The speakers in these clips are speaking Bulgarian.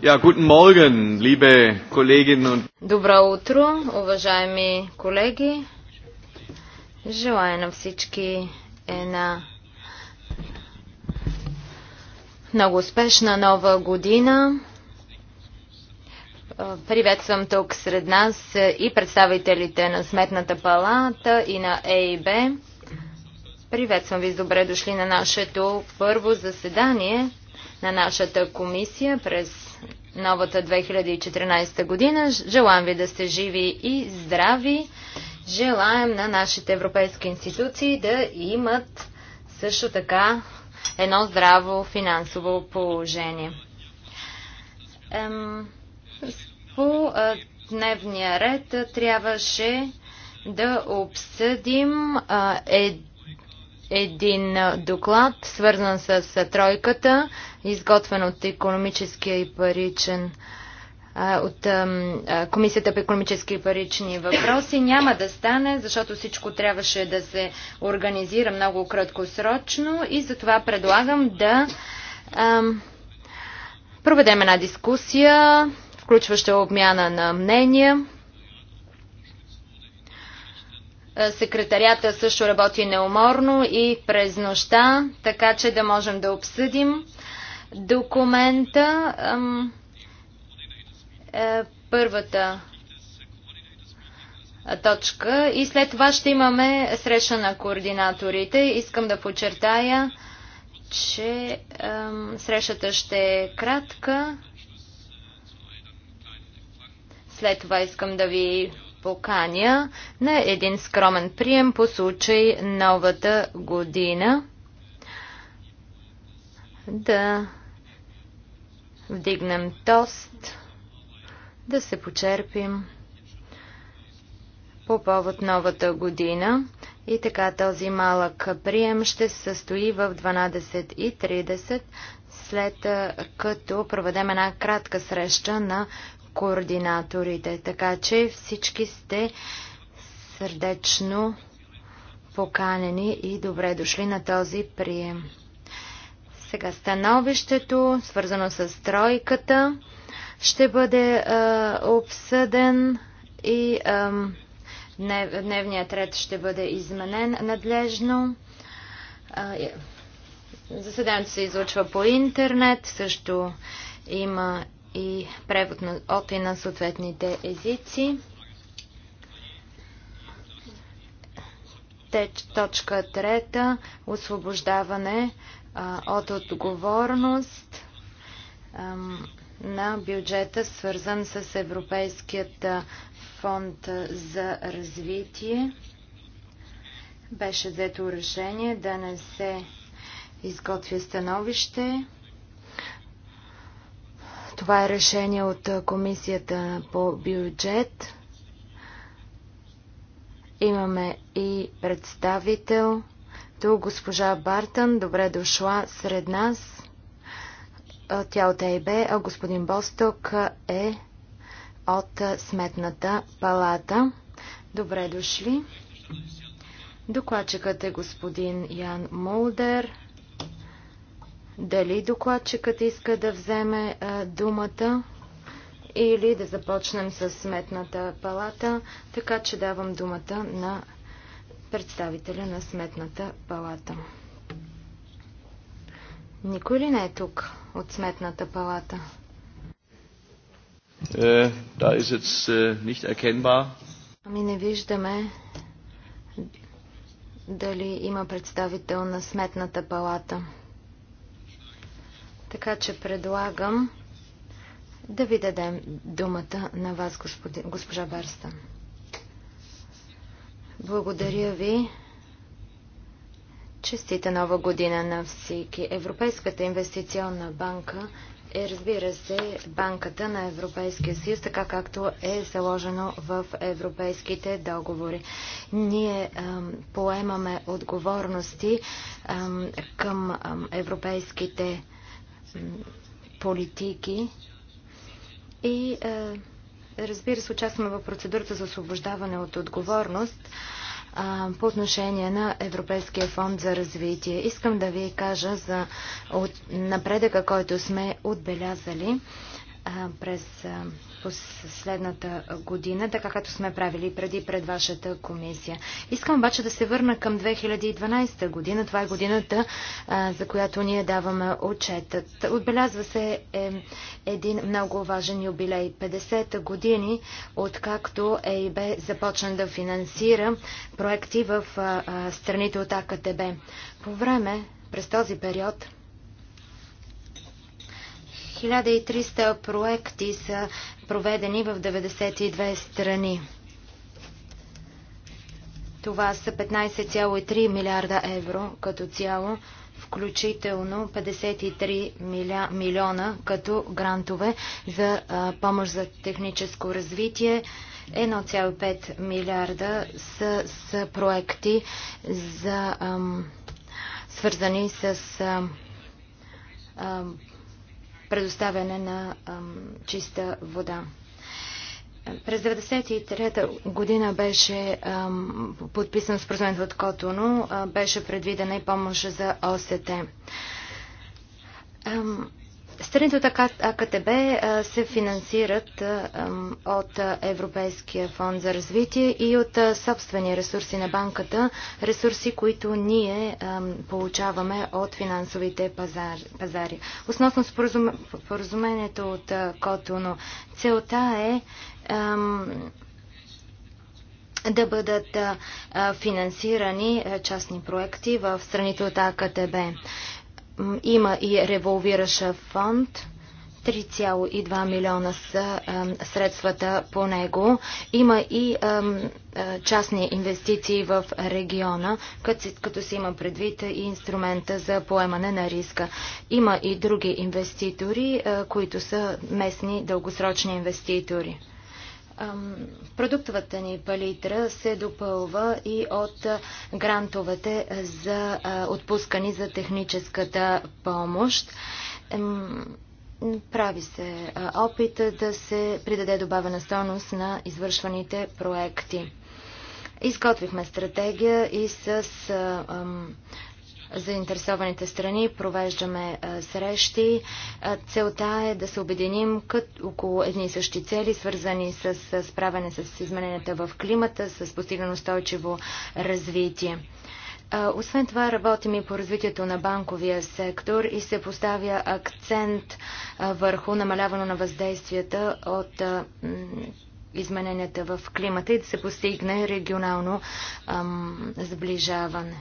Ja, guten Morgen, liebe Kolleginnen und Добро утро, уважаеми колеги. Желая на всички една много успешна нова година. Приветствам тук сред нас и представителите на Сметната палата и на ЕИБ. Приветствам ви, с добре дошли на нашето първо заседание на нашата комисия през новата 2014 година. Желаем ви да сте живи и здрави. Желаем на нашите европейски институции да имат също така едно здраво финансово положение. Ем, по дневния ред трябваше да обсъдим е, един доклад, свързан с тройката, изготвен от економическия и паричен от Комисията по економически и парични въпроси. Няма да стане, защото всичко трябваше да се организира много краткосрочно и затова предлагам да ам, проведем една дискусия, включваща обмяна на мнения. Е, Секретарията също работи неуморно и през нощта, така че да можем да обсъдим документа. Е, първата точка и след това ще имаме среща на координаторите. Искам да подчертая, че срещата ще е кратка. След това искам да ви поканя на един скромен прием по случай новата година да вдигнем тост, да се почерпим по повод новата година. И така този малък прием ще се състои в 12.30, след като проведем една кратка среща на координаторите, така че всички сте сърдечно поканени и добре дошли на този прием. Сега становището, свързано с тройката, ще бъде е, обсъден и е, днев, дневният ред ще бъде изменен надлежно. Е, заседанието се излучва по интернет, също има и превод на, от и на съответните езици. Теч, точка трета – освобождаване а, от отговорност а, на бюджета, свързан с Европейският фонд за развитие. Беше взето решение да не се изготвя становище това е решение от комисията по бюджет. Имаме и представител. Тук госпожа Бартън, добре дошла сред нас. Тя от АИБ, а господин Босток е от Сметната палата. Добре дошли. Докладчикът е господин Ян Молдер. Дали докладчикът иска да вземе а, думата или да започнем с сметната палата, така че давам думата на представителя на сметната палата. Никой ли не е тук от сметната палата? Е, да, е jetzt erkennbar. Ами не виждаме дали има представител на сметната палата. Така че предлагам да ви дадем думата на вас, господи, госпожа Барстън. Благодаря ви. Честита нова година на всички. Европейската инвестиционна банка е, разбира се, банката на Европейския съюз, така както е заложено в европейските договори. Ние ем, поемаме отговорности ем, към ем, европейските политики и е, разбира се участваме в процедурата за освобождаване от отговорност е, по отношение на Европейския фонд за развитие. Искам да ви кажа за напредъка, който сме отбелязали през последната година, така както сме правили преди пред вашата комисия. Искам обаче да се върна към 2012 година. Това е годината, за която ние даваме отчетът. Отбелязва се е, един много важен юбилей. 50 години, откакто ЕИБ започна да финансира проекти в страните от АКТБ. По време, през този период, 1300 проекти са проведени в 92 страни. Това са 15,3 милиарда евро като цяло, включително 53 милиона като грантове за помощ за техническо развитие. 1,5 милиарда са, са проекти за, ам, свързани с ам, предоставяне на чиста вода. През 1993 година беше ам, подписан споразумението от Котоно, беше предвидена и помощ за ОСТ. Ам, Страните от АКТБ се финансират от Европейския фонд за развитие и от собствени ресурси на банката, ресурси, които ние получаваме от финансовите пазари. Основно споразумението от Котоно. Целта е да бъдат финансирани частни проекти в страните от АКТБ. Има и револвираща фонд. 3,2 милиона са средствата по него. Има и е, частни инвестиции в региона, като, като се има предвид и инструмента за поемане на риска. Има и други инвеститори, е, които са местни дългосрочни инвеститори. Продуктовата ни палитра се допълва и от грантовете за отпускани за техническата помощ. Прави се опит да се придаде добавена стойност на извършваните проекти. Изготвихме стратегия и с заинтересованите страни, провеждаме срещи. целта е да се обединим кът, около едни и същи цели, свързани с, справяне с измененията в климата, с постигнано устойчиво развитие. освен това работим и по развитието на банковия сектор и се поставя акцент върху намаляване на въздействията от измененията в климата и да се постигне регионално ам, сближаване.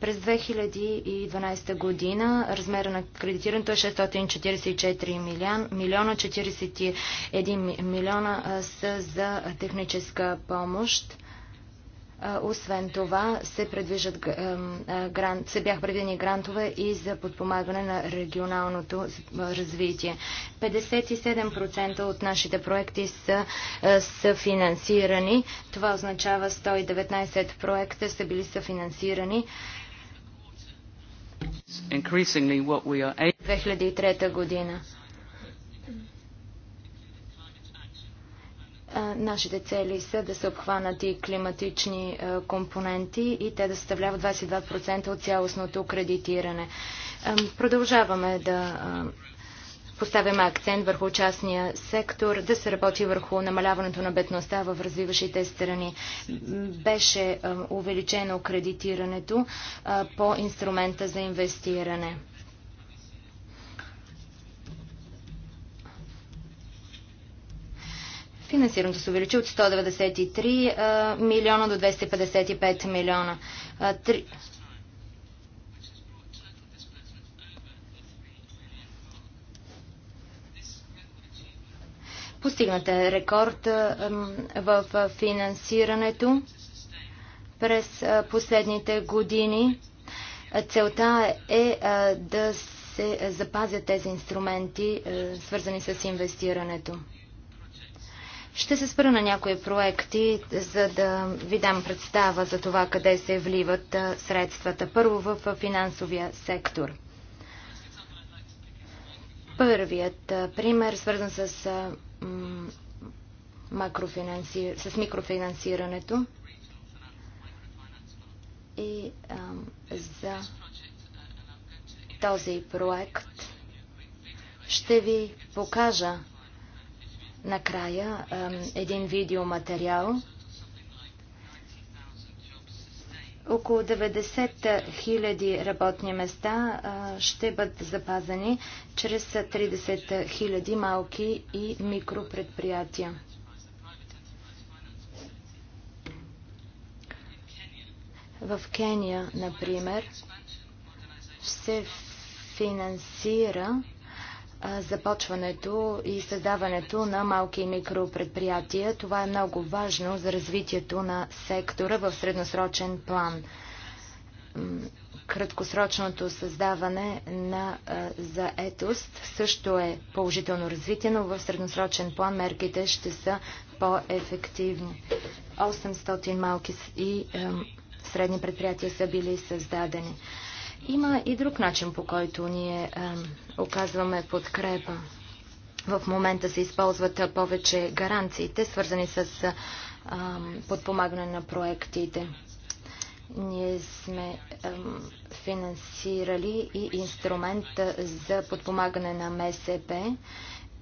През 2012 година размера на кредитирането е 644 милион, милиона, 41 милиона са за техническа помощ. Освен това се, предвижат, се бяха предвидени грантове и за подпомагане на регионалното развитие. 57% от нашите проекти са, са финансирани. Това означава 119 проекта са били съфинансирани. финансирани 2003 година. Нашите цели са да са обхванати климатични компоненти и те да съставляват 22% от цялостното кредитиране. Продължаваме да Поставяме акцент върху частния сектор, да се работи върху намаляването на бедността в развиващите страни. Беше е, увеличено кредитирането е, по инструмента за инвестиране. Финансирането се увеличи от 193 е, милиона до 255 милиона. Постигнате рекорд в финансирането през последните години. Целта е да се запазят тези инструменти, свързани с инвестирането. Ще се спра на някои проекти, за да ви дам представа за това къде се вливат средствата. Първо в финансовия сектор. Първият пример, свързан с макрофинанси... с микрофинансирането и за този проект ще ви покажа накрая един видеоматериал материал Около 90 000 работни места ще бъдат запазени чрез 30 хиляди малки и микропредприятия. В Кения, например, се финансира започването и създаването на малки и микропредприятия. Това е много важно за развитието на сектора в средносрочен план. Краткосрочното създаване на заетост също е положително развитие, но в средносрочен план мерките ще са по-ефективни. 800 малки и средни предприятия са били създадени. Има и друг начин, по който ние е, оказваме подкрепа. В момента се използват е, повече гаранциите, свързани с е, подпомагане на проектите. Ние сме е, финансирали и инструмент е, за подпомагане на МСП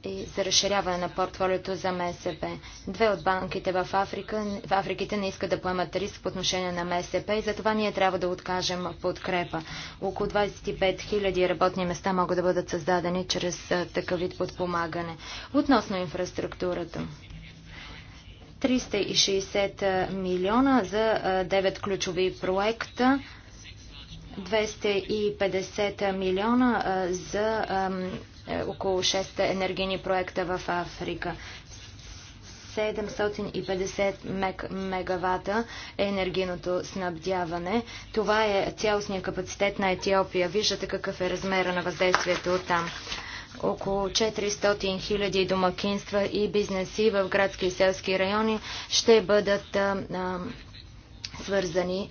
и за разширяване на портфолиото за МСП. Две от банките в, Африка, в Африките не искат да поемат риск по отношение на МСП и затова ние трябва да откажем подкрепа. Около 25 000 работни места могат да бъдат създадени чрез такъв вид подпомагане. Относно инфраструктурата. 360 милиона за 9 ключови проекта. 250 милиона за е, около 6 енергийни проекта в Африка. 750 мегавата е енергийното снабдяване. Това е цялостния капацитет на Етиопия. Виждате какъв е размера на въздействието от там. Около 400 хиляди домакинства и бизнеси в градски и селски райони ще бъдат а, а, свързани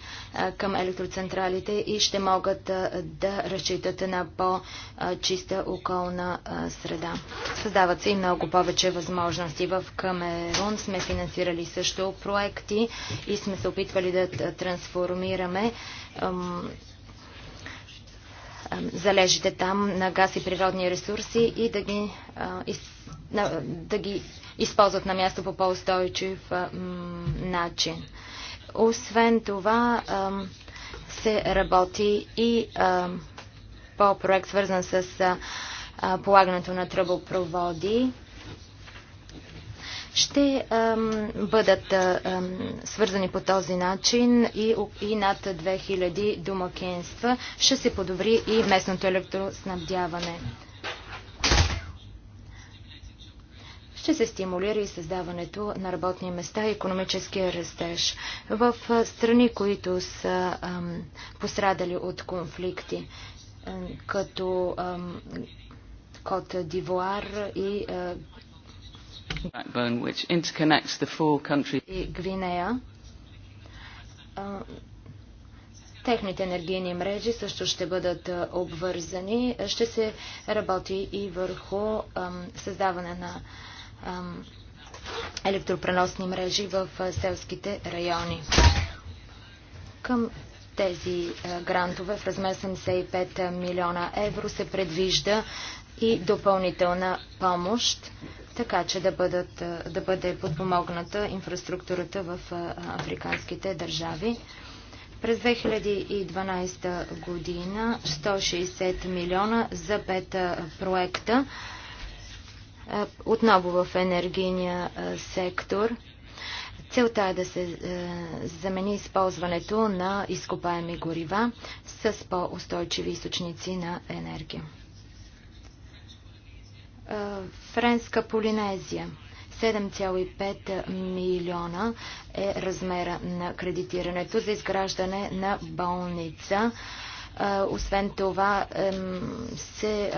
към електроцентралите и ще могат да разчитат на по-чиста околна среда. Създават се и много повече възможности. В Камерун сме финансирали също проекти и сме се опитвали да трансформираме залежите там на газ и природни ресурси и да ги, да ги използват на място по по-устойчив начин. Освен това се работи и по проект свързан с полагането на тръбопроводи ще бъдат свързани по този начин и над 2000 домакинства. Ще се подобри и местното електроснабдяване. ще се стимулира и създаването на работни места и економическия растеж в страни, които са ам, пострадали от конфликти, като ам, Кот Дивуар и а, и Гвинея. Техните енергийни мрежи също ще бъдат обвързани. Ще се работи и върху създаване на електропреносни мрежи в селските райони. Към тези грантове в размер 75 милиона евро се предвижда и допълнителна помощ, така че да, бъдат, да бъде подпомогната инфраструктурата в африканските държави. През 2012 година 160 милиона за пет проекта отново в енергийния сектор. Целта е да се замени използването на изкопаеми горива с по-устойчиви източници на енергия. Френска Полинезия. 7,5 милиона е размера на кредитирането за изграждане на болница. Освен това се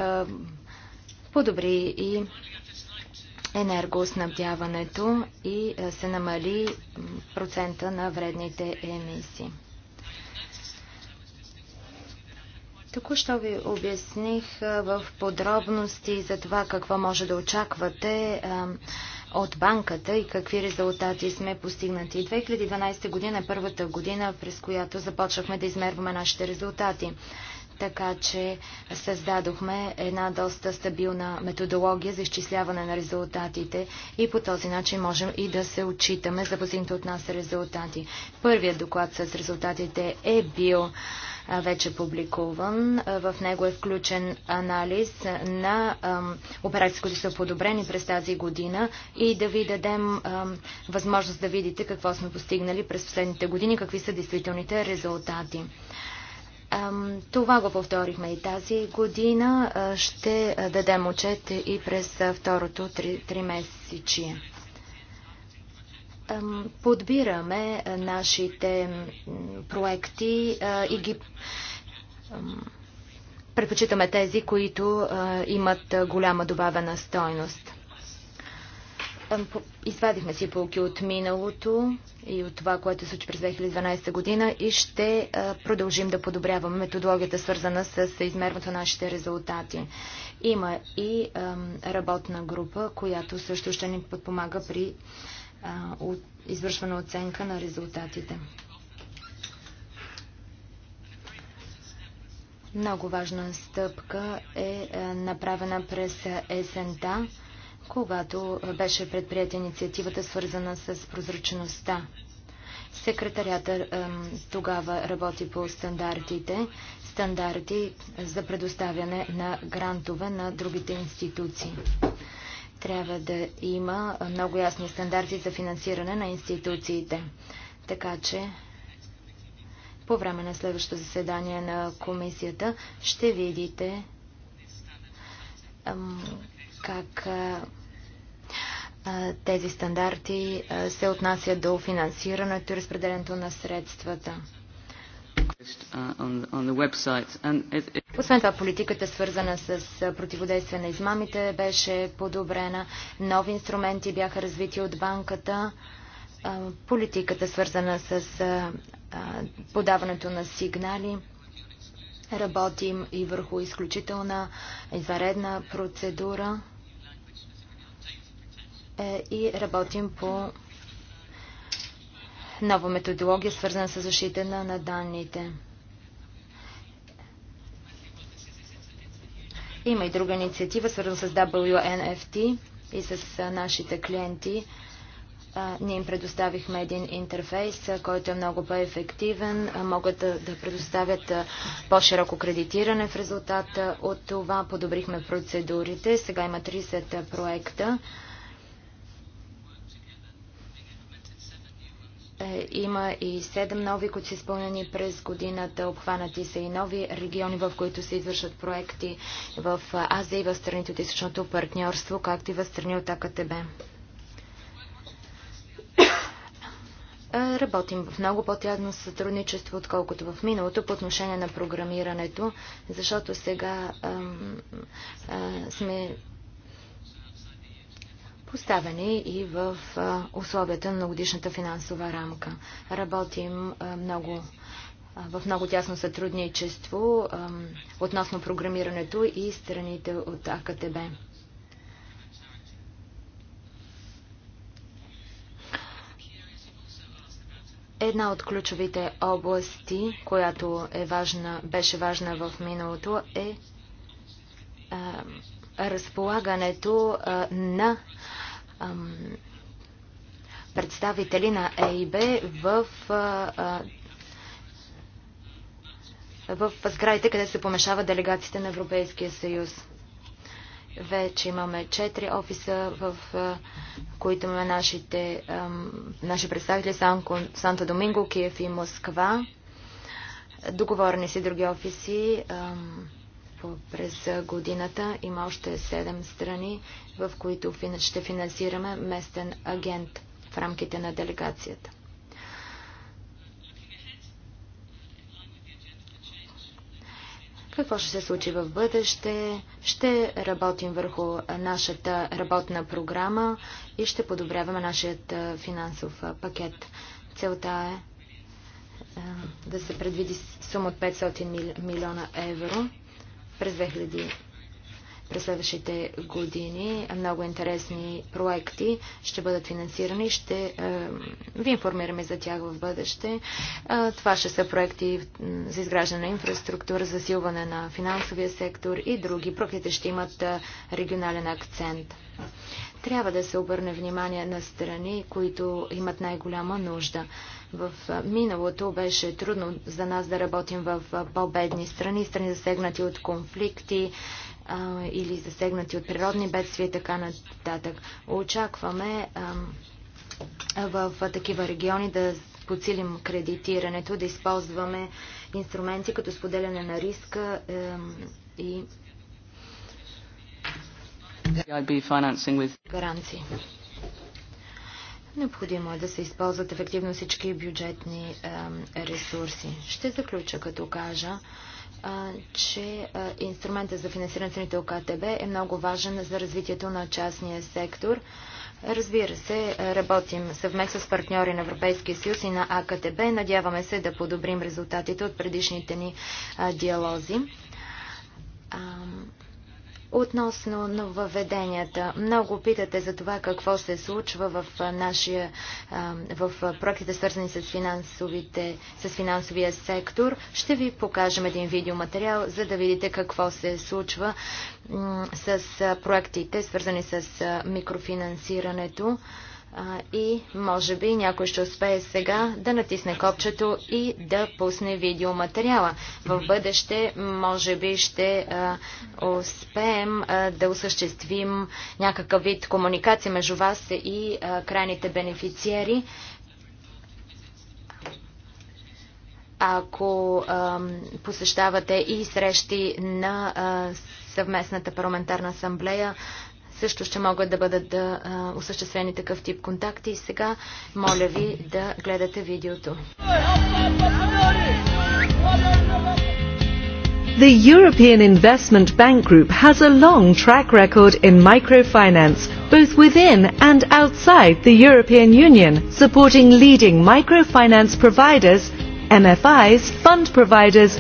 подобри и енергоснабдяването и е, се намали процента на вредните емисии. Току-що ви обясних е, в подробности за това какво може да очаквате е, от банката и какви резултати сме постигнати. 2012 година е първата година, през която започнахме да измерваме нашите резултати така че създадохме една доста стабилна методология за изчисляване на резултатите и по този начин можем и да се отчитаме за възимите от нас резултати. Първият доклад с резултатите е бил вече публикуван. В него е включен анализ на операции, които са подобрени през тази година и да ви дадем възможност да видите какво сме постигнали през последните години, какви са действителните резултати. Това го повторихме и тази година. Ще дадем отчет и през второто три, три месечие. Подбираме нашите проекти и ги предпочитаме тези, които имат голяма добавена стойност. Извадихме си полки от миналото и от това, което се случи през 2012 година и ще продължим да подобряваме методологията, свързана с измерването на нашите резултати. Има и работна група, която също ще ни подпомага при извършване оценка на резултатите. Много важна стъпка е направена през есента когато беше предприята инициативата свързана с прозрачността. Секретарята тогава работи по стандартите, стандарти за предоставяне на грантове на другите институции. Трябва да има много ясни стандарти за финансиране на институциите. Така че по време на следващото заседание на комисията ще видите как тези стандарти се отнасят до финансирането и разпределението на средствата. Освен това, политиката свързана с противодействие на измамите беше подобрена, нови инструменти бяха развити от банката, политиката свързана с подаването на сигнали. Работим и върху изключителна изваредна процедура е, и работим по нова методология, свързана с защита на, на данните. Има и друга инициатива, свързана с WNFT и с нашите клиенти. Ние им предоставихме един интерфейс, който е много по-ефективен. Могат да, да предоставят по-широко кредитиране в резултат от това. Подобрихме процедурите. Сега има 30 проекта. Е, има и 7 нови, които са изпълнени през годината. Обхванати са и нови региони, в които се извършват проекти в Азия и в страните от източното партньорство, както и в страни от АКТБ. Работим в много по-тясно сътрудничество, отколкото в миналото по отношение на програмирането, защото сега сме поставени и в условията на годишната финансова рамка. Работим много в много тясно сътрудничество относно програмирането и страните от АКТБ. Една от ключовите области, която е важна, беше важна в миналото, е а, разполагането а, на а, представители на ЕИБ в, а, в сградите, къде се помешава делегациите на Европейския съюз. Вече имаме четири офиса, в които имаме нашите, нашите представители Санто Доминго, Киев и Москва. Договорени си други офиси през годината. Има още 7 страни, в които ще финансираме местен агент в рамките на делегацията. Какво ще се случи в бъдеще? Ще работим върху нашата работна програма и ще подобряваме нашият финансов пакет. Целта е да се предвиди сума от 500 милиона евро през 2000 през следващите години. Много интересни проекти ще бъдат финансирани. Ще е, ви информираме за тях в бъдеще. Е, това ще са проекти за изграждане на инфраструктура, засилване на финансовия сектор и други. Проектите ще имат е, регионален акцент. Трябва да се обърне внимание на страни, които имат най-голяма нужда. В е, миналото беше трудно за нас да работим в е, по-бедни страни, страни засегнати от конфликти, а, или засегнати от природни бедствия и така нататък. Очакваме а, в а, такива региони да подсилим кредитирането, да използваме инструменти като споделяне на риска а, и гаранции. Необходимо е да се използват ефективно всички бюджетни е, ресурси. Ще заключа като кажа, че инструментът за финансиране на страните ОКТБ е много важен за развитието на частния сектор. Разбира се, работим съвместно с партньори на Европейския съюз и на АКТБ. Надяваме се да подобрим резултатите от предишните ни диалози. Относно нововведенията, много питате за това какво се случва в, нашия, в проектите свързани с, финансовите, с финансовия сектор. Ще ви покажем един видеоматериал, за да видите какво се случва с проектите свързани с микрофинансирането и може би някой ще успее сега да натисне копчето и да пусне видеоматериала. В бъдеще може би ще а, успеем а, да осъществим някакъв вид комуникация между вас и крайните бенефициери. Ако посещавате и срещи на съвместната парламентарна асамблея, също ще могат да бъдат да осъществени такъв тип контакти. И сега моля ви да гледате видеото. The European Investment Bank Group has a long track record in microfinance, both within and outside the European Union, supporting leading microfinance providers, MFIs, fund providers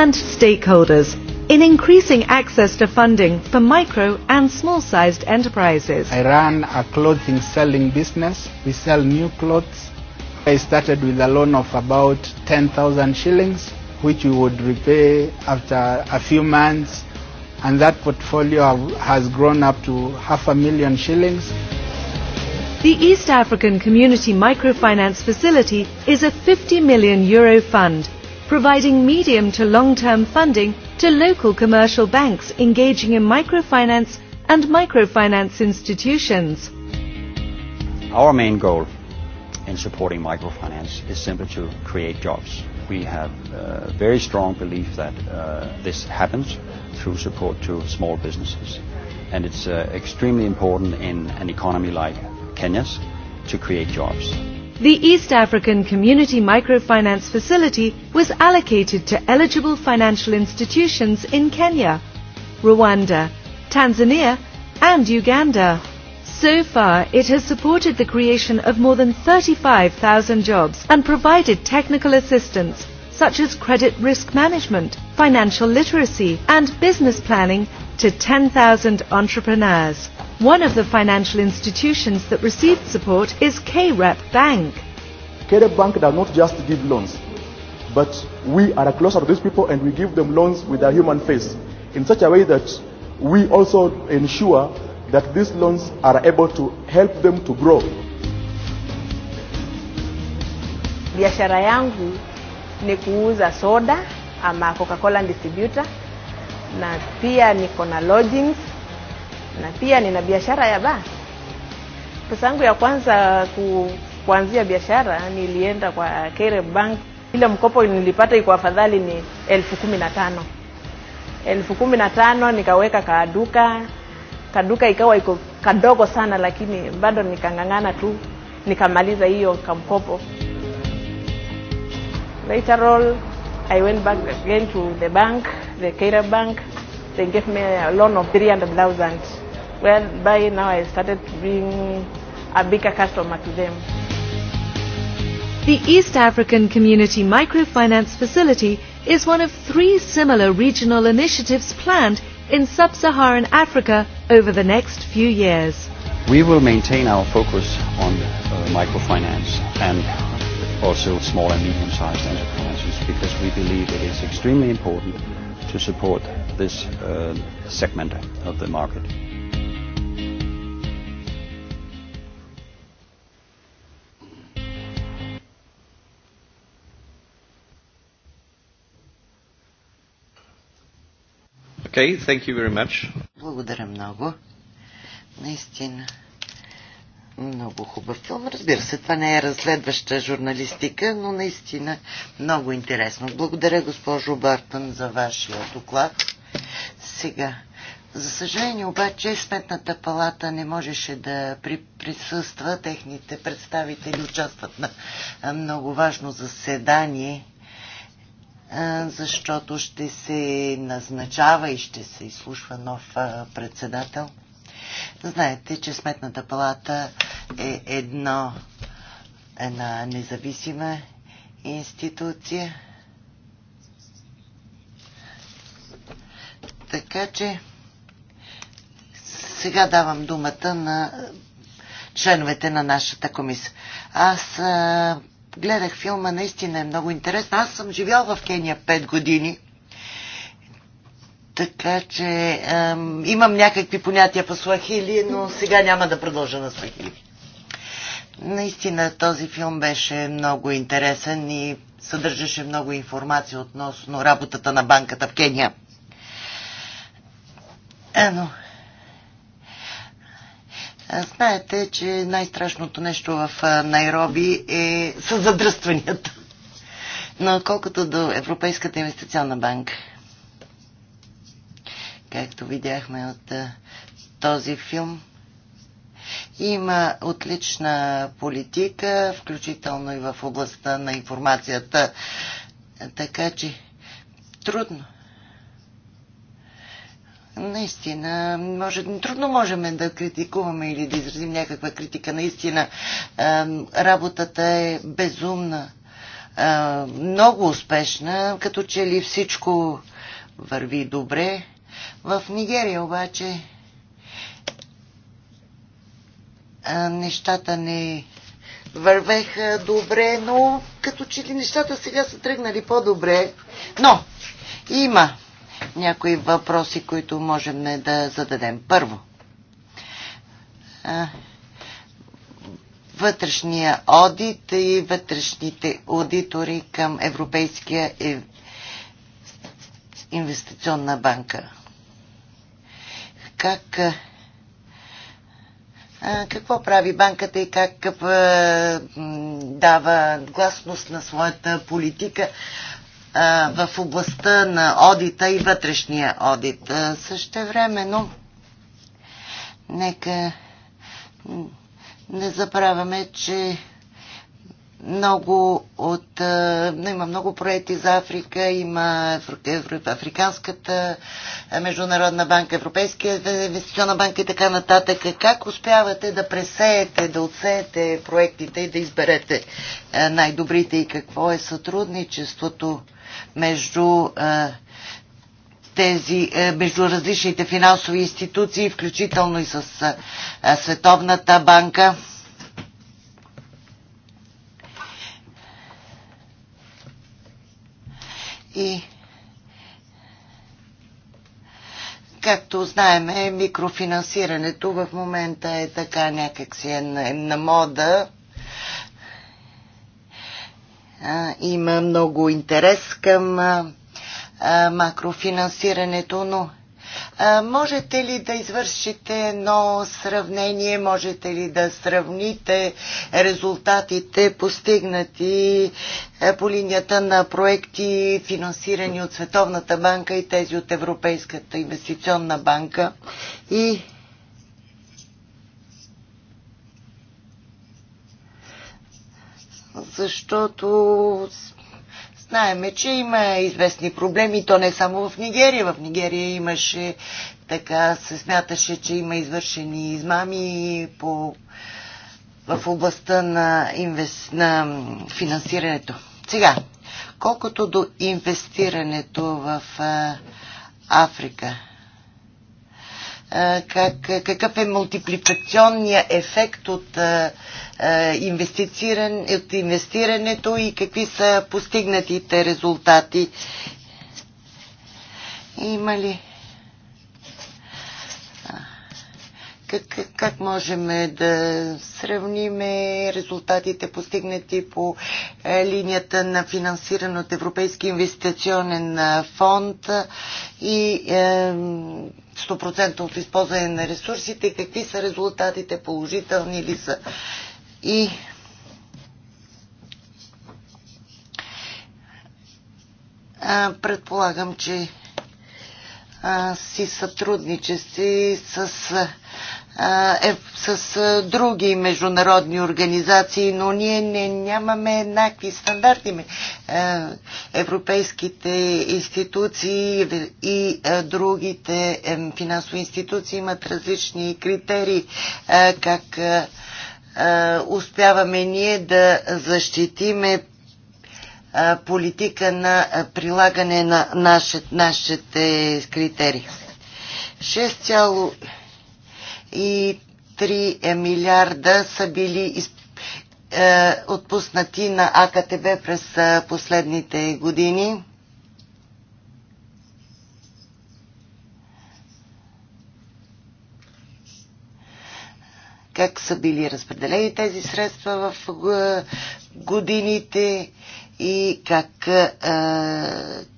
and stakeholders in increasing access to funding for micro and small-sized enterprises. I run a clothing selling business. We sell new clothes. I started with a loan of about 10,000 shillings, which we would repay after a few months, and that portfolio has grown up to half a million shillings. The East African Community Microfinance Facility is a 50 million euro fund providing medium to long-term funding to local commercial banks engaging in microfinance and microfinance institutions. Our main goal in supporting microfinance is simply to create jobs. We have a very strong belief that uh, this happens through support to small businesses. And it's uh, extremely important in an economy like Kenya's to create jobs. The East African Community Microfinance Facility was allocated to eligible financial institutions in Kenya, Rwanda, Tanzania and Uganda. So far, it has supported the creation of more than 35,000 jobs and provided technical assistance such as credit risk management, financial literacy and business planning to 10,000 entrepreneurs. One of the financial institutions that received support is KREP Bank. KREP Bank does not just give loans, but we are closer to these people and we give them loans with a human face in such a way that we also ensure that these loans are able to help them to grow. Biashara yangu ni kuuza soda ama Coca-Cola distributor na pia niko na lodgings na pia nina biashara ya baa. Pesa yangu ya kwanza ku, kuanzia biashara nilienda kwa Kerem Bank. Ile mkopo nilipata iko afadhali ni elfu kumi na tano elfu kumi na tano nikaweka kaduka kaduka, ikawa iko kadogo sana, lakini bado nikang'ang'ana tu nikamaliza hiyo kamkopo. Later on, I went back again to the bank, the Kera Bank. They gave me a loan of 300,000 well, by now I started being a bigger customer to them. The East African Community Microfinance Facility is one of three similar regional initiatives planned in sub-Saharan Africa over the next few years. We will maintain our focus on uh, microfinance and also small and medium-sized enterprises because we believe it is extremely important to support this uh, segment of the market. Okay, thank you very much. Благодаря много. Наистина. Много хубав филм. Разбира се, това не е разследваща журналистика, но наистина много интересно. Благодаря, госпожо Бартън, за вашия доклад. Сега, за съжаление обаче, Сметната палата не можеше да при, присъства. Техните представители участват на много важно заседание защото ще се назначава и ще се изслушва нов председател. Знаете, че Сметната палата е едно, една независима институция. Така че сега давам думата на членовете на нашата комисия. Аз гледах филма, наистина е много интересно. Аз съм живял в Кения 5 години, така че ем, имам някакви понятия по Суахили, но сега няма да продължа на Суахили. Наистина този филм беше много интересен и съдържаше много информация относно работата на банката в Кения. Ено, Знаете, че най-страшното нещо в Найроби е са задръстванията. Но колкото до Европейската инвестиционна банка, както видяхме от този филм, има отлична политика, включително и в областта на информацията. Така че трудно, наистина, може, трудно можем да критикуваме или да изразим някаква критика. Наистина, работата е безумна, много успешна, като че ли всичко върви добре. В Нигерия обаче нещата не вървеха добре, но като че ли нещата сега са тръгнали по-добре. Но има някои въпроси, които можем да зададем. Първо, вътрешния одит и вътрешните аудитори към Европейския е, инвестиционна банка. Как какво прави банката и как дава гласност на своята политика в областта на одита и вътрешния одит. Също време, но нека не забравяме, че много от... Има много проекти за Африка, има Африканската Международна банка, Европейския инвестиционна банка и така нататък. Как успявате да пресеете, да отсеете проектите и да изберете най-добрите и какво е сътрудничеството между е, тези, е, между различните финансови институции, включително и с е, Световната банка. И както знаем, микрофинансирането в момента е така някакси е на мода има много интерес към макрофинансирането, но можете ли да извършите едно сравнение, можете ли да сравните резултатите постигнати по линията на проекти, финансирани от Световната банка и тези от Европейската инвестиционна банка и защото знаеме, че има известни проблеми, то не само в Нигерия. В Нигерия имаше, така се смяташе, че има извършени измами по, в областта на, инвес, на финансирането. Сега, колкото до инвестирането в а, Африка, как, какъв е мултипликационният ефект от, инвестициран, от инвестирането и какви са постигнатите резултати. Има ли? Как, как можем да сравним резултатите постигнати по линията на финансиран от Европейски инвестиционен фонд и 100% от използване на ресурсите, какви са резултатите, положителни ли са. И а, предполагам, че а, си сътрудничести с е с други международни организации, но ние не нямаме еднакви стандарти. Европейските институции и другите финансови институции имат различни критерии как успяваме ние да защитиме политика на прилагане на нашите, нашите критерии. 6, 3 е, милиарда са били е, отпуснати на АКТБ през е, последните години. Как са били разпределени тези средства в годините и как,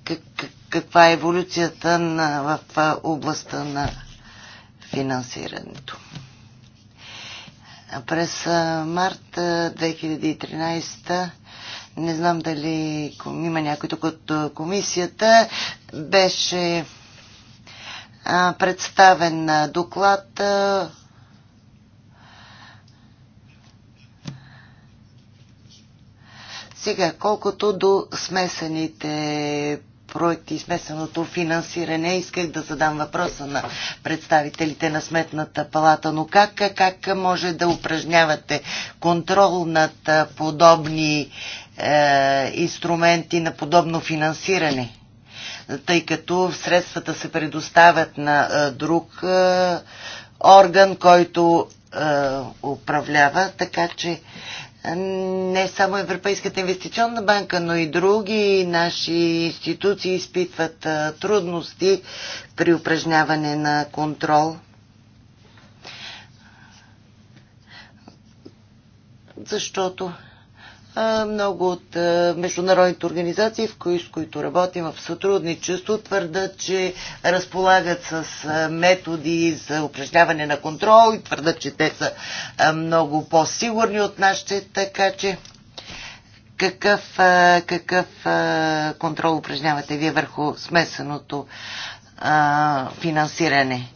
как, каква е еволюцията на, в областта на финансирането. През март 2013 не знам дали има някой тук от комисията, беше представен доклад Сега, колкото до смесените проекти и смесеното финансиране. Исках да задам въпроса на представителите на Сметната палата, но как, как може да упражнявате контрол над подобни е, инструменти на подобно финансиране? Тъй като средствата се предоставят на е, друг е, орган, който е, управлява, така че не само Европейската инвестиционна банка, но и други наши институции изпитват трудности при упражняване на контрол. Защото много от международните организации, в кои, с които работим в сътрудничество, твърдат, че разполагат с методи за упражняване на контрол и твърдат, че те са много по-сигурни от нашите, така че какъв, какъв контрол упражнявате вие върху смесеното финансиране?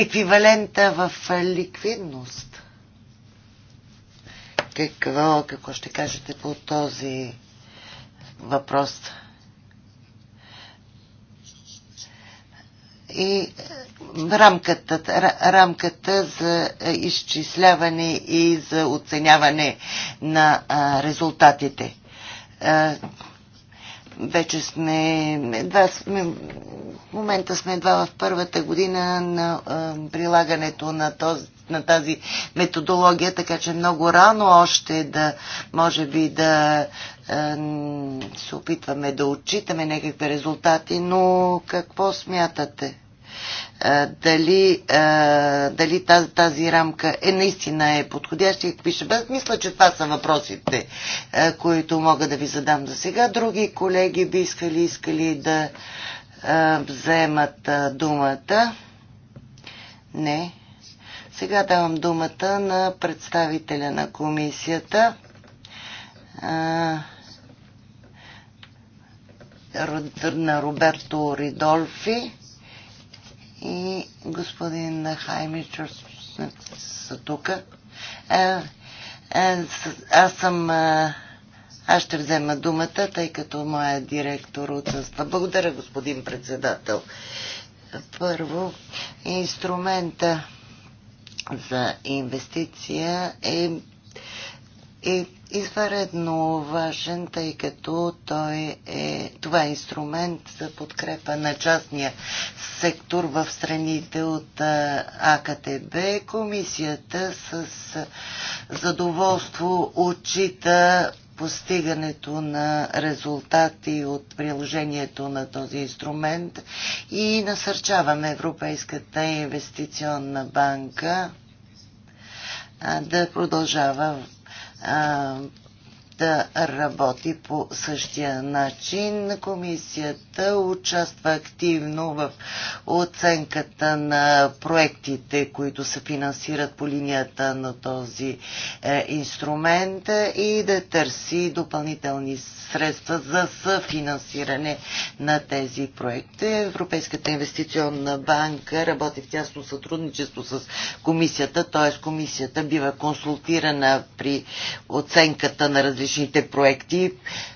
еквивалента в ликвидност какво, какво ще кажете по този въпрос? И рамката, рамката за е, изчисляване и за оценяване на резултатите вече сме, едва сме, в момента сме едва в първата година на а, прилагането на, този, на тази методология, така че много рано още да, може би да а, се опитваме да отчитаме някакви резултати, но какво смятате? дали, дали тази, тази рамка е наистина е подходяща и какви ще бъдат. Мисля, че това са въпросите, които мога да ви задам за сега. Други колеги би искали, искали да вземат думата. Не. Сега давам думата на представителя на комисията. На Роберто Ридолфи и господин Хайми Чурсник са тук. Е, е, аз съм... Е, аз ще взема думата, тъй като моя директор отсъства. Благодаря, господин председател. Първо, инструмента за инвестиция е, е извънредно важен, тъй като той е, това е инструмент за подкрепа на частния сектор в страните от АКТБ. Комисията с задоволство отчита постигането на резултати от приложението на този инструмент и насърчаваме Европейската инвестиционна банка да продължава а, да работи по същия начин. Комисията участва активно в оценката на проектите, които се финансират по линията на този е, инструмент и да търси допълнителни средства за съфинансиране на тези проекти. Европейската инвестиционна банка работи в тясно сътрудничество с комисията, т.е. комисията бива консултирана при оценката на различни различните проекти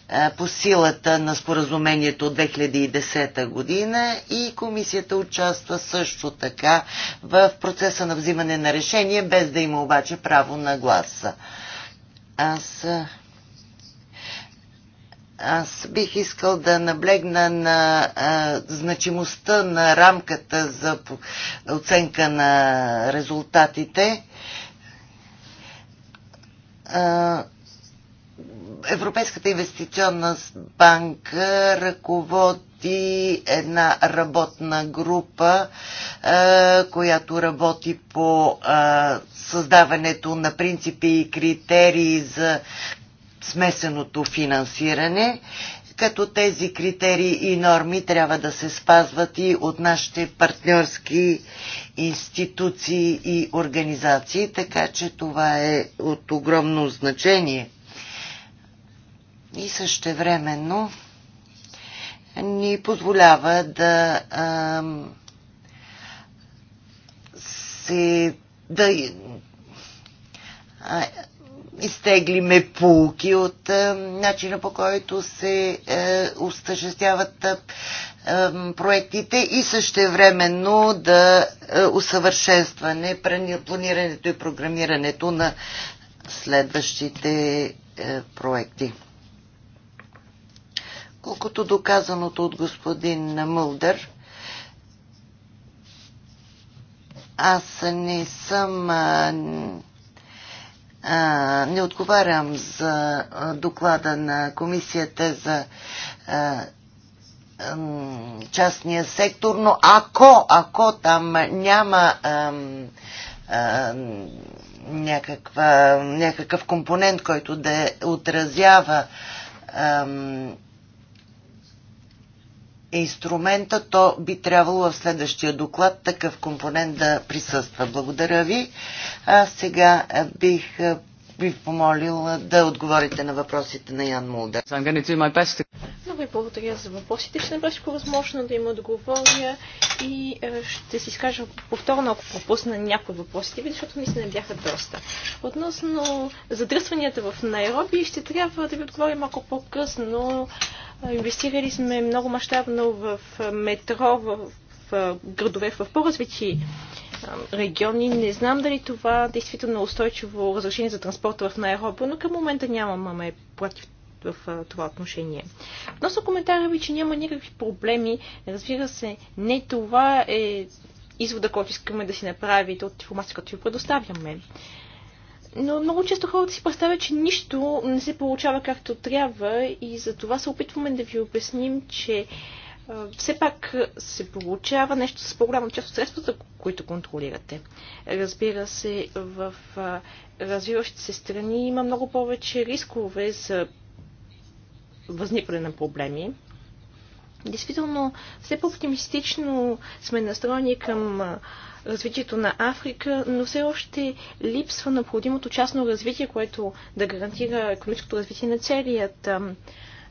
е, по силата на споразумението от 2010 година и комисията участва също така в процеса на взимане на решение, без да има обаче право на гласа. Аз аз бих искал да наблегна на а, е, значимостта на рамката за оценка на резултатите. А, е, Европейската инвестиционна банка ръководи една работна група, която работи по създаването на принципи и критерии за смесеното финансиране, като тези критерии и норми трябва да се спазват и от нашите партньорски институции и организации, така че това е от огромно значение и същевременно ни позволява да а, се да а, изтеглиме полки от а, начина по който се е, осъществяват проектите и същевременно да а, е, усъвършенстване планирането и програмирането на следващите а, е, проекти. Колкото доказаното от господин Мълдър, аз не съм. А, а, не отговарям за доклада на комисията за а, а, частния сектор, но ако, ако там няма. А, а, някаква, някакъв компонент, който да отразява ам, инструмента, то би трябвало в следващия доклад такъв компонент да присъства. Благодаря ви. А сега бих ви помолил да отговорите на въпросите на Ян Мулдер. Много ви благодаря за въпросите. Ще не всичко възможно да им отговоря и ще си изкажа повторно, ако пропусна някои въпросите ви, защото не бяха доста. Относно задръстванията в Найроби, ще трябва да ви отговоря малко по-късно Инвестирали сме много мащабно в метро, в, в градове в по-развити региони. Не знам дали това действително е устойчиво разрешение за транспорта в Найроба, но към момента нямаме против в това отношение. Относно коментара ви, че няма никакви проблеми, разбира се, не това е извода, който искаме да си направите от информация, която ви предоставяме. Но много често хората си представят, че нищо не се получава както трябва и за това се опитваме да ви обясним, че все пак се получава нещо с по-голяма част от средствата, които контролирате. Разбира се, в развиващите се страни има много повече рискове за възникване на проблеми. Действително, все по-оптимистично сме настроени към развитието на Африка, но все още липсва необходимото частно развитие, което да гарантира економическото развитие на целият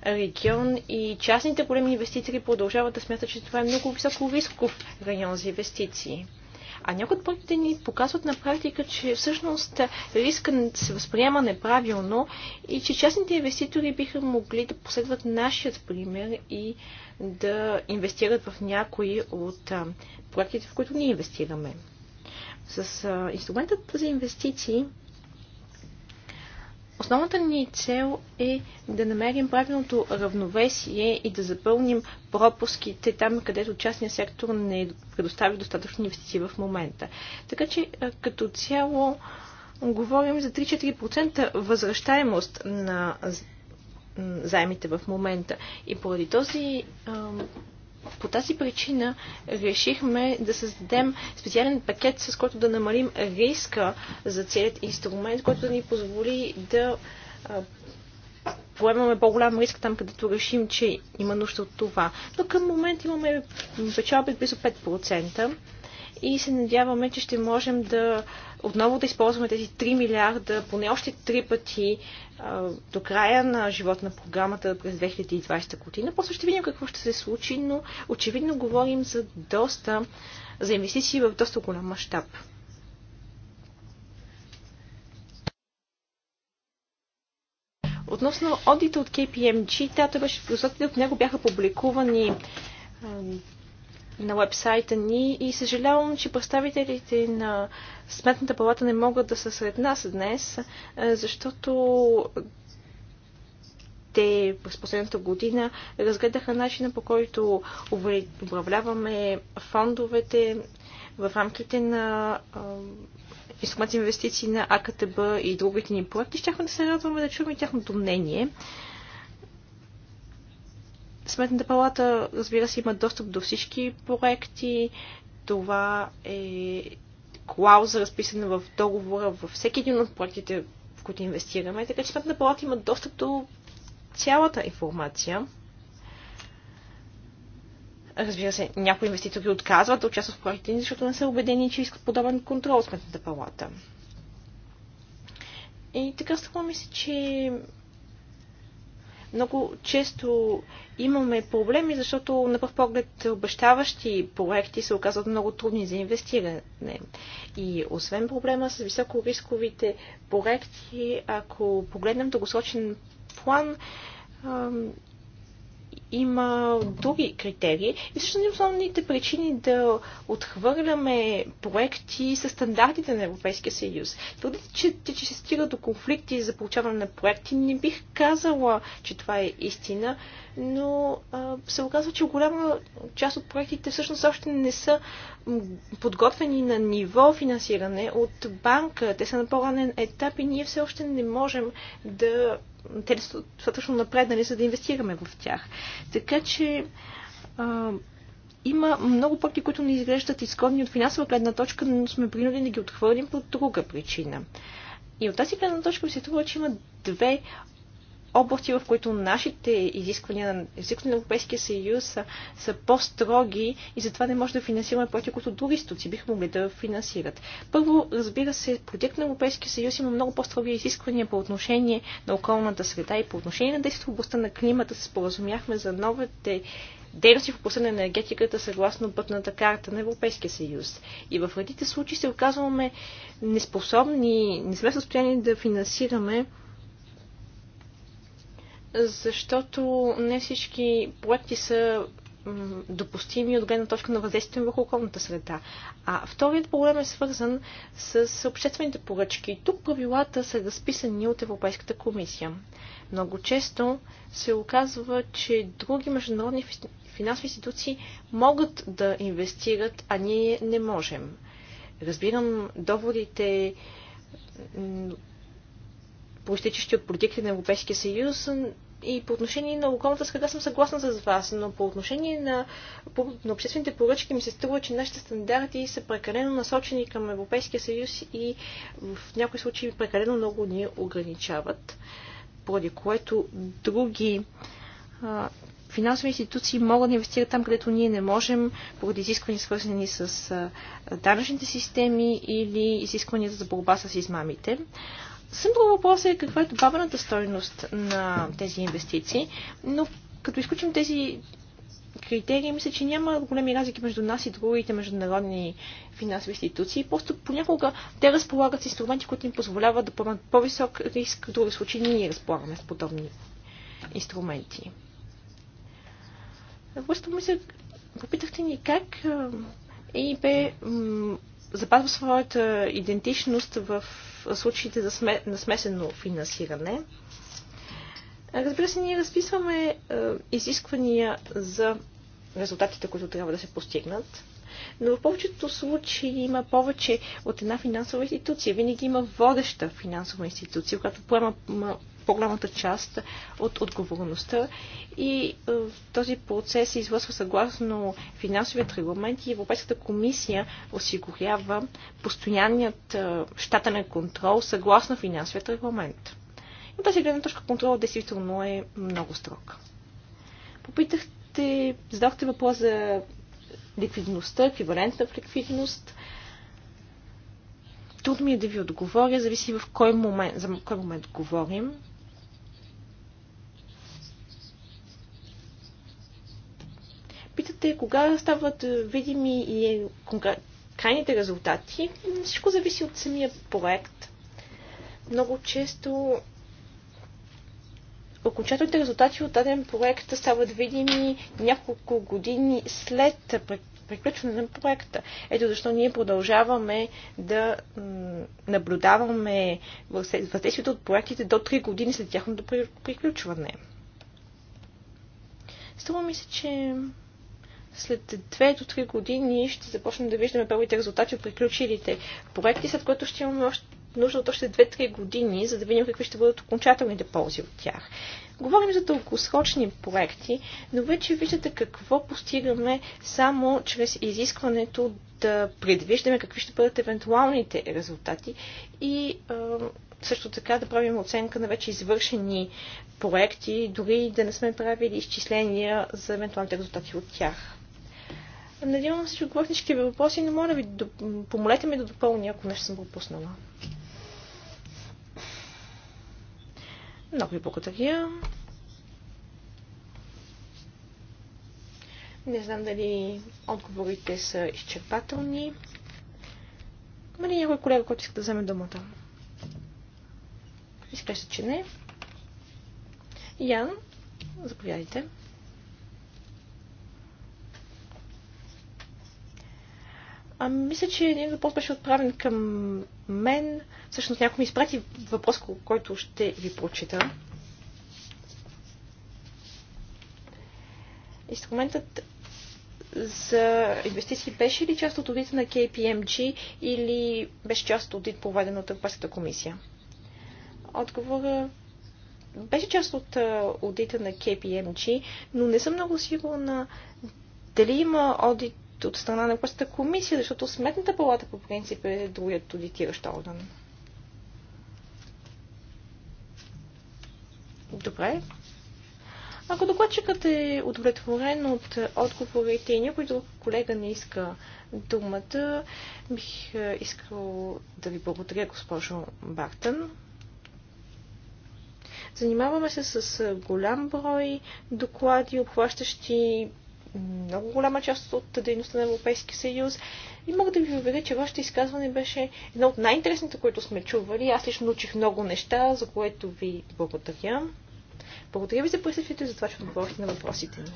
регион и частните големи инвеститори продължават да смятат, че това е много високо рисков район за инвестиции. А някои от пътите ни показват на практика, че всъщност риска се възприема неправилно и че частните инвеститори биха могли да последват нашият пример и да инвестират в някои от проектите, в които ние инвестираме. С инструментът за инвестиции Основната ни цел е да намерим правилното равновесие и да запълним пропуските там, където частният сектор не предостави достатъчно инвестиции в момента. Така че като цяло говорим за 3-4% възвръщаемост на заемите в момента. И поради този по тази причина решихме да създадем специален пакет, с който да намалим риска за целият инструмент, който да ни позволи да поемаме по-голям риск там, където решим, че има нужда от това. Но към момент имаме печалби близо 5% и се надяваме, че ще можем да отново да използваме тези 3 милиарда, поне още 3 пъти до края на живот на програмата през 2020 година. После ще видим какво ще се случи, но очевидно говорим за доста, за инвестиции в доста голям мащаб. Относно одита от KPMG, тято беше в от него бяха публикувани на вебсайта ни и съжалявам, че представителите на Сметната палата не могат да са сред нас днес, защото те през последната година разгледаха начина по който управляваме фондовете в рамките на инструмент инвестиции на АКТБ и другите ни проекти. Щяхме да се радваме да чуем и тяхното мнение. Сметната палата, разбира се, има достъп до всички проекти. Това е клауза, разписана в договора във всеки един от проектите, в които инвестираме. Така че Сметната палата има достъп до цялата информация. Разбира се, някои инвеститори отказват да участват в проектите, защото не са убедени, че искат подобен контрол от Сметната палата. И така струва това мисля, че много често имаме проблеми, защото на пръв поглед обещаващи проекти се оказват много трудни за инвестиране. И освен проблема с високорисковите проекти, ако погледнем дългосрочен план, има други критерии и всъщност основните причини да отхвърляме проекти с стандартите на Европейския съюз. Твърдите, че, че се стига до конфликти за получаване на проекти, не бих казала, че това е истина, но а, се оказва, че голяма част от проектите всъщност още не са подготвени на ниво финансиране от банка. Те са на по-ранен етап и ние все още не можем да те са достатъчно напреднали, за да инвестираме в тях. Така че а, има много пъти, които ни изглеждат изгодни от финансова гледна точка, но сме принудени да ги отхвърлим по друга причина. И от тази гледна точка ми се струва, че има две области, в които нашите изисквания на изисквания на Европейския съюз са, са по-строги и затова не може да финансираме проекти, които други институции биха могли да финансират. Първо, разбира се, проект на Европейския съюз има много по-строги изисквания по отношение на околната среда и по отношение на действието в областта на климата. Се споразумяхме за новите дейности в областта на енергетиката съгласно пътната карта на Европейския съюз. И в редите случаи се оказваме неспособни, не сме в състояние да финансираме защото не всички проекти са допустими от гледна точка на въздействие върху околната среда. А вторият проблем е свързан с обществените поръчки. Тук правилата са разписани от Европейската комисия. Много често се оказва, че други международни финансови институции могат да инвестират, а ние не можем. Разбирам доводите проистичащи от политиките на Европейския съюз. И по отношение на околната среда съм съгласна с вас, но по отношение на, на обществените поръчки ми се струва, че нашите стандарти са прекалено насочени към Европейския съюз и в някои случаи прекалено много ни ограничават, поради което други а, финансови институции могат да инвестират там, където ние не можем, поради изисквания свързани с данъчните системи или изискванията за борба с измамите. Съм друго въпрос е каква е добавената стойност на тези инвестиции, но като изключим тези критерии, мисля, че няма големи разлики между нас и другите международни финансови институции. Просто понякога те разполагат с инструменти, които им позволяват да поемат по-висок риск, в други случаи ние разполагаме с подобни инструменти. Просто мисля, попитахте ни как ЕИБ запазва своята идентичност в случаите на смесено финансиране. Разбира се, ние разписваме е, изисквания за резултатите, които трябва да се постигнат. Но в повечето случаи има повече от една финансова институция. Винаги има водеща финансова институция, която поема по-голямата част от отговорността и е, този процес се извършва съгласно финансовият регламент и Европейската комисия осигурява постоянният е, щатен контрол съгласно финансовият регламент. И тази гледна точка контрол действително е много строг. Попитахте, задахте въпрос за ликвидността, еквивалентна в ликвидност. Трудно ми е да ви отговоря, зависи в кой момент, за кой момент говорим. питате кога стават е, видими и е крайните резултати, всичко зависи от самия проект. Много често окончателните резултати от даден проект стават видими няколко години след приключване на проекта. Ето защо ние продължаваме да наблюдаваме въздействието от проектите до 3 години след тяхното приключване. Струва ми се, че след 2 до 3 години ще започнем да виждаме първите резултати от приключилите проекти, след което ще имаме още нужда от още 2-3 години, за да видим какви ще бъдат окончателните ползи от тях. Говорим за дългосрочни проекти, но вече виждате какво постигаме само чрез изискването да предвиждаме какви ще бъдат евентуалните резултати и е, също така да правим оценка на вече извършени проекти, дори да не сме правили изчисления за евентуалните резултати от тях. Надявам се, че отговорих всички въпроси, но моля ви, помолете ми да допълня, ако нещо съм пропуснала. Много ви благодаря. Не знам дали отговорите са изчерпателни. Има ли някой колега, който иска да вземе думата? Изглежда, че не. Ян, заповядайте. А, мисля, че един въпрос беше отправен към мен. Всъщност някой ми изпрати въпрос, който ще ви прочита. Инструментът за инвестиции беше ли част от аудита на KPMG или беше част от аудит, проведен от Европейската комисия? Отговора беше част от аудита на KPMG, но не съм много сигурна дали има аудит от страна на Европейската комисия, защото Сметната палата по принцип е другият аудитиращ орган. Добре. Ако докладчикът е удовлетворен от отговорите и някой друг колега не иска думата, бих е, искал да ви благодаря, госпожо Бартън. Занимаваме се с е, голям брой доклади, обхващащи много голяма част от дейността на Европейския съюз. И мога да ви уверя, че вашето изказване беше едно от най-интересните, което сме чували. Аз лично научих много неща, за което ви благодаря. Благодаря ви за присъствието и за това, че отговорихте на въпросите ни.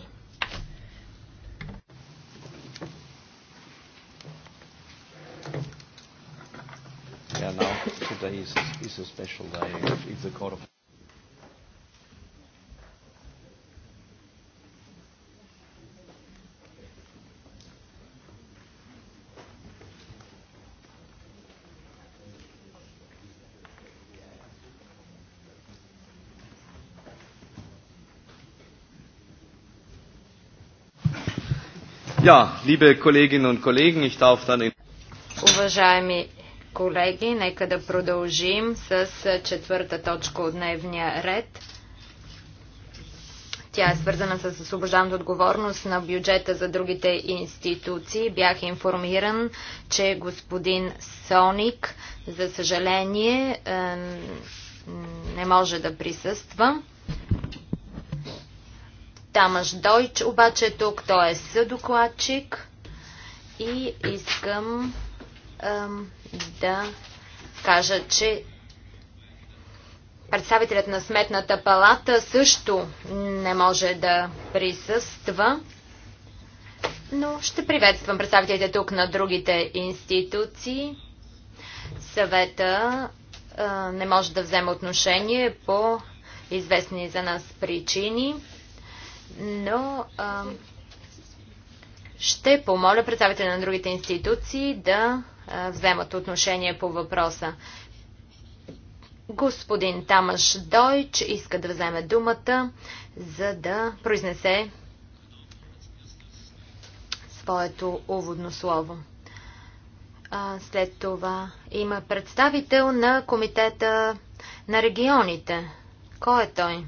Yeah, now today is, is a special day. It's a court of Ja, liebe Kolleginnen und Kollegen, ich darf dann in... Уважаеми колеги, нека да продължим с четвърта точка от дневния ред. Тя е свързана с освобождаването отговорност на бюджета за другите институции. Бях информиран, че господин Соник, за съжаление, не може да присъства. Тамаш Дойч обаче е тук, той е съдокладчик и искам ам, да кажа, че представителят на Сметната палата също не може да присъства, но ще приветствам представителите тук на другите институции. Съвета а, не може да вземе отношение по известни за нас причини но а, ще помоля представители на другите институции да а, вземат отношение по въпроса. Господин Тамаш Дойч иска да вземе думата, за да произнесе своето уводно слово. А, след това има представител на Комитета на регионите. Кой е той?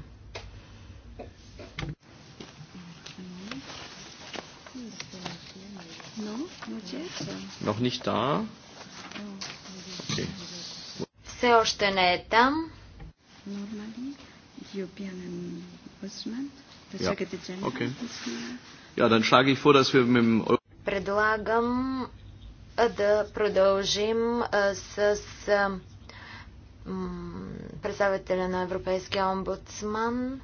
Noch nicht da? Okay. Все още не е там. Предлагам да продължим с представителя на Европейския омбудсман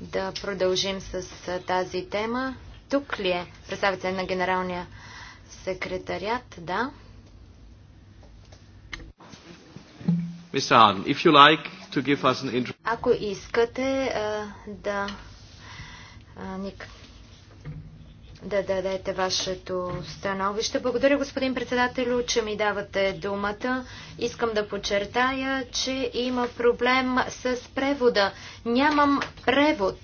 да продължим с тази тема. Тук ли е представителя на Генералния секретарят, да. Мисан, if you like to give us an intro... Ако искате да ник да дадете вашето становище. Благодаря, господин председателю, че ми давате думата. Искам да подчертая, че има проблем с превода. Нямам превод.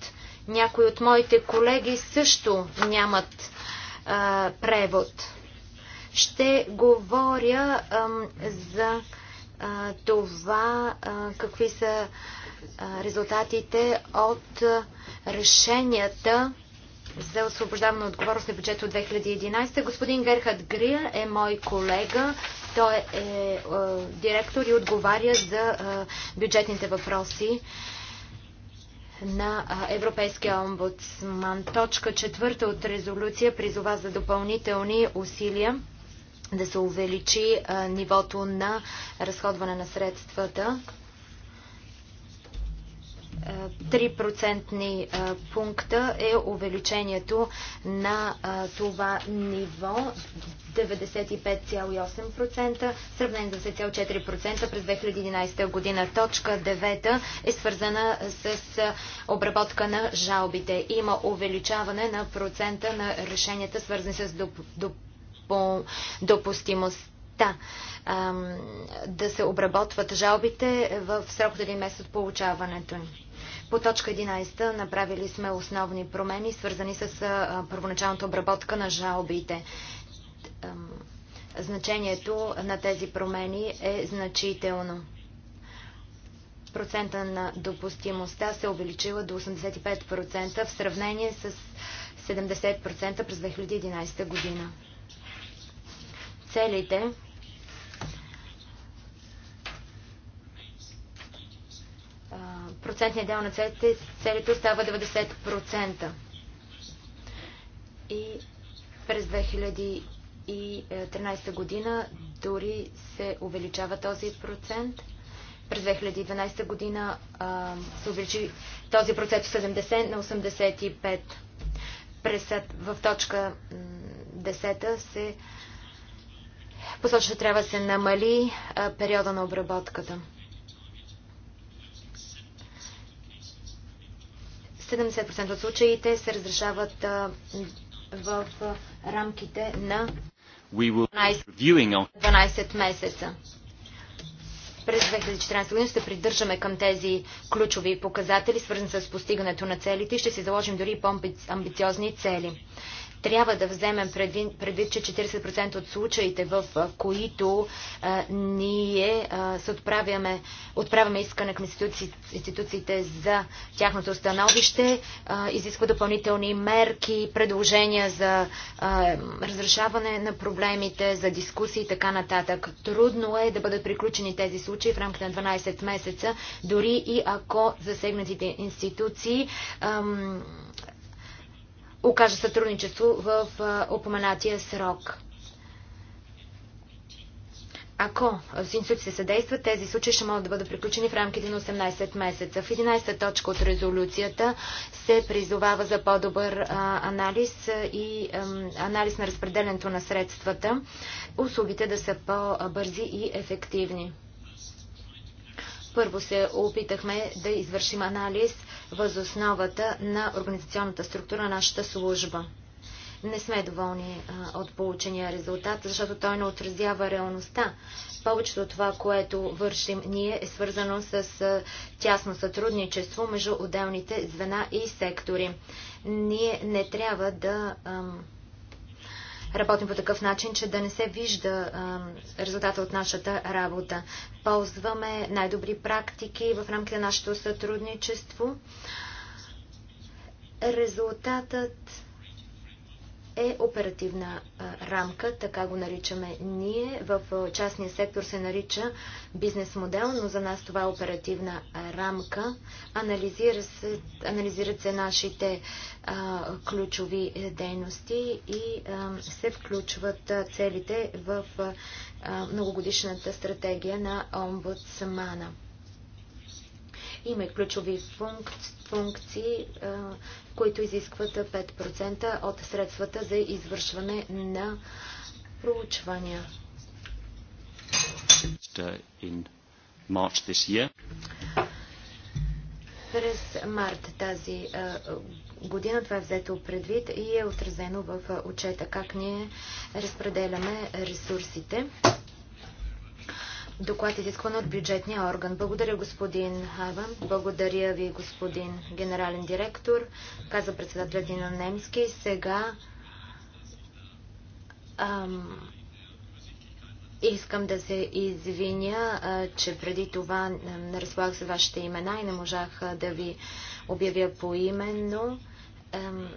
Някои от моите колеги също нямат а, превод ще говоря за това какви са резултатите от решенията за освобождаване от отговорност на бюджет от 2011. Господин Герхард Грия е мой колега. Той е, е директор и отговаря за бюджетните въпроси на Европейския омбудсман. Точка четвърта от резолюция призова за допълнителни усилия да се увеличи нивото на разходване на средствата. 3% пункта е увеличението на това ниво 95,8%, сравнение с 10,4% през 2011 година. Точка 9 е свързана с обработка на жалбите. Има увеличаване на процента на решенията, свързани с допълнението по допустимостта да се обработват жалбите в срок от един месец от получаването ни. По точка 11 направили сме основни промени, свързани с първоначалната обработка на жалбите. Значението на тези промени е значително процента на допустимостта се е увеличила до 85% в сравнение с 70% през 2011 година целите, процентният дял на целите, целите остава 90%. И през 2013 година дори се увеличава този процент. През 2012 година а, се увеличи този процент от 70 на 85. През, в точка 10 се Посочва, че трябва да се намали периода на обработката. 70% от случаите се разрешават в рамките на 12, 12 месеца. През 2014 година ще придържаме към тези ключови показатели, свързани с постигането на целите и ще си заложим дори по-амбициозни цели. Трябва да вземем предвид, предвид че 40% от случаите, в които а, ние а, се отправяме, отправяме искане към институциите за тяхното становище, а, изисква допълнителни мерки, предложения за а, разрешаване на проблемите, за дискусии и така нататък. Трудно е да бъдат приключени тези случаи в рамките на 12 месеца, дори и ако засегнатите институции окаже сътрудничество в упоменатия срок. Ако институциите се съдействат, тези случаи ще могат да бъдат приключени в рамките на 18 месеца. В 11 точка от резолюцията се призовава за по-добър анализ и анализ на разпределенето на средствата, услугите да са по-бързи и ефективни. Първо се опитахме да извършим анализ въз основата на организационната структура на нашата служба. Не сме доволни а, от получения резултат, защото той не отразява реалността. Повечето от това, което вършим ние, е свързано с а, тясно сътрудничество между отделните звена и сектори. Ние не трябва да. Ам, работим по такъв начин, че да не се вижда резултата от нашата работа. Ползваме най-добри практики в рамките на нашето сътрудничество. Резултатът е оперативна рамка, така го наричаме ние. В частния сектор се нарича бизнес модел, но за нас това е оперативна рамка. Анализира се, анализират се нашите ключови е, дейности и се включват целите в многогодишната стратегия на омбудсмана и ключови функции, които изискват 5% от средствата за извършване на проучвания. През март тази година това е взето предвид и е отразено в отчета как ние разпределяме ресурсите. Доклад изискван от бюджетния орган. Благодаря господин Хаван. благодаря ви господин генерален директор, каза председателят на немски. Сега ам, искам да се извиня, а, че преди това не разполагах с вашите имена и не можах да ви обявя поименно. Ам,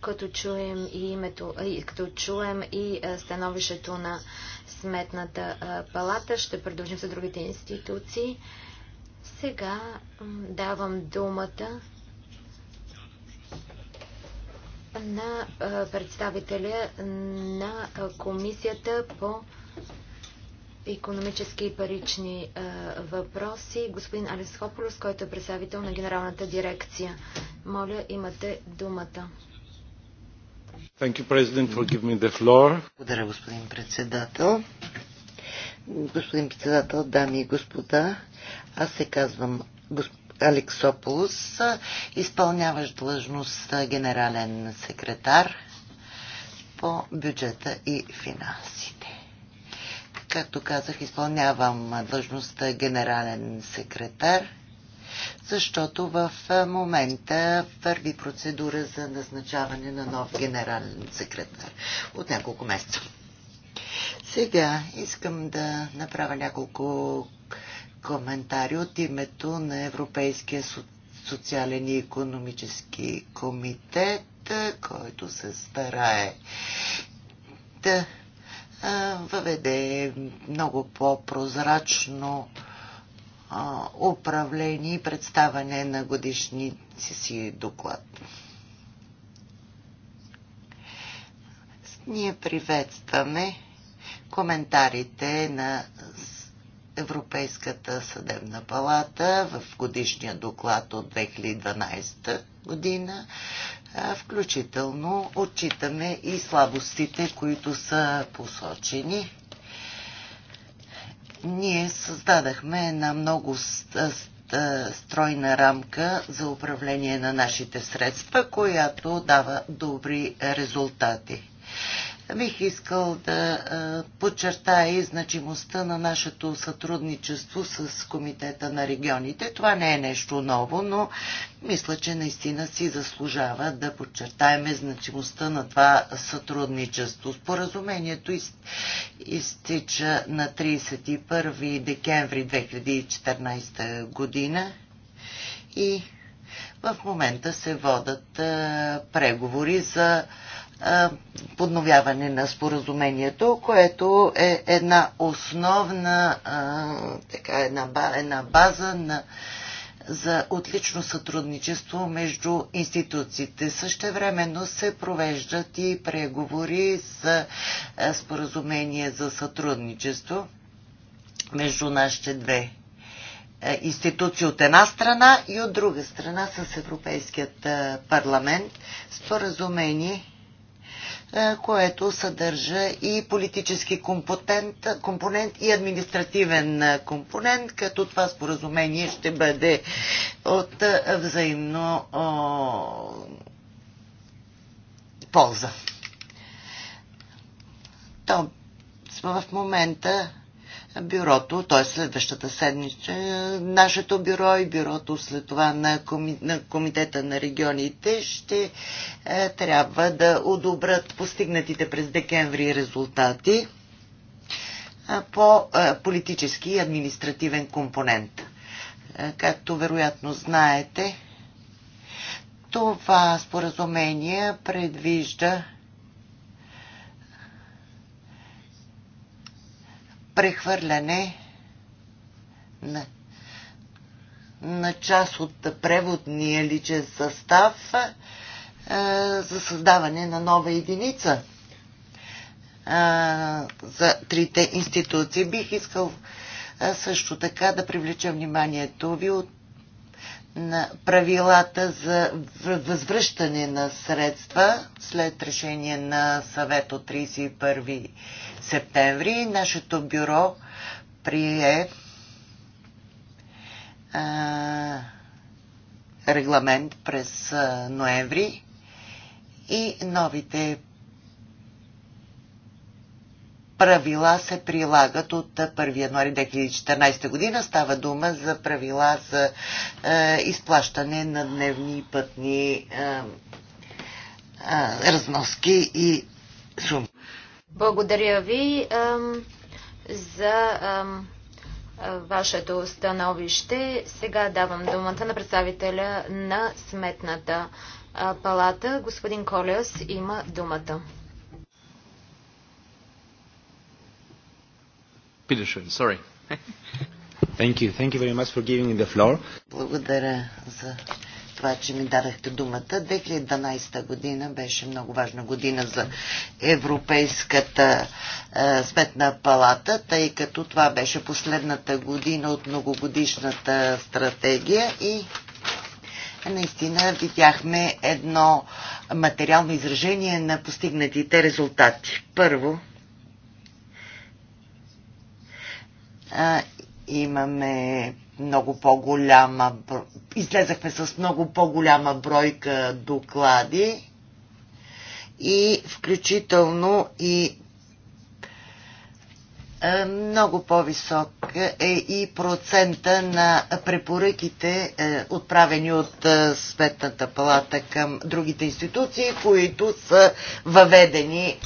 като чуем и името, като чуем и становището на Сметната палата. Ще продължим с другите институции. Сега давам думата на представителя на Комисията по економически и парични въпроси, господин Алис Хополос, който е представител на Генералната дирекция. Моля, имате думата. Thank you, President, for giving me the floor. Благодаря, господин председател. Господин председател, дами и господа, аз се казвам Алексополус, изпълняващ длъжност генерален секретар по бюджета и финансите. Както казах, изпълнявам длъжността генерален секретар – защото в момента върви процедура за назначаване на нов генерален секретар от няколко месеца. Сега искам да направя няколко коментари от името на Европейския социален и економически комитет, който се старае да въведе много по-прозрачно управление и представане на годишници си доклад. Ние приветстваме коментарите на Европейската съдебна палата в годишния доклад от 2012 година. Включително отчитаме и слабостите, които са посочени ние създадахме една много стройна рамка за управление на нашите средства, която дава добри резултати. Бих искал да подчертая и значимостта на нашето сътрудничество с Комитета на регионите. Това не е нещо ново, но мисля, че наистина си заслужава да подчертаем значимостта на това сътрудничество. Споразумението изтича на 31 декември 2014 година и в момента се водат преговори за подновяване на споразумението, което е една основна, така, една, една база на, за отлично сътрудничество между институциите. времено се провеждат и преговори за споразумение за сътрудничество между нашите две институции от една страна и от друга страна с Европейският парламент. Споразумение е, което съдържа и политически компонент, компонент и административен е, компонент, като това споразумение ще бъде от е, взаимно о, полза. То в момента бюрото, т.е. следващата седмица, е, нашето бюро и бюрото след това на, коми, на Комитета на регионите ще е, трябва да одобрят постигнатите през декември резултати е, по е, политически и административен компонент. Както вероятно знаете, това споразумение предвижда прехвърляне на, на част от преводния личен състав е, за създаване на нова единица е, за трите институции. Бих искал също така да привлеча вниманието ви от на правилата за възвръщане на средства след решение на съвет от 31 септември. Нашето бюро прие а, регламент през ноември и новите правила се прилагат от 1 януари 2014 година. Става дума за правила за е, изплащане на дневни пътни е, е, разноски и суми. Благодаря ви ем, за ем, вашето становище. Сега давам думата на представителя на Сметната палата. Господин Колес има думата. sorry. Thank you. Thank you very much for giving me the floor. Благодаря за това, че ми дадахте думата. 2012 година беше много важна година за Европейската е, сметна палата, тъй като това беше последната година от многогодишната стратегия и наистина видяхме едно материално изражение на постигнатите резултати. Първо, а, имаме много по-голяма, излезахме с много по-голяма бройка доклади и включително и много по-висок е и процента на препоръките, отправени от Светната палата към другите институции, които са въведени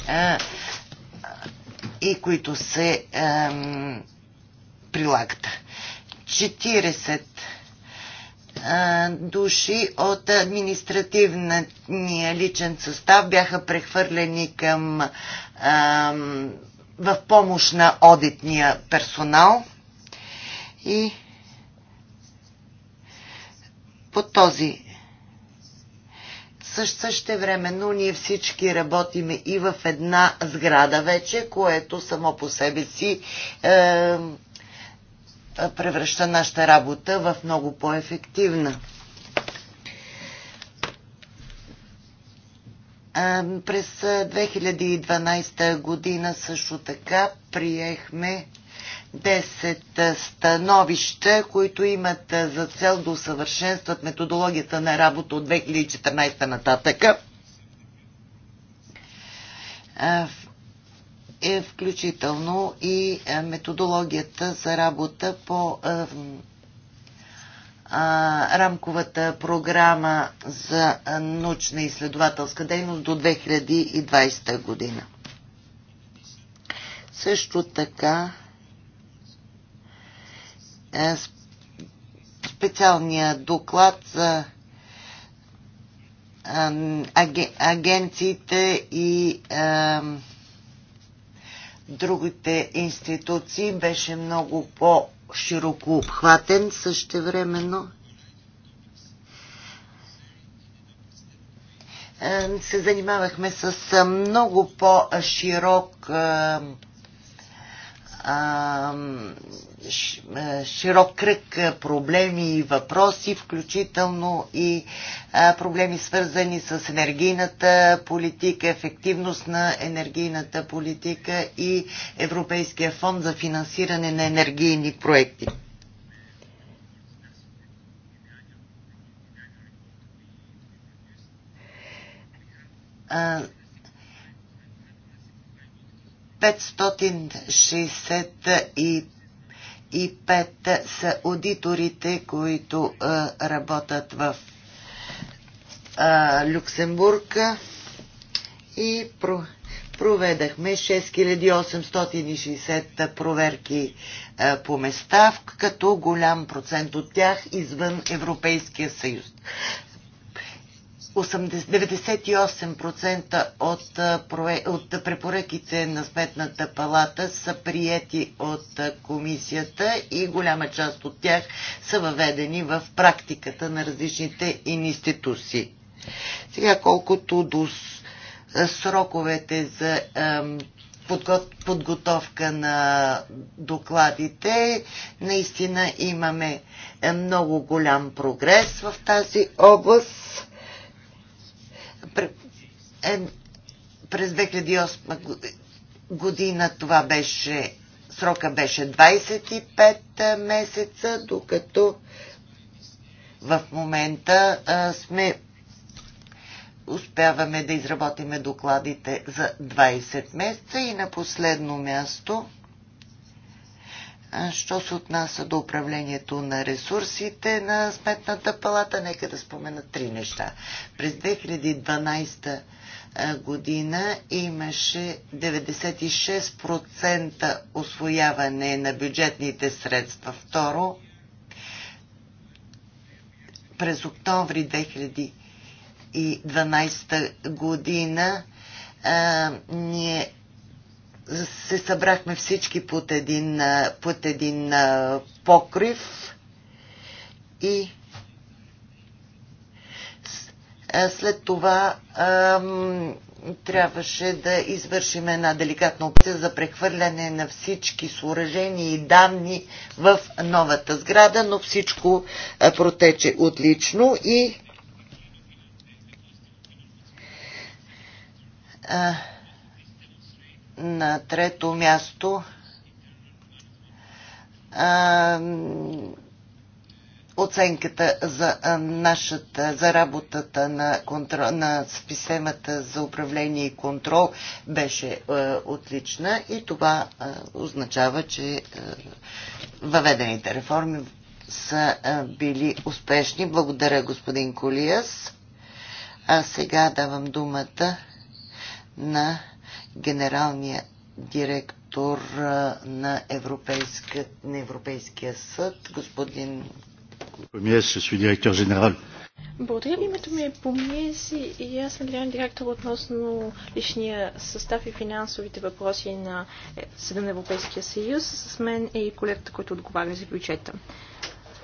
и които се прилагата. 40 души от административния личен състав бяха прехвърлени към в помощ на одитния персонал и по този също времено ние всички работиме и в една сграда вече, което само по себе си е, превръща нашата работа в много по-ефективна. През 2012 година също така приехме 10 становища, които имат за цел да усъвършенстват методологията на работа от 2014 нататък е включително и е, методологията за работа по е, рамковата програма за е, научна изследователска дейност до 2020 година. Също така специалния доклад за агенциите и другите институции беше много по-широко обхватен същевременно. Е, се занимавахме с е, много по-широк е, широк кръг проблеми и въпроси, включително и проблеми свързани с енергийната политика, ефективност на енергийната политика и Европейския фонд за финансиране на енергийни проекти. А, и и пет са аудиторите, които а, работят в а, Люксембург и про, проведахме 6860 проверки а, по места, като голям процент от тях извън Европейския съюз. 98% от, от препоръките на Сметната палата са приети от комисията и голяма част от тях са въведени в практиката на различните институции. Сега колкото до сроковете за подготовка на докладите. Наистина имаме е, много голям прогрес в тази област. Е, през 2008 година това беше, срока беше 25 е, месеца, докато в момента а, е, сме успяваме да изработиме докладите за 20 месеца и на последно място Що се отнася до управлението на ресурсите на Сметната палата, нека да спомена три неща. През 2012 година имаше 96% освояване на бюджетните средства. Второ, през октомври 2012 година а, ние се събрахме всички под един, под един покрив и след това ам, трябваше да извършим една деликатна опция за прехвърляне на всички съоръжения и данни в новата сграда, но всичко протече отлично и а, на трето място а, оценката за нашата, за работата на, контрол, на системата за управление и контрол беше а, отлична и това а, означава, че а, въведените реформи са а, били успешни. Благодаря, господин Колиас. А сега давам думата на генералния директор на, Европейска, на Европейския съд, господин... Премьер, директор генерал. Благодаря ви, името ми е Помиес и аз съм генерален директор относно личния състав и финансовите въпроси на е, Съда на Европейския съюз. С мен е и колегата, който отговаря за бюджета.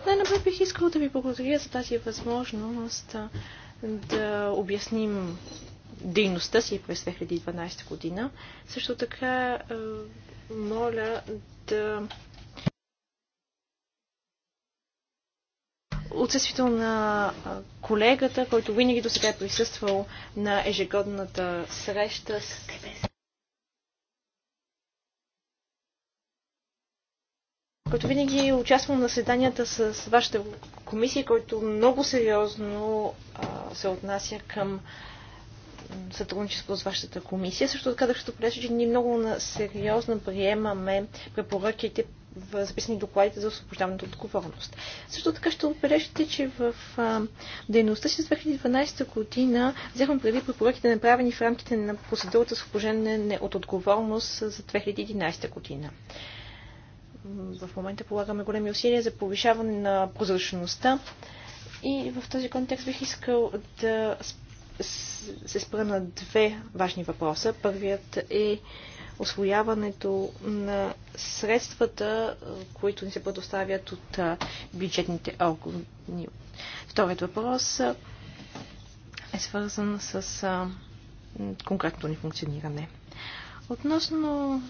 Най-напред бих искала да ви благодаря за тази възможност да обясним дейността си през 2012 година. Също така моля да отсъствието на колегата, който винаги до сега е присъствал на ежегодната среща с който винаги е участвал на заседанията с вашата комисия, който много сериозно а, се отнася към сътрудничество с вашата комисия. Също така да ще че ние много сериозно приемаме препоръките в записани докладите за освобождаването от отговорност. Също така ще отбележите, че в а, дейността си с 2012 година взехме преди препоръките направени в рамките на процедурата освобождане от отговорност за 2011 година в момента полагаме големи усилия за повишаване на прозрачността. И в този контекст бих искал да се спра на две важни въпроса. Първият е освояването на средствата, които ни се предоставят от бюджетните органи. Вторият въпрос е свързан с конкретното ни функциониране. Относно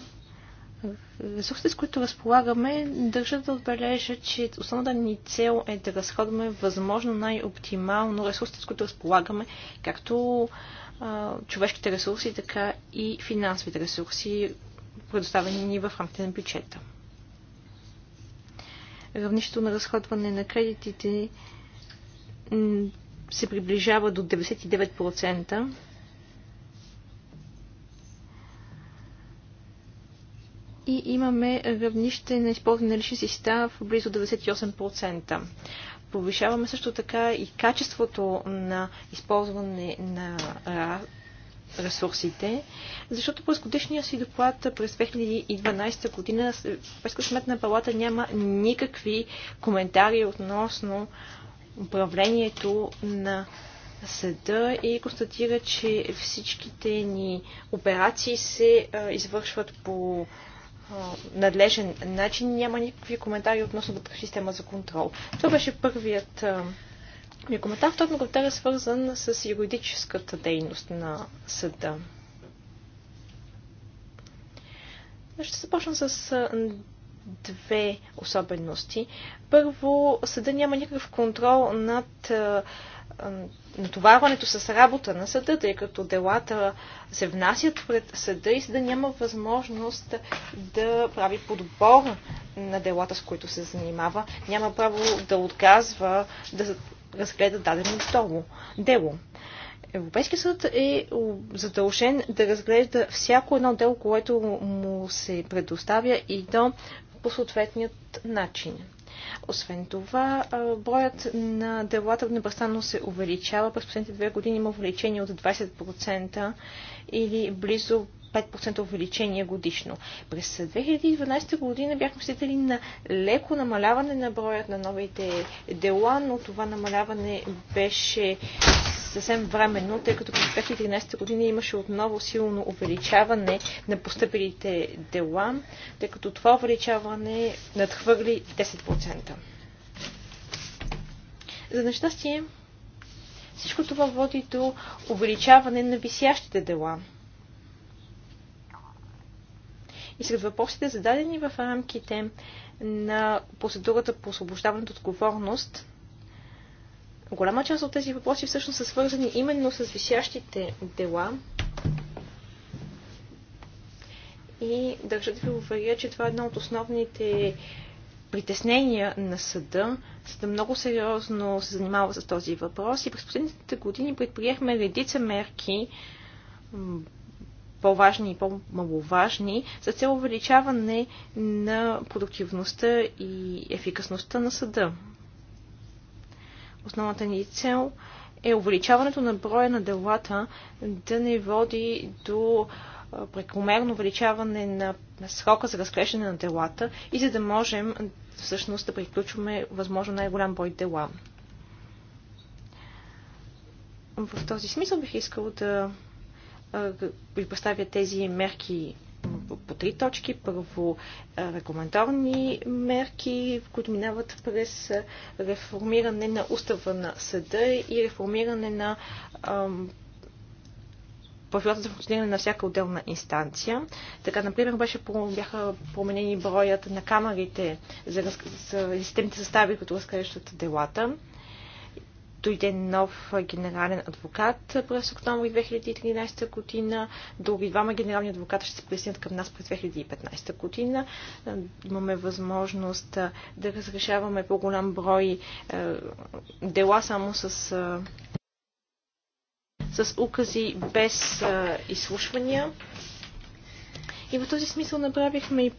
Ресурсите, с които разполагаме, държа да отбележа, че основната ни цел е да разходваме възможно най-оптимално ресурсите, с които разполагаме, както а, човешките ресурси, така и финансовите ресурси, предоставени ни в рамките на бюджета. Равнището на разходване на кредитите се приближава до 99%, и имаме равнище на използване на лични в близо 98%. Повишаваме също така и качеството на използване на ресурсите, защото през годишния си доклад през 2012 година Европейска сметна палата няма никакви коментари относно управлението на съда и констатира, че всичките ни операции се извършват по надлежен начин. Няма никакви коментари относно вътрешна система за контрол. Това беше първият ми коментар. Второ ми коментар е свързан с юридическата дейност на съда. Значи, ще започна с две особености. Първо, съда няма никакъв контрол над натоварването с работа на съда, тъй като делата се внасят пред съда и съда няма възможност да прави подбор на делата, с които се занимава. Няма право да отказва да разгледа дадено второ дело. Европейския съд е задължен да разглежда всяко едно дело, което му се предоставя и то по съответният начин. Освен това, броят на делата непрестанно се увеличава. През последните две години има увеличение от 20% или близо 5% увеличение годишно. През 2012 година бяхме свидетели на леко намаляване на броят на новите дела, но това намаляване беше съвсем временно, тъй като през 2013 година имаше отново силно увеличаване на постъпилите дела, тъй като това увеличаване надхвърли 10%. За нещастие, всичко това води до увеличаване на висящите дела и сред въпросите зададени в рамките на процедурата по освобождаването от отговорност, голяма част от тези въпроси всъщност са свързани именно с висящите дела. И държа да ви уверя, че това е едно от основните притеснения на съда. Съда много сериозно се занимава с този въпрос и през последните години предприехме редица мерки, по-важни и по-маловажни, за цел увеличаване на продуктивността и ефикасността на съда. Основната ни цел е увеличаването на броя на делата да не води до прекомерно увеличаване на срока за разглеждане на делата и за да можем всъщност да приключваме възможно най-голям брой дела. В този смисъл бих искал да ви поставя тези мерки по три точки. Първо, регламентовани мерки, които минават през реформиране на устава на съда и реформиране на правилата за функциониране на всяка отделна инстанция. Така, например, беше, бяха променени броят на камерите за, за системните състави, които разкрещат делата дойде нов генерален адвокат през октомври 2013 година. Други двама генерални адвоката ще се присъединят към нас през 2015 година. Имаме възможност да разрешаваме по-голям брой дела само с с укази без а, изслушвания. И в този смисъл направихме и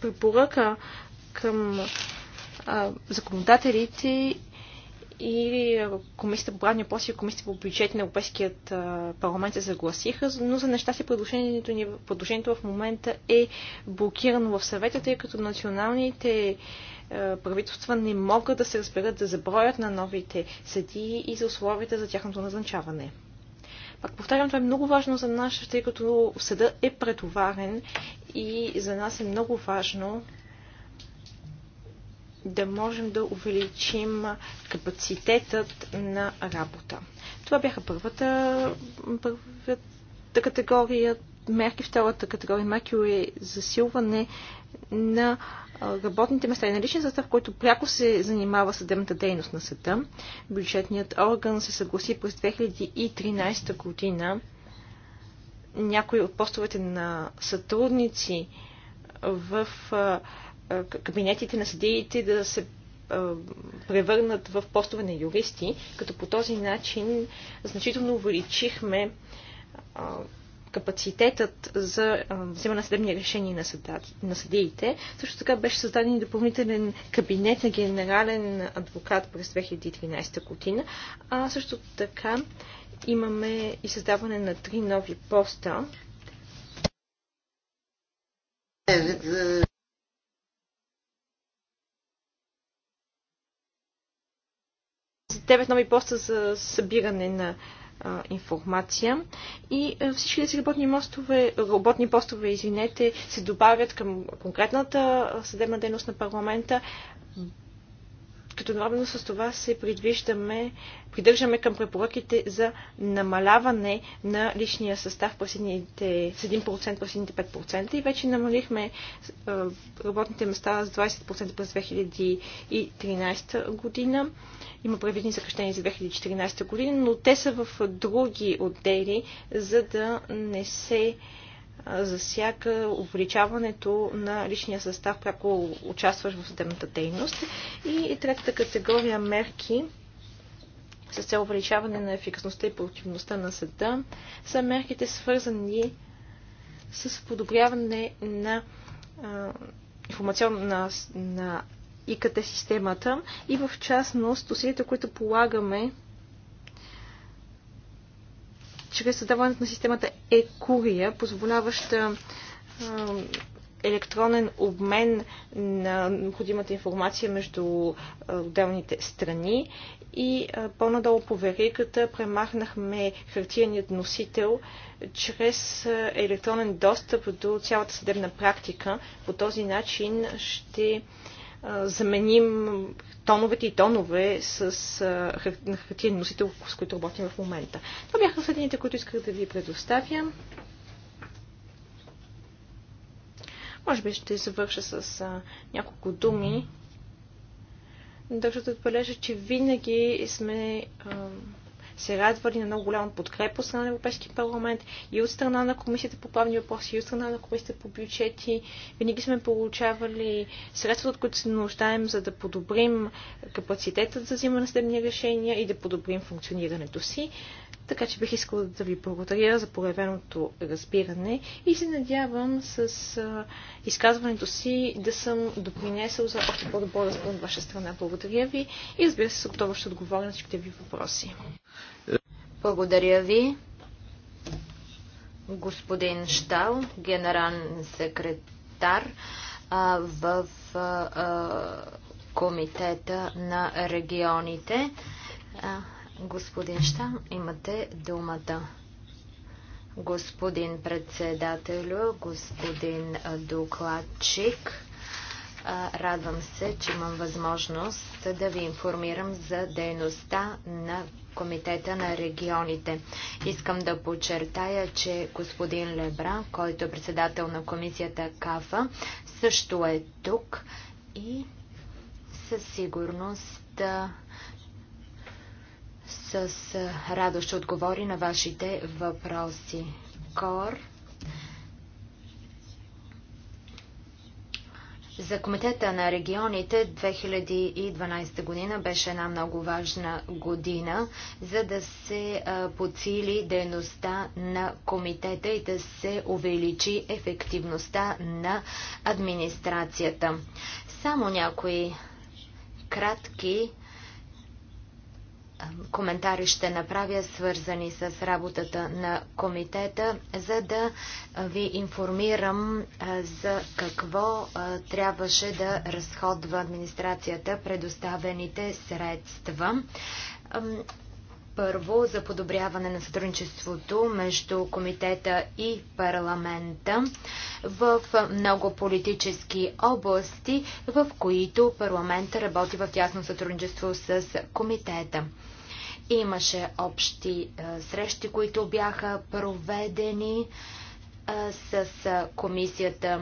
препоръка към а, законодателите и Комисията по правни въпроси и Комисията по бюджет на Европейският парламент се съгласиха, но за неща си предложението, ни, предложението в момента е блокирано в съвета, тъй като националните правителства не могат да се разберат за заброят на новите съдии и за условията за тяхното назначаване. Пак повтарям, това е много важно за нас, тъй като съда е претоварен и за нас е много важно да можем да увеличим капацитетът на работа. Това бяха първата, първата категория мерки. Втората категория мерки е засилване на работните места и наличен състав, който пряко се занимава съдебната дейност на съда. Бюджетният орган се съгласи през 2013 година някои от постовете на сътрудници в кабинетите на съдиите да се превърнат в постове на юристи, като по този начин значително увеличихме капацитетът за вземане на съдебни решения на, съда, на съдиите. Също така беше създаден и допълнителен кабинет на генерален адвокат през 2013 година, а също така имаме и създаване на три нови поста. 9 нови поста за събиране на а, информация и всички тези работни, мостове, работни постове извинете, се добавят към конкретната съдебна дейност на парламента като едновременно с това се предвиждаме, придържаме към препоръките за намаляване на личния състав с 1% през 5% и вече намалихме е, работните места с 20% през 2013 година. Има предвидени съкрещения за 2014 година, но те са в други отдели, за да не се засяга увеличаването на личния състав, пряко участваш в съдебната дейност. И третата категория мерки с цел увеличаване на ефикасността и продуктивността на съда са мерките свързани с подобряване на информационна на ИКТ системата и в частност усилията, които полагаме чрез създаването на системата Екурия, позволяваща електронен обмен на необходимата информация между отделните страни и по-надолу по веригата премахнахме хартияният носител чрез електронен достъп до цялата съдебна практика. По този начин ще заменим тоновете и тонове с хартиен носител, с които работим в момента. Това бяха следните, които исках да ви предоставя. Може би ще завърша с а, няколко думи. Държа да отбележа, че винаги сме а, се радвали на много голяма подкрепа от страна на Европейския парламент и от страна на Комисията по правни въпроси, и от страна на Комисията по бюджети. Винаги сме получавали средства, от които се нуждаем, за да подобрим капацитетът за взимане на съдебни решения и да подобрим функционирането си. Така че бих искала да ви благодаря за проявеното разбиране и се надявам с изказването си да съм допринесъл за още по-добро разбор от ваша страна. Благодаря ви и разбира се, с готова ще отговоря на всичките ви въпроси. Благодаря ви. Господин Штал, генерален секретар а, в а, Комитета на регионите. А, Господин Штам, имате думата. Господин председателю, господин докладчик, радвам се, че имам възможност да ви информирам за дейността на Комитета на регионите. Искам да подчертая, че господин Лебра, който е председател на комисията КАФА, също е тук и със сигурност с радост ще отговори на вашите въпроси. КОР За Комитета на регионите 2012 година беше една много важна година, за да се подсили дейността на комитета и да се увеличи ефективността на администрацията. Само някои кратки коментари ще направя, свързани с работата на комитета, за да ви информирам за какво трябваше да разходва администрацията предоставените средства. Първо, за подобряване на сътрудничеството между комитета и парламента в много политически области, в които парламента работи в тясно сътрудничество с комитета. Имаше общи срещи, които бяха проведени с комисията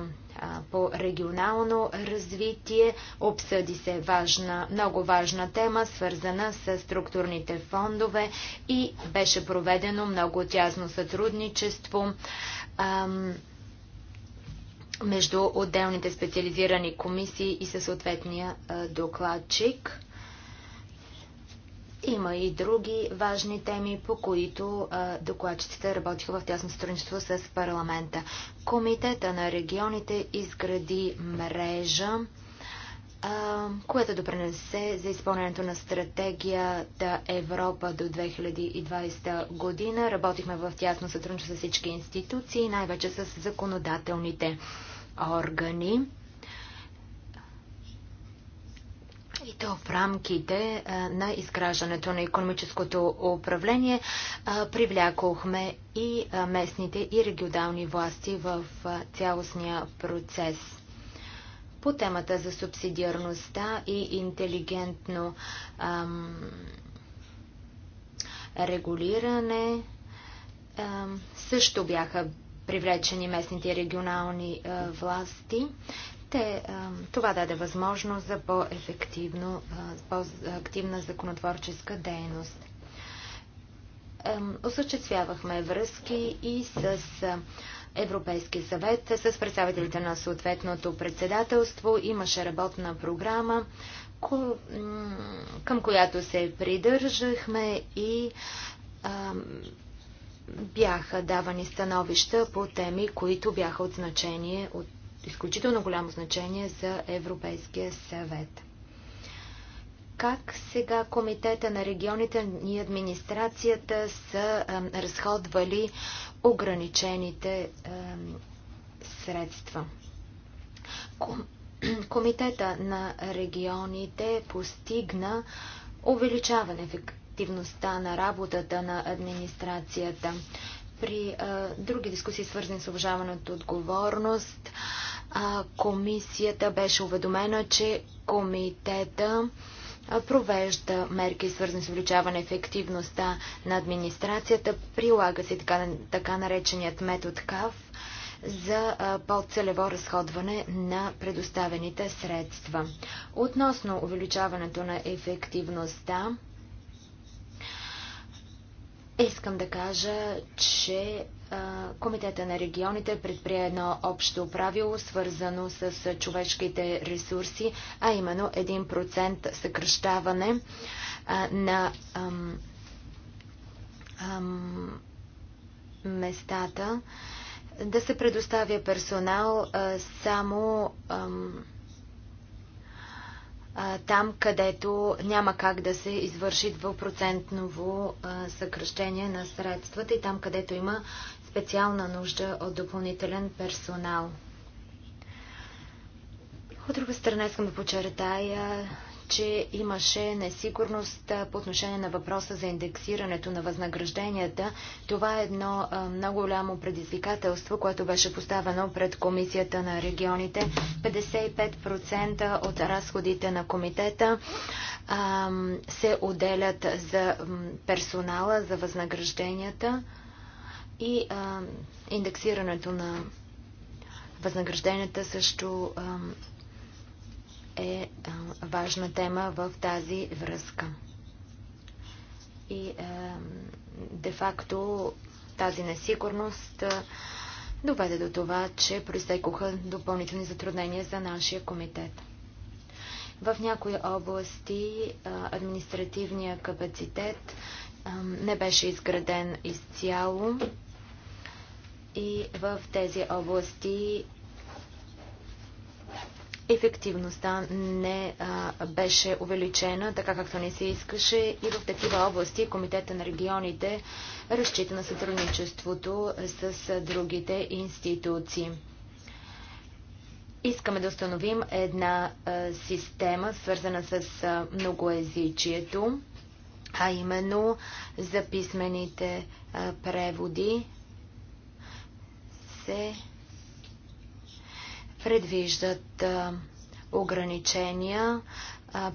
по регионално развитие. Обсъди се важна, много важна тема, свързана с структурните фондове и беше проведено много тясно сътрудничество между отделните специализирани комисии и със съответния докладчик. Има и други важни теми, по които а, докладчиците работиха в тясно сътрудничество с парламента. Комитета на регионите изгради мрежа, а, която допренесе за изпълнението на стратегията Европа до 2020 година. Работихме в тясно сътрудничество с всички институции, най-вече с законодателните органи. и то в рамките на изграждането на економическото управление привлякохме и местните и регионални власти в цялостния процес. По темата за субсидиарността и интелигентно ам, регулиране ам, също бяха привлечени местните и регионални а, власти. Те, това даде възможност за по-ефективно, по-активна законотворческа дейност. Осъществявахме връзки и с Европейския съвет, с представителите на съответното председателство. Имаше работна програма, към която се придържахме и бяха давани становища по теми, които бяха от значение от изключително голямо значение за Европейския съвет. Как сега Комитета на регионите и администрацията са е, разходвали ограничените е, средства? Комитета на регионите постигна увеличаване ефективността на работата на администрацията. При е, други дискусии, свързани с уважаването отговорност, Комисията беше уведомена, че комитета провежда мерки свързани с увеличаване ефективността на администрацията, прилага се така, така нареченият метод КАВ за по-целево разходване на предоставените средства. Относно увеличаването на ефективността, искам да кажа, че Комитета на регионите предприе едно общо правило, свързано с човешките ресурси, а именно 1% съкръщаване на местата, да се предоставя персонал само там, където няма как да се извърши 2% съкръщение на средствата и там, където има специална нужда от допълнителен персонал. От друга страна искам да подчертая, че имаше несигурност по отношение на въпроса за индексирането на възнагражденията. Това е едно много голямо предизвикателство, което беше поставено пред Комисията на регионите. 55% от разходите на комитета се отделят за персонала, за възнагражденията. И а, индексирането на възнагражденията също а, е а, важна тема в тази връзка. И а, де-факто тази несигурност а, доведе до това, че проистекоха допълнителни затруднения за нашия комитет. В някои области а, административния капацитет а, не беше изграден изцяло и в тези области ефективността не а, беше увеличена така както не се искаше и в такива области Комитета на регионите разчита на сътрудничеството с другите институции. Искаме да установим една а, система, свързана с а, многоезичието, а именно за писмените а, преводи се предвиждат ограничения,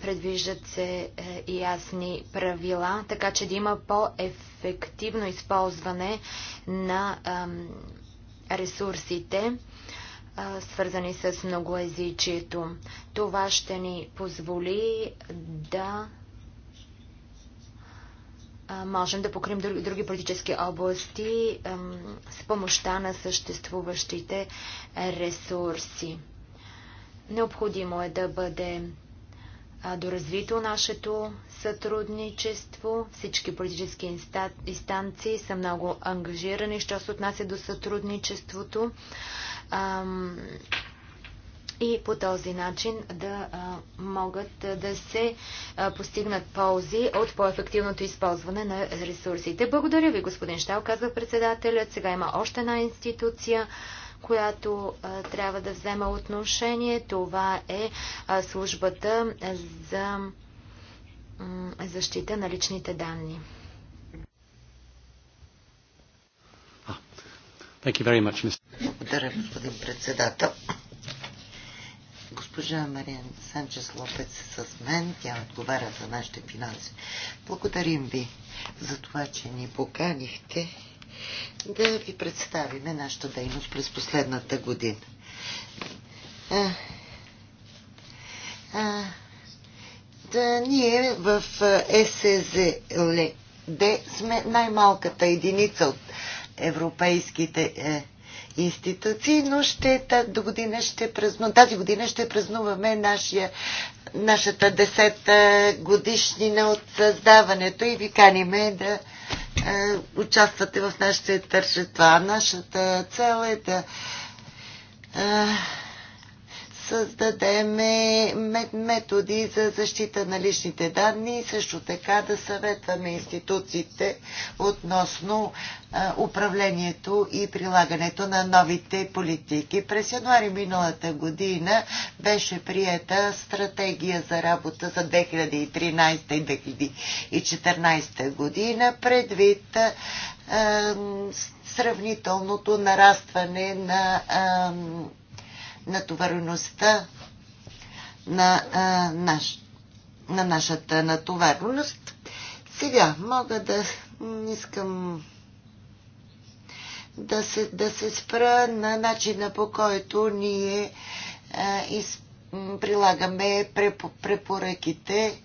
предвиждат се е, и ясни правила, така че да има по-ефективно използване на ресурсите, свързани с многоязичието. Това ще ни позволи да можем да покрием други политически области с помощта на съществуващите ресурси. Необходимо е да бъде доразвито нашето сътрудничество. Всички политически инстанции са много ангажирани, що се отнася до сътрудничеството и по този начин да могат да се постигнат ползи от по-ефективното използване на ресурсите. Благодаря ви, господин Штал, казва председателят. Сега има още една институция която а, трябва да взема отношение. Това е а, службата за защита на личните данни. Ah, Благодаря, господин председател госпожа Мариан Санчес Лопец е с мен. Тя отговаря за нашите финанси. Благодарим ви за това, че ни поканихте да ви представиме нашата дейност през последната година. А, а, да, ние в СЗЛД сме най-малката единица от европейските е, институции, но ще, до година ще празну, тази година ще празнуваме нашия, нашата десета годишнина от създаването и ви каниме да е, участвате в нашите тържества. Нашата цел е да е, създадем методи за защита на личните данни и също така да съветваме институциите относно управлението и прилагането на новите политики. През януари миналата година беше приета стратегия за работа за 2013 и 2014 година предвид сравнителното нарастване на натовареността на, наш, на нашата натовареност. Сега мога да искам да се, да се спра на начина по който ние а, из, прилагаме препоръките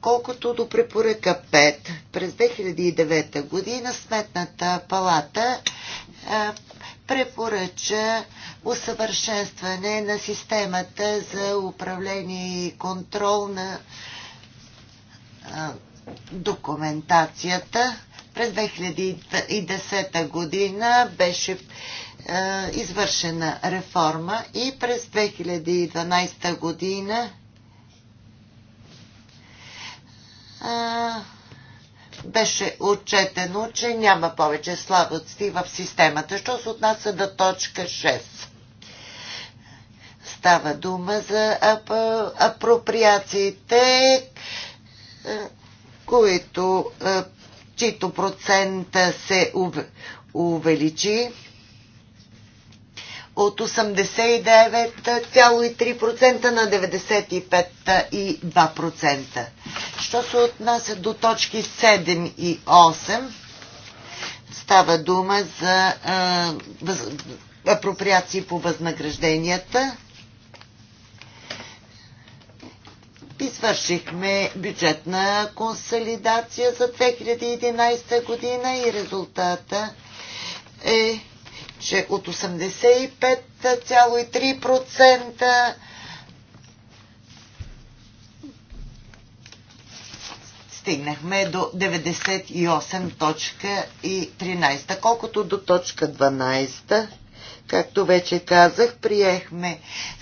колкото до препоръка 5. През 2009 година Сметната палата а, препоръча усъвършенстване на системата за управление и контрол на документацията. През 2010 година беше извършена реформа и през 2012 година беше отчетено, че няма повече слабости в системата. Що се отнася до точка 6? Става дума за апроприациите, е, които, е, чието процента се увеличи от 89,3% на 95,2%. Що се отнася до точки 7 и 8, става дума за апроприации по възнагражденията. Извършихме бюджетна консолидация за 2011 година и резултата е, че от 85,3% стигнахме до 98 точка и 13. Колкото до точка 12, както вече казах, приехме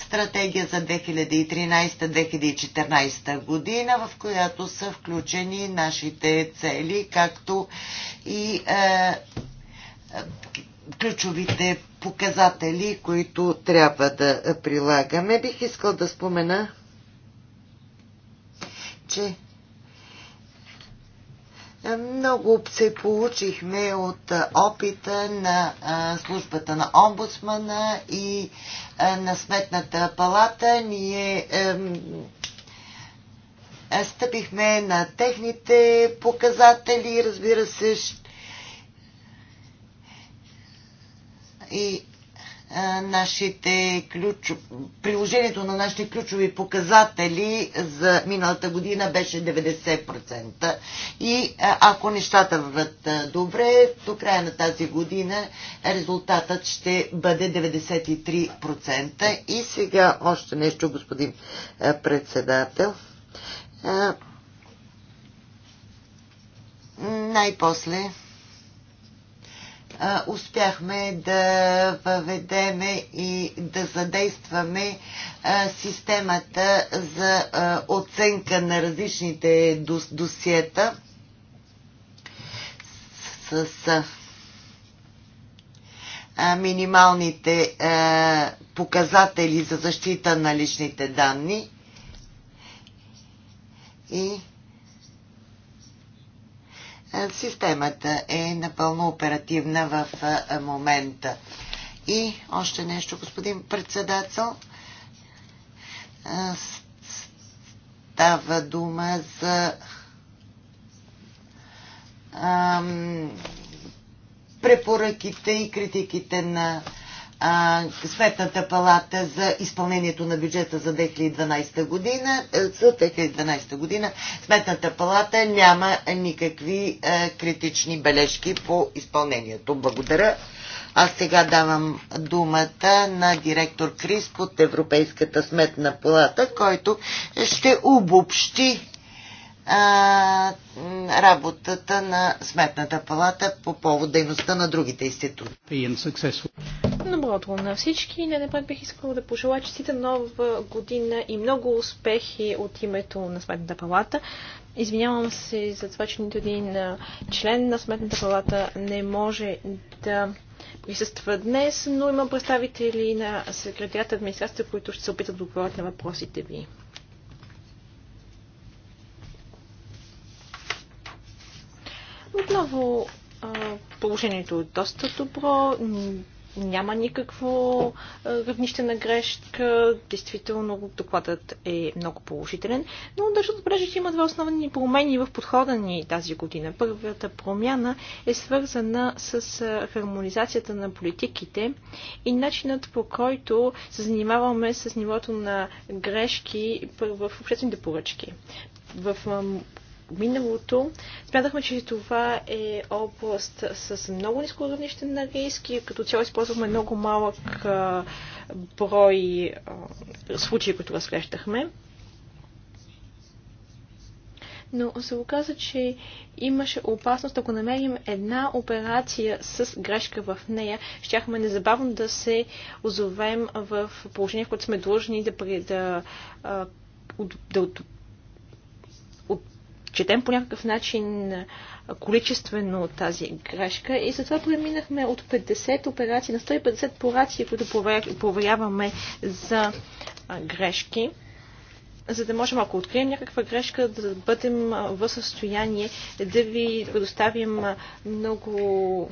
стратегия за 2013-2014 година, в която са включени нашите цели, както и е, е, ключовите показатели, които трябва да прилагаме. Бих искал да спомена, че много се получихме от опита на службата на омбудсмана и на сметната палата. Ние стъпихме на техните показатели, разбира се, и е, нашите ключ... приложението на нашите ключови показатели за миналата година беше 90%. И е, ако нещата върват е, добре, до края на тази година резултатът ще бъде 93%. И сега още нещо, господин председател. Най-после успяхме да въведеме и да задействаме системата за оценка на различните досиета с минималните показатели за защита на личните данни и е, системата е напълно оперативна в е, момента. И още нещо, господин председател. Е, става дума за препоръките и критиките на Светната палата за изпълнението на бюджета за 2012 година. Е, за 2012 година Сметната палата няма никакви е, критични бележки по изпълнението. Благодаря. А сега давам думата на директор Крис от Европейската сметна палата, който ще обобщи работата на Сметната палата по повод дейността на другите институции. На благото на всички. Не, напред бих искала да пожелая честита нова година и много успехи от името на Сметната палата. Извинявам се за това, че нито един член на Сметната палата не може да присъства днес, но има представители на секретарията администрация, които ще се опитат да отговорят на въпросите ви. Отново положението е доста добро, няма никакво равнище на грешка, действително докладът е много положителен, но държа да че има два основни промени в подхода ни тази година. Първата промяна е свързана с хармонизацията на политиките и начинът по който се занимаваме с нивото на грешки в обществените поръчки в миналото. Смятахме, че това е област с много ниско равнище на риски. Като цяло използвахме много малък а, брой а, случаи, които разглеждахме. Но се оказа, че имаше опасност, ако намерим една операция с грешка в нея, щяхме незабавно да се озовем в положение, в което сме длъжни да, да, да, да отчетем по някакъв начин количествено тази грешка и затова преминахме от 50 операции на 150 операции, които проверяваме за грешки за да можем, ако открием някаква грешка, да бъдем в състояние да ви предоставим много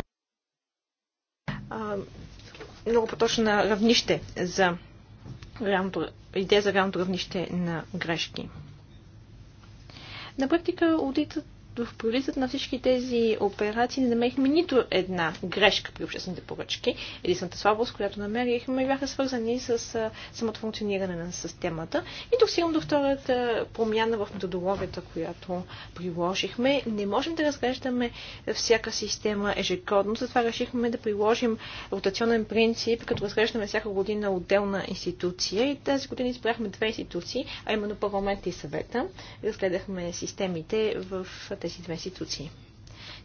много по-точно равнище за идея за равното равнище на грешки. На практика аудитът в пролитът на всички тези операции не намерихме нито една грешка при обществените поръчки. Единствената слабост, която намерихме, бяха свързани с самото функциониране на системата. И тук стигам до втората промяна в методологията, която приложихме. Не можем да разглеждаме всяка система ежегодно, затова решихме да приложим ротационен принцип, като разглеждаме всяка година отделна институция. И тази година избрахме две институции, а именно парламент и съвета. Разгледахме системите в тези тези две институции.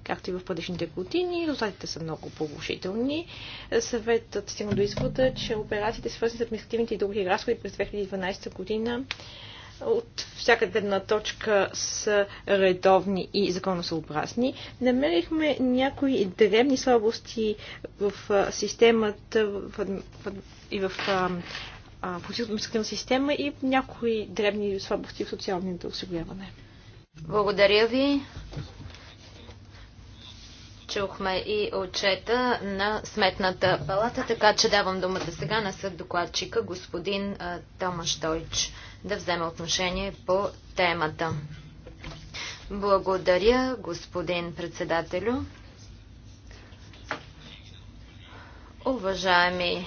Както и в предишните години, резултатите са много положителни. Съветът стигна до извода, че операциите, свързани с административните и други разходи през 2012 година, от всяка гледна точка са редовни и законосъобразни. Намерихме някои древни слабости в системата в, в, и в политическата система и някои древни слабости в социалното осигуряване. Благодаря ви. Чухме и отчета на Сметната палата, така че давам думата сега на съд докладчика господин Томаш Тойч да вземе отношение по темата. Благодаря, господин председателю. Уважаеми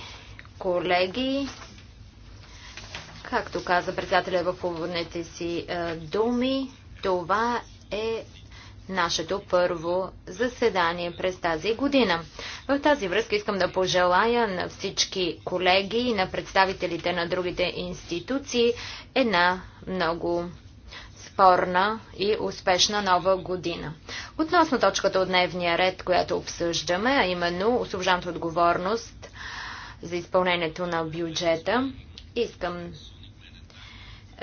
колеги, както каза председателя в уводните си думи, това е нашето първо заседание през тази година. В тази връзка искам да пожелая на всички колеги и на представителите на другите институции една много спорна и успешна нова година. Относно точката от дневния ред, която обсъждаме, а именно освобожданата отговорност за изпълнението на бюджета, искам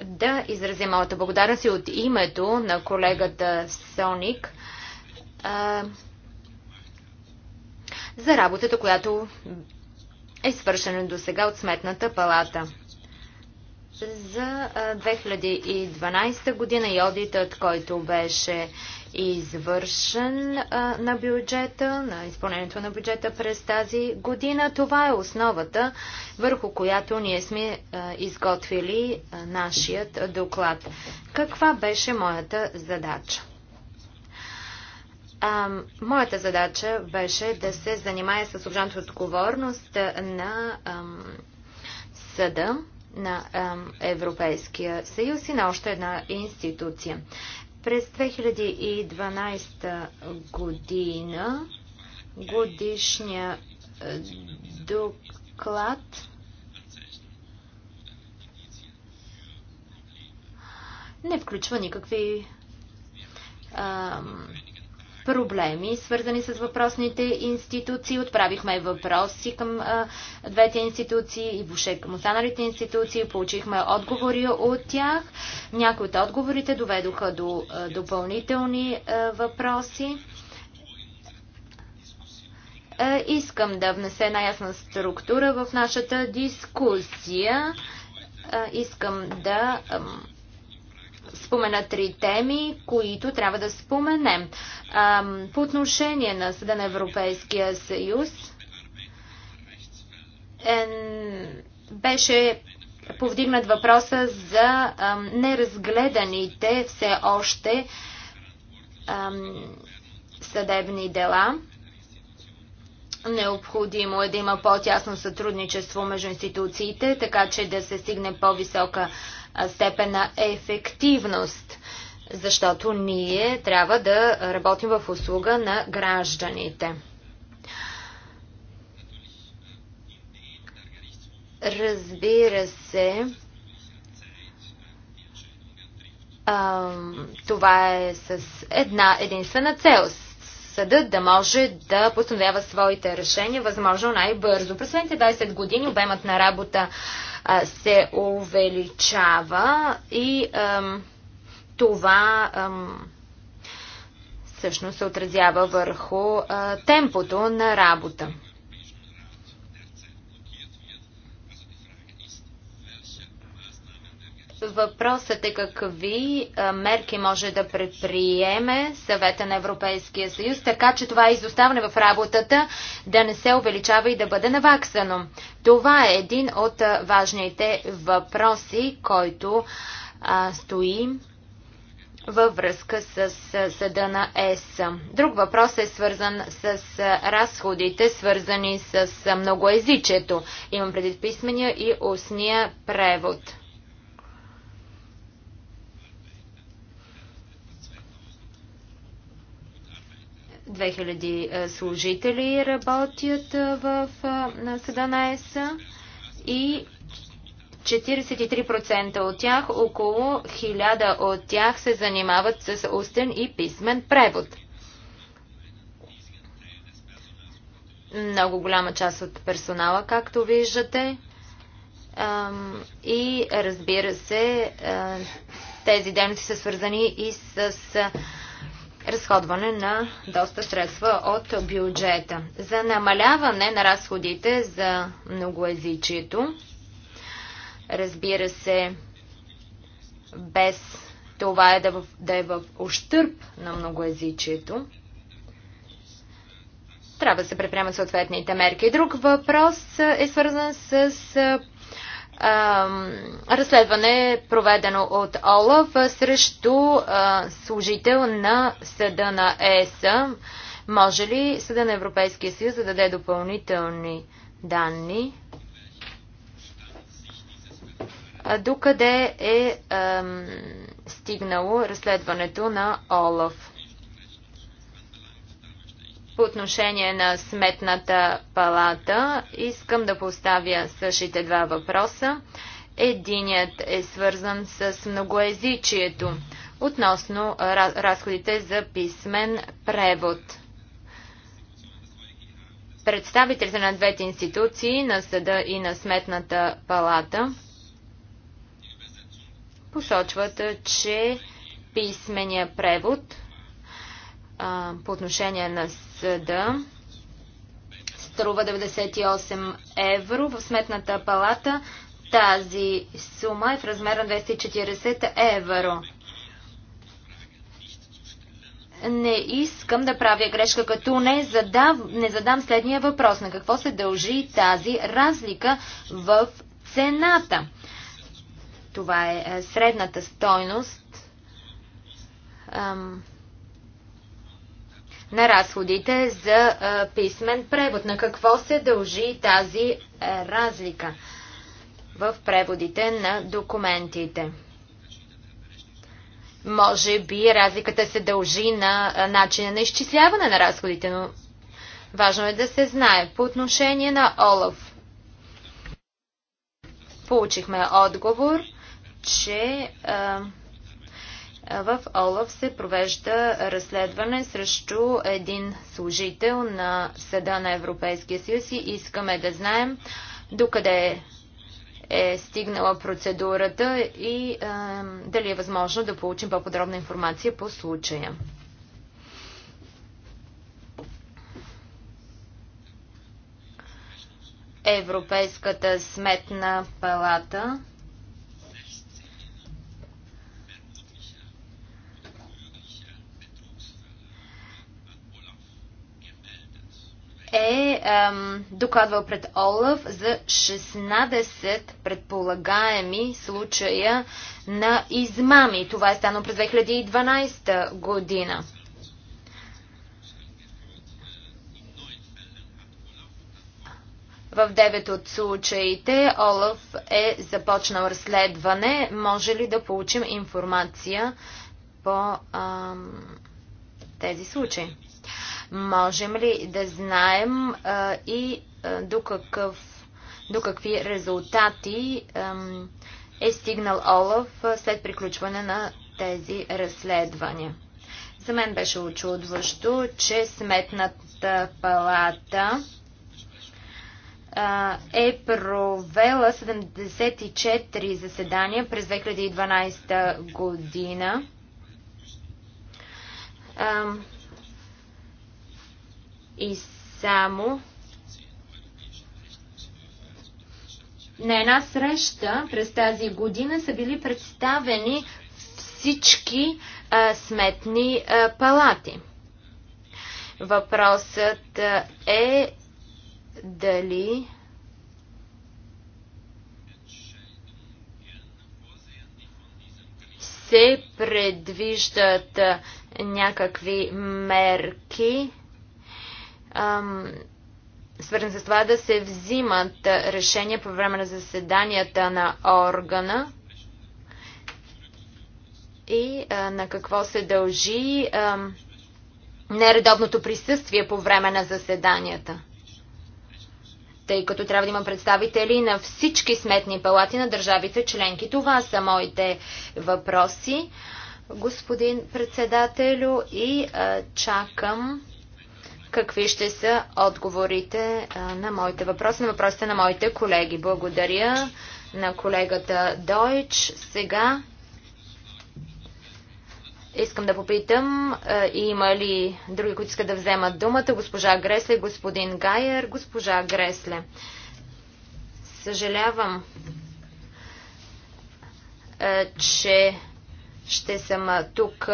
да изразя моята благодарност и от името на колегата Соник а, за работата, която е свършена до сега от Сметната палата. За 2012 година и одитът, който беше извършен на бюджета, на изпълнението на бюджета през тази година. Това е основата, върху която ние сме изготвили нашият доклад. Каква беше моята задача? А, моята задача беше да се занимая с обжаната отговорност на ам, съда на ам, Европейския съюз и на още една институция. През 2012 година годишния е, доклад не включва никакви проблеми, свързани с въпросните институции. Отправихме въпроси към а, двете институции и въобще към останалите институции. Получихме отговори от тях. Някои от отговорите доведоха до а, допълнителни а, въпроси. Искам да внесе най ясна структура в нашата дискусия. Искам да спомена три теми, които трябва да споменем. По отношение на Съда на Европейския съюз беше повдигнат въпроса за неразгледаните все още съдебни дела. Необходимо е да има по-тясно сътрудничество между институциите, така че да се стигне по-висока степен на ефективност, защото ние трябва да работим в услуга на гражданите. Разбира се, а, това е с една единствена цел. Съдът да може да постановява своите решения възможно най-бързо. През следните 20 години обемът на работа се увеличава и това всъщност се отразява върху темпото на работа. Въпросът е какви мерки може да предприеме съвета на Европейския съюз, така че това изоставане в работата да не се увеличава и да бъде наваксано. Това е един от важните въпроси, който а, стои във връзка с съда на ЕС. Друг въпрос е свързан с разходите, свързани с многоезичието. Имам писмения и устния превод. 2000 е, служители работят е, в е, съда на ЕС и 43% от тях, около 1000 от тях се занимават с устен и писмен превод. Много голяма част от персонала, както виждате. И разбира се, тези дейности са свързани и с разходване на доста средства от бюджета. За намаляване на разходите за многоязичието, разбира се, без това е да, в, да е в ощърп на многоязичието, трябва да се предприемат съответните мерки. Друг въпрос е свързан с разследване е проведено от Олаф срещу служител на Съда на ЕС. Може ли Съда на Европейския съюз да даде допълнителни данни? Докъде е стигнало разследването на Олаф? По отношение на сметната палата искам да поставя същите два въпроса. Единият е свързан с многоезичието относно разходите за писмен превод. Представителите на двете институции, на съда и на сметната палата, посочват, че писмения превод – по отношение на съда струва 98 евро. В сметната палата тази сума е в размер на 240 евро. Не искам да правя грешка, като не, задам, не задам следния въпрос. На какво се дължи тази разлика в цената? Това е, е средната стойност. Ам на разходите за писмен превод. На какво се дължи тази е, разлика в преводите на документите? Може би разликата се дължи на начина на изчисляване на разходите, но важно е да се знае. По отношение на Олаф, получихме отговор, че. А, в Олаф се провежда разследване срещу един служител на Съда на Европейския съюз и искаме да знаем докъде е стигнала процедурата и е, дали е възможно да получим по-подробна информация по случая. Европейската сметна палата е ем, докладвал пред Олаф за 16 предполагаеми случая на измами. Това е станало през 2012 година. В 9 от случаите Олаф е започнал разследване. Може ли да получим информация по ам, тези случаи? Можем ли да знаем а, и а, до, какъв, до какви резултати а, е стигнал Олаф след приключване на тези разследвания? За мен беше очудващо, че сметната палата е провела 74 заседания през 2012 година и само на една среща през тази година са били представени всички а, сметни а, палати. Въпросът е дали се предвиждат някакви мерки свързан с това да се взимат решения по време на заседанията на органа и на какво се дължи нередобното присъствие по време на заседанията. Тъй като трябва да има представители на всички сметни палати на държавите членки. Това са моите въпроси, господин председателю, и чакам какви ще са отговорите на моите въпроси, на въпросите на моите колеги. Благодаря на колегата Дойч. Сега искам да попитам, има ли други, които искат да вземат думата? Госпожа Гресле, господин Гайер, госпожа Гресле. Съжалявам, че ще съм тук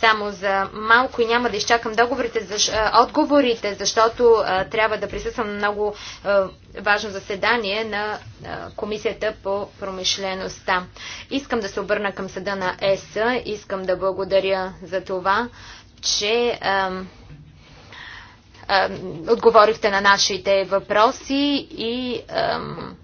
само за малко и няма да изчакам договорите, защ... отговорите, защото а, трябва да присъствам на много а, важно заседание на а, Комисията по промишлеността. Искам да се обърна към съда на ЕС. Искам да благодаря за това, че отговорихте на нашите въпроси и ам,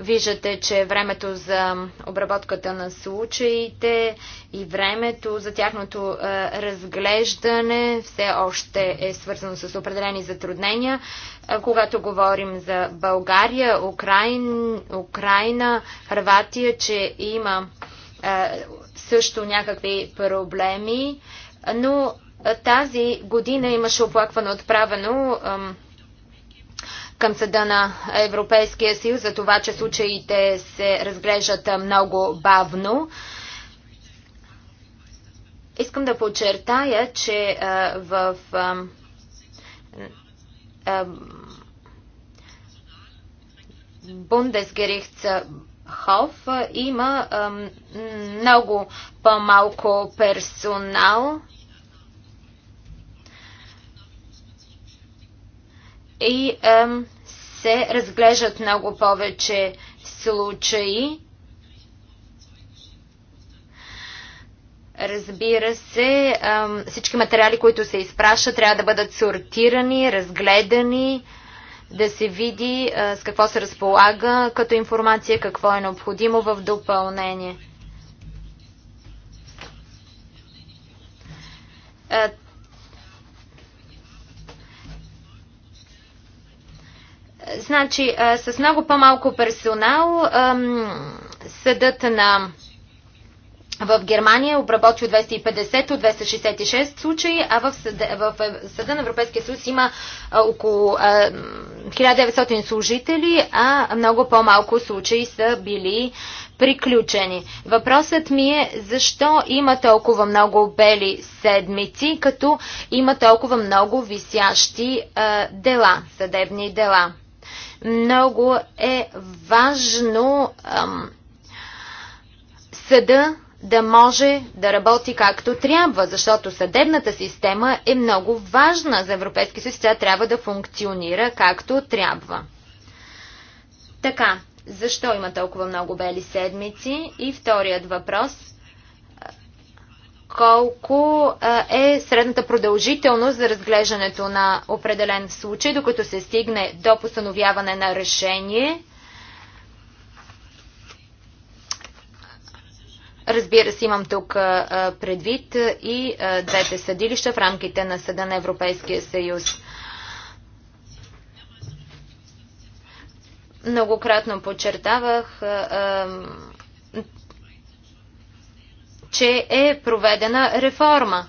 Виждате, че времето за обработката на случаите и времето за тяхното е, разглеждане все още е свързано с определени затруднения. Е, когато говорим за България, Украин, Украина, Хрватия, че има е, също някакви проблеми, но тази година имаше оплакване отправено към съда на Европейския съюз за това, че случаите се разглеждат много бавно. Искам да подчертая, че а, в а, а, има много по-малко персонал. и се разглеждат много повече случаи. Разбира се, всички материали, които се изпращат, трябва да бъдат сортирани, разгледани, да се види е, с какво се разполага като информация, какво е необходимо в допълнение. Е, Значи, с много по-малко персонал съдът на в Германия обработи от 250 от 266 случаи, а в съда, в съда на Европейския съюз има около 1900 служители, а много по-малко случаи са били приключени. Въпросът ми е защо има толкова много бели седмици, като има толкова много висящи а, дела, съдебни дела много е важно ам, съда да може да работи както трябва, защото съдебната система е много важна за Европейския съюз. Тя трябва да функционира както трябва. Така, защо има толкова много бели седмици? И вторият въпрос – колко е средната продължителност за разглеждането на определен случай, докато се стигне до постановяване на решение. Разбира се, имам тук предвид и двете съдилища в рамките на Съда на Европейския съюз. Многократно подчертавах че е проведена реформа.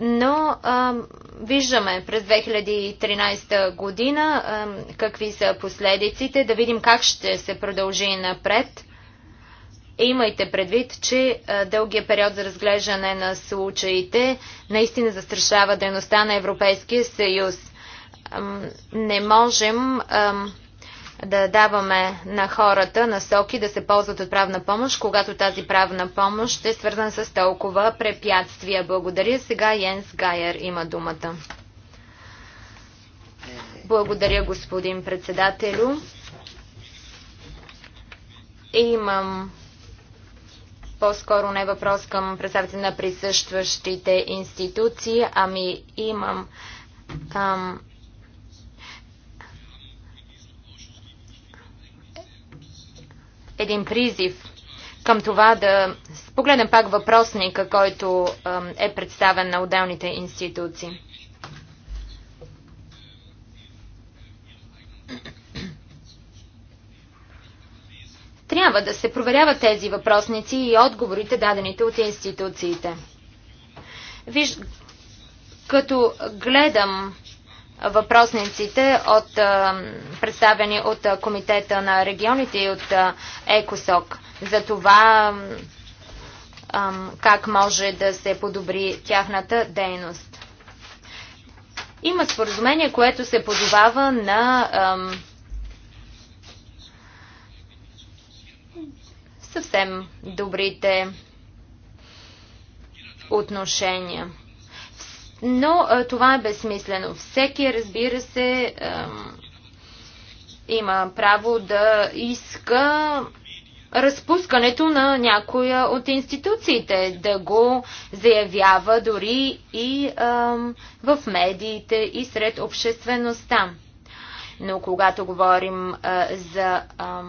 Но а, виждаме през 2013 година а, какви са последиците, да видим как ще се продължи напред. Имайте предвид, че дългия период за разглеждане на случаите наистина застрашава дейността на Европейския съюз. Не можем да даваме на хората насоки да се ползват от правна помощ, когато тази правна помощ е свързана с толкова препятствия. Благодаря. Сега Йенс Гайер има думата. Благодаря, господин председателю. Имам по-скоро не въпрос към представите на присъстващите институции, ами имам ам, един призив към това да погледнем пак въпросника, който е представен на отделните институции. Трябва да се проверяват тези въпросници и отговорите, дадените от институциите. Виж, като гледам въпросниците от представени от Комитета на регионите и от ЕКОСОК за това как може да се подобри тяхната дейност. Има споразумение, което се подобава на съвсем добрите отношения. Но а, това е безсмислено. Всеки, разбира се, а, има право да иска разпускането на някоя от институциите, да го заявява дори и а, в медиите и сред обществеността. Но когато говорим а, за а,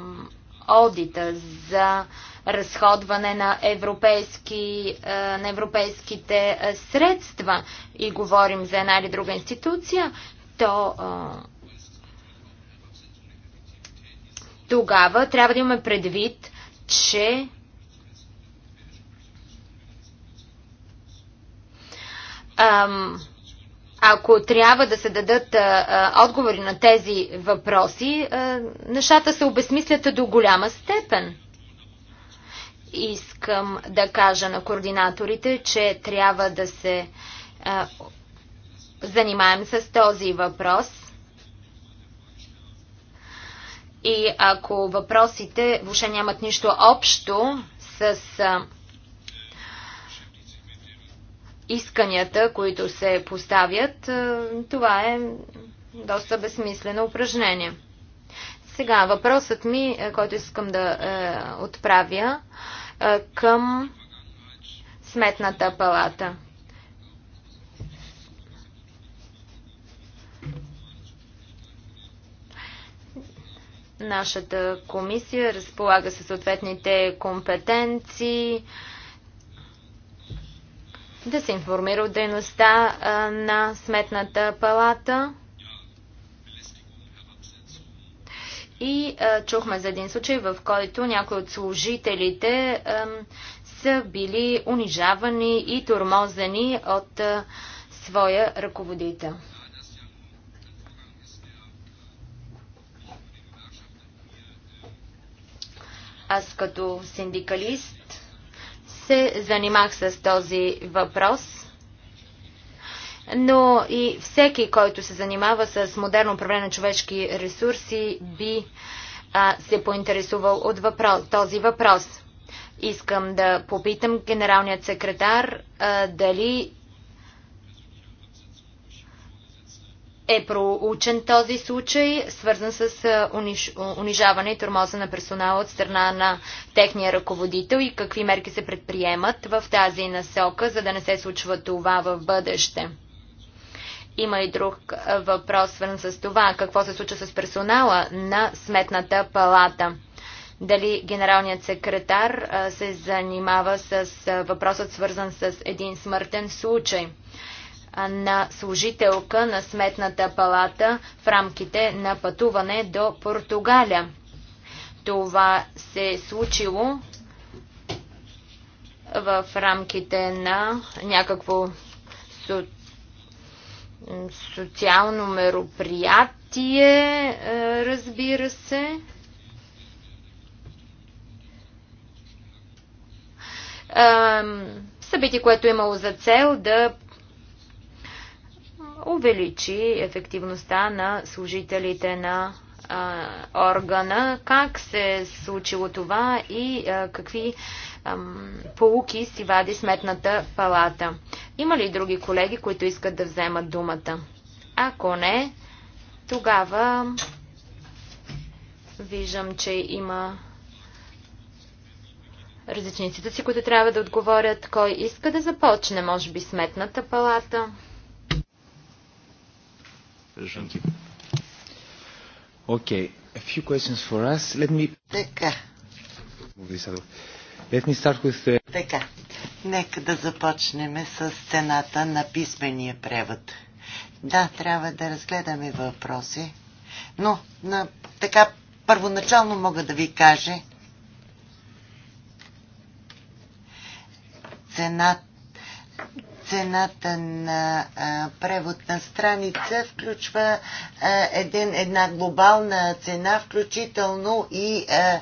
одита, за разходване на, европейски, е, на европейските е, средства и говорим за една или друга институция, то е, тогава трябва да имаме предвид, че ако трябва да се дадат а, а, отговори на тези въпроси, а, нещата се обесмислят до голяма степен. Искам да кажа на координаторите, че трябва да се а, занимаем с този въпрос. И ако въпросите въобще нямат нищо общо с а, исканията, които се поставят, а, това е доста безсмислено упражнение. Сега въпросът ми, е, който искам да е, отправя, към Сметната палата. Нашата комисия разполага със съответните компетенции да се информира от дейността на Сметната палата. И а, чухме за един случай, в който някои от служителите а, са били унижавани и тормозени от а, своя ръководител. Аз като синдикалист се занимах с този въпрос но и всеки, който се занимава с модерно управление на човешки ресурси, би а, се поинтересувал от въпрос, този въпрос. Искам да попитам генералният секретар а, дали е проучен този случай, свързан с униж... унижаване и тормоза на персонала от страна на техния ръководител и какви мерки се предприемат в тази насока, за да не се случва това в бъдеще. Има и друг въпрос, свързан с това, какво се случва с персонала на Сметната палата. Дали генералният секретар се занимава с въпросът, свързан с един смъртен случай на служителка на Сметната палата в рамките на пътуване до Португалия. Това се е случило в рамките на някакво социално мероприятие, е, разбира се. Събитие, което е имало за цел да увеличи ефективността на служителите на органа. Как се е случило това и какви полуки си вади сметната палата? Има ли други колеги, които искат да вземат думата? Ако не, тогава виждам, че има различни институции, които трябва да отговорят. Кой иска да започне, може би, сметната палата? Жантик. Okay, a few questions for us. Let me... Така. Let me start with the... Така. Нека да започнем с цената на писмения превод. Да, трябва да разгледаме въпроси, но на, така първоначално мога да ви кажа цена цената на а, преводна страница включва а, един, една глобална цена, включително и а,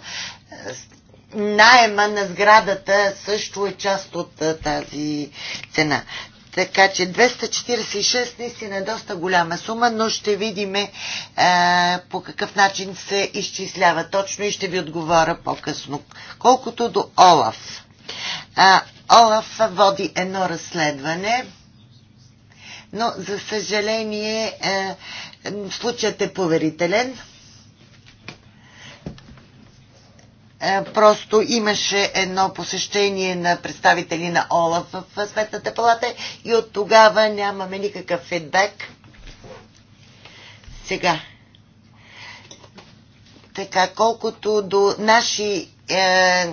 найема на сградата също е част от а, тази цена. Така че 246 наистина е доста голяма сума, но ще видим е, по какъв начин се изчислява точно и ще ви отговоря по-късно. Колкото до Олаф. А, Олаф води едно разследване, но за съжаление е, случаят е поверителен. Е, просто имаше едно посещение на представители на ОЛАФ в Светната палата и от тогава нямаме никакъв фидбек. Сега. Така, колкото до наши е, е,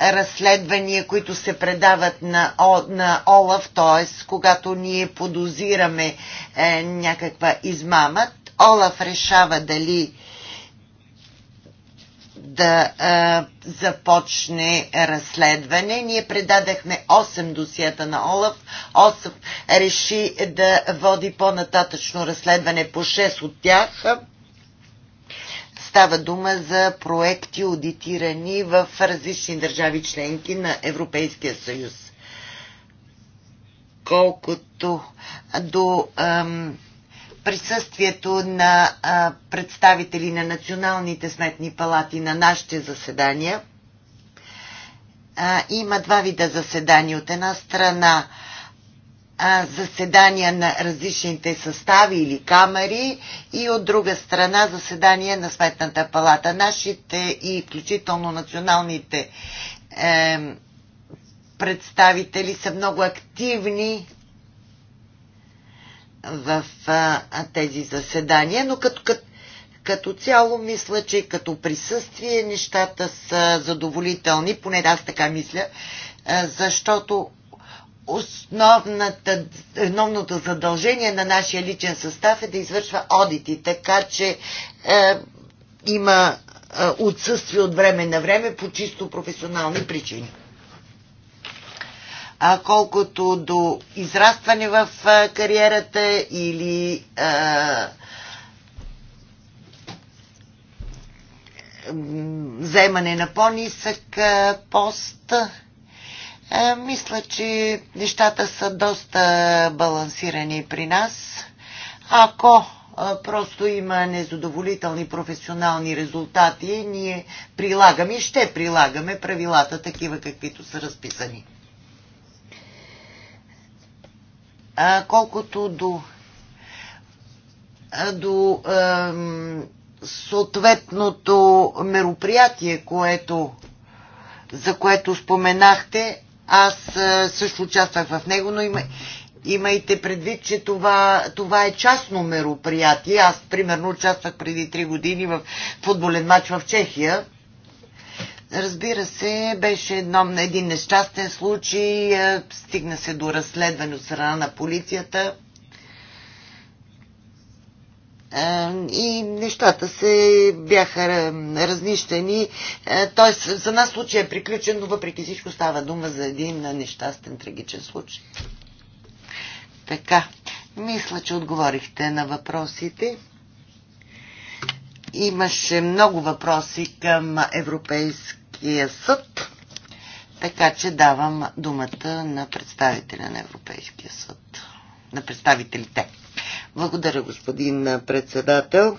разследвания, които се предават на, О, на ОЛАВ, т.е. когато ние подозираме е, някаква измама, Олаф решава дали да е, започне разследване. Ние предадахме 8 досията на Олаф. Олаф реши да води по-нататъчно разследване по 6 от тях. Става дума за проекти, аудитирани в различни държави членки на Европейския съюз. Колкото до ам, присъствието на а, представители на националните сметни палати на нашите заседания, а, има два вида заседания. От една страна заседания на различните състави или камери и от друга страна заседания на Сметната палата. Нашите и включително националните е, представители са много активни в а, тези заседания, но като, като, като цяло мисля, че като присъствие нещата са задоволителни, поне аз така мисля, защото основната, основното задължение на нашия личен състав е да извършва одити, така че е, има е, отсъствие от време на време по чисто професионални причини. А колкото до израстване в е, кариерата или е, вземане на по-нисък е, пост, е, мисля, че нещата са доста балансирани при нас. Ако е, просто има незадоволителни професионални резултати, ние прилагаме и ще прилагаме правилата такива, каквито са разписани. А, е, колкото до, до ем, съответното мероприятие, което, за което споменахте, аз е, също участвах в него, но има, имайте предвид, че това, това е частно мероприятие. Аз, примерно, участвах преди три години в футболен матч в Чехия. Разбира се, беше едно, един нещастен случай, е, стигна се до разследване от страна на полицията и нещата се бяха разнищени. Т.е. за нас случай е приключен, но въпреки всичко става дума за един нещастен, трагичен случай. Така, мисля, че отговорихте на въпросите. Имаше много въпроси към Европейския съд, така че давам думата на представителя на Европейския съд, на представителите. Благодаря, господин председател.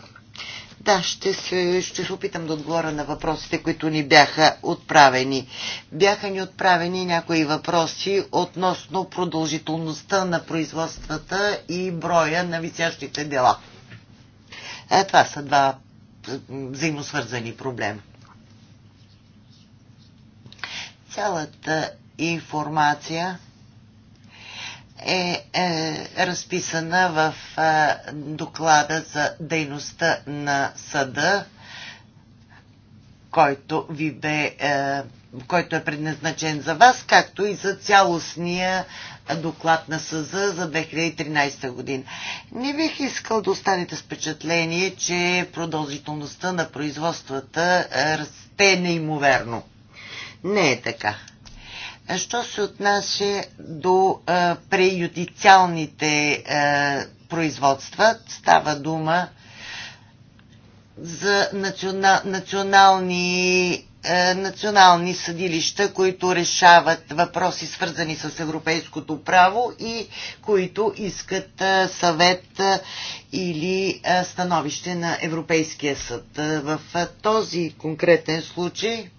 Да, ще се, ще се опитам да отговоря на въпросите, които ни бяха отправени. Бяха ни отправени някои въпроси относно продължителността на производствата и броя на висящите дела. Е, това са два взаимосвързани проблема. Цялата информация е, е разписана в е, доклада за дейността на съда, който ви бе, е, който е предназначен за вас, както и за цялостния доклад на съда за 2013 година. Не бих искал да останете с впечатление, че продължителността на производствата расте неимоверно. Не е така. Що се отнася до а, преюдициалните а, производства, става дума за национа, национални, а, национални съдилища, които решават въпроси свързани с европейското право и които искат а, съвет а, или а, становище на Европейския съд. А, в а, този конкретен случай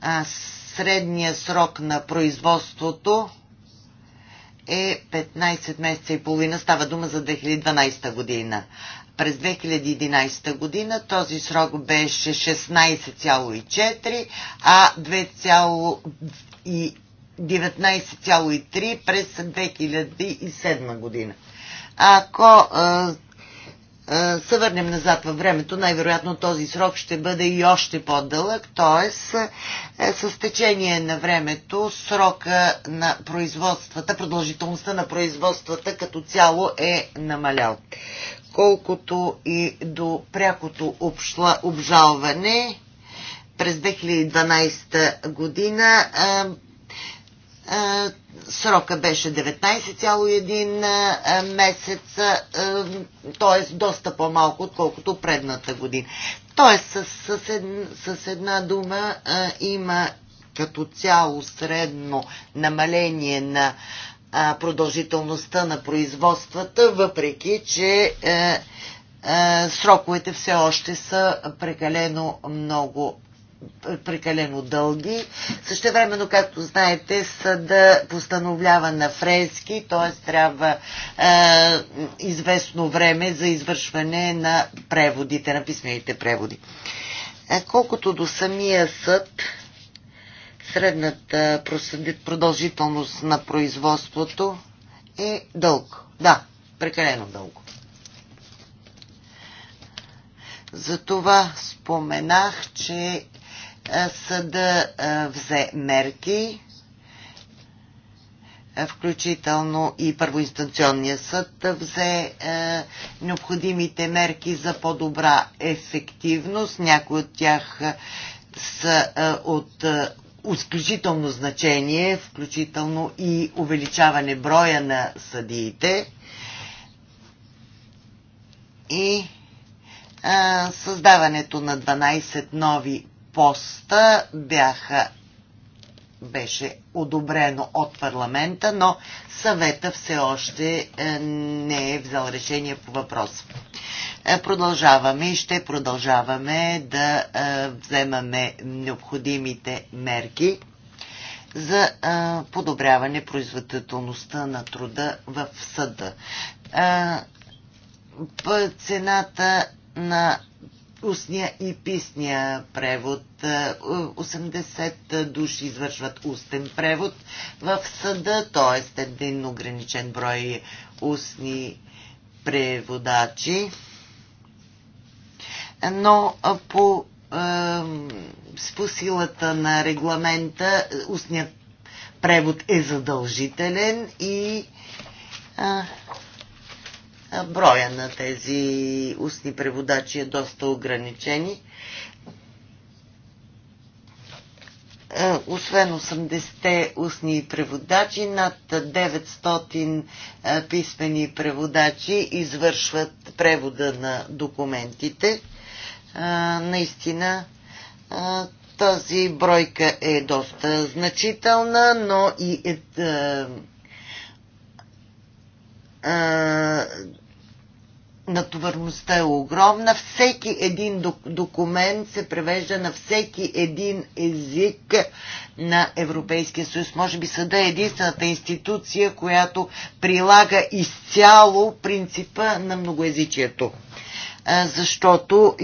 аз средния срок на производството е 15 месеца и половина. Става дума за 2012 година. През 2011 година този срок беше 16,4, а 19,3 през 2007 година. Ако а, се върнем назад във времето, най-вероятно този срок ще бъде и още по-дълъг, т.е. с течение на времето срока на производствата, продължителността на производствата като цяло е намалял. Колкото и до прякото обшла, обжалване, през 2012 година е, е, срока беше 19,1 е, месец, т.е. доста по-малко, отколкото предната година. Т.е. С, с, една, с една дума е, има като цяло средно намаление на продължителността на производствата, въпреки че сроковете все още са прекалено много прекалено дълги. времено, както знаете, съда постановлява на фрески, т.е. трябва е, известно време за извършване на преводите, на писмените преводи. Е, колкото до самия съд, средната продължителност на производството е дълго. Да, прекалено дълго. Затова споменах, че съда взе мерки, включително и първоинстанционния съд взе необходимите мерки за по-добра ефективност. Някои от тях са от изключително значение, включително и увеличаване броя на съдиите и създаването на 12 нови поста бяха беше одобрено от парламента, но съвета все още е, не е взел решение по въпроса. Е, продължаваме и ще продължаваме да е, вземаме необходимите мерки за подобряване производителността на труда в съда. Цената на устния и писния превод. 80 е, души извършват устен превод в съда, т.е. един ограничен брой устни преводачи. Но по, по силата на регламента устният превод е задължителен и броя на тези устни преводачи е доста ограничени. Освен 80-те устни преводачи, над 900 писмени преводачи извършват превода на документите. Наистина тази бройка е доста значителна, но и е, е, е, натовърността е огромна. Всеки един документ се превежда на всеки един език на Европейския съюз. Може би съда е единствената институция, която прилага изцяло принципа на многоязичието. Защото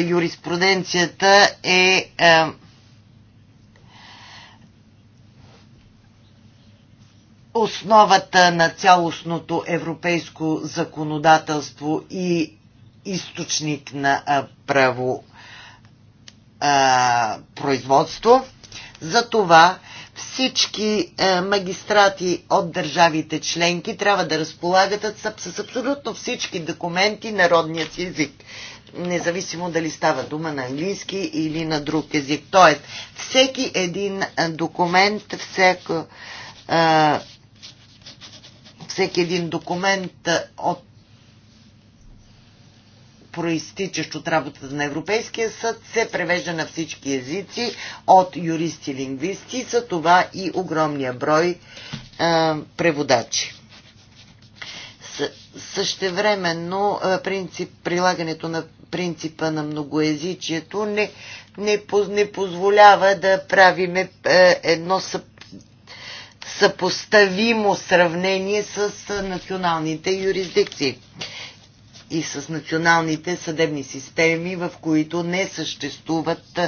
юриспруденцията е основата на цялостното европейско законодателство и източник на право а, производство. Затова всички а, магистрати от държавите членки трябва да разполагат с, с абсолютно всички документи народният си език. Независимо дали става дума на английски или на друг език. Тоест, всеки един документ, всяко всеки един документ от проистичащ от работата на Европейския съд, се превежда на всички езици от юристи и лингвисти, за това и огромния брой е, преводачи. Същевременно принцип, прилагането на принципа на многоезичието не, не, не позволява да правиме едно съп съпоставимо сравнение с националните юрисдикции и с националните съдебни системи, в които не съществуват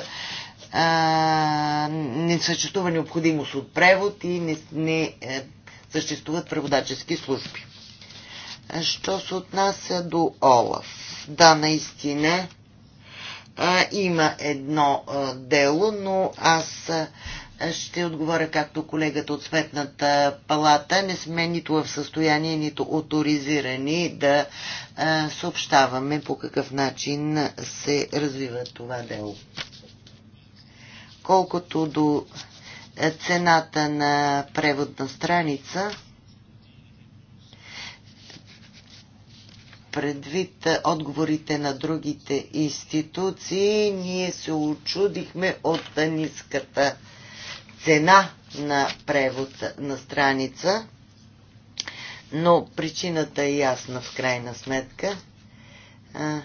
а, не съществува необходимост от превод и не, не а, е, съществуват преводачески служби. Що се отнася до Олаф? Да, наистина а, има едно а, дело, но аз а, ще отговоря както колегата от Светната палата. Не сме нито в състояние, нито авторизирани да съобщаваме по какъв начин се развива това дело. Колкото до цената на преводна страница, предвид отговорите на другите институции, ние се очудихме от ниската цена на превод на страница, но причината е ясна в крайна сметка. А,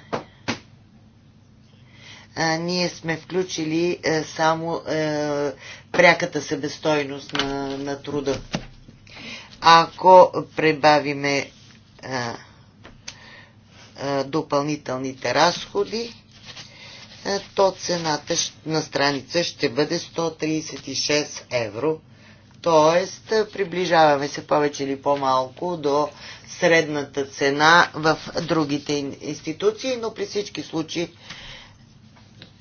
а, ние сме включили е, само е, пряката себестойност на, на труда. Ако прибавиме е, е, допълнителните разходи, е, то цената на страница ще бъде 136 евро. Тоест, е, приближаваме се повече или по-малко до средната цена в другите институции, но при всички случаи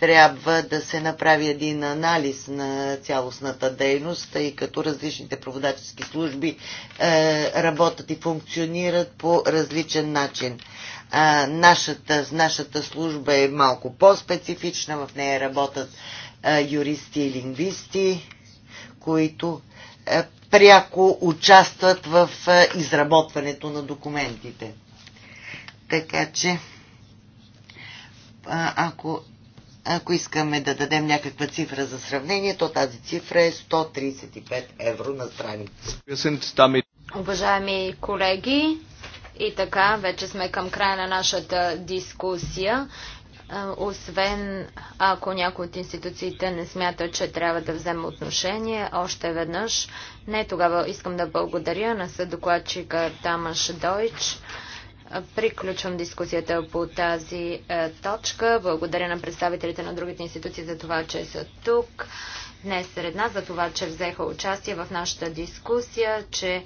трябва да се направи един анализ на цялостната дейност, тъй като различните проводачески служби е, работят и функционират по различен начин. нашата, нашата служба е малко по-специфична, в нея работят е, юристи и лингвисти, които е, пряко участват в изработването на документите. Така че, ако ако искаме да дадем някаква цифра за сравнение, то тази цифра е 135 евро на страница. Уважаеми колеги, и така, вече сме към края на нашата дискусия. Е, освен ако някои от институциите не смятат, че трябва да взема отношение, още веднъж не, тогава искам да благодаря на съдокладчика Тамаш Дойч Приключвам дискусията по тази е, точка. Благодаря на представителите на другите институции за това, че са тук днес сред нас, за това, че взеха участие в нашата дискусия, че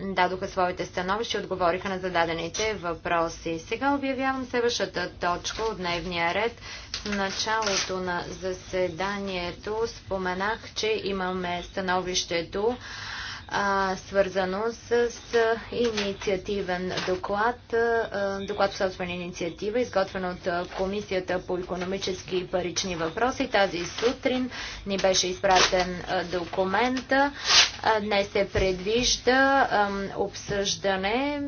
дадоха своите становища и отговориха на зададените въпроси. Сега обявявам следващата точка от дневния ред. В началото на заседанието споменах, че имаме становището свързано с, с инициативен доклад, доклад по собствена инициатива, изготвен от Комисията по економически и парични въпроси. Тази сутрин ни беше изпратен документа. днес се предвижда обсъждане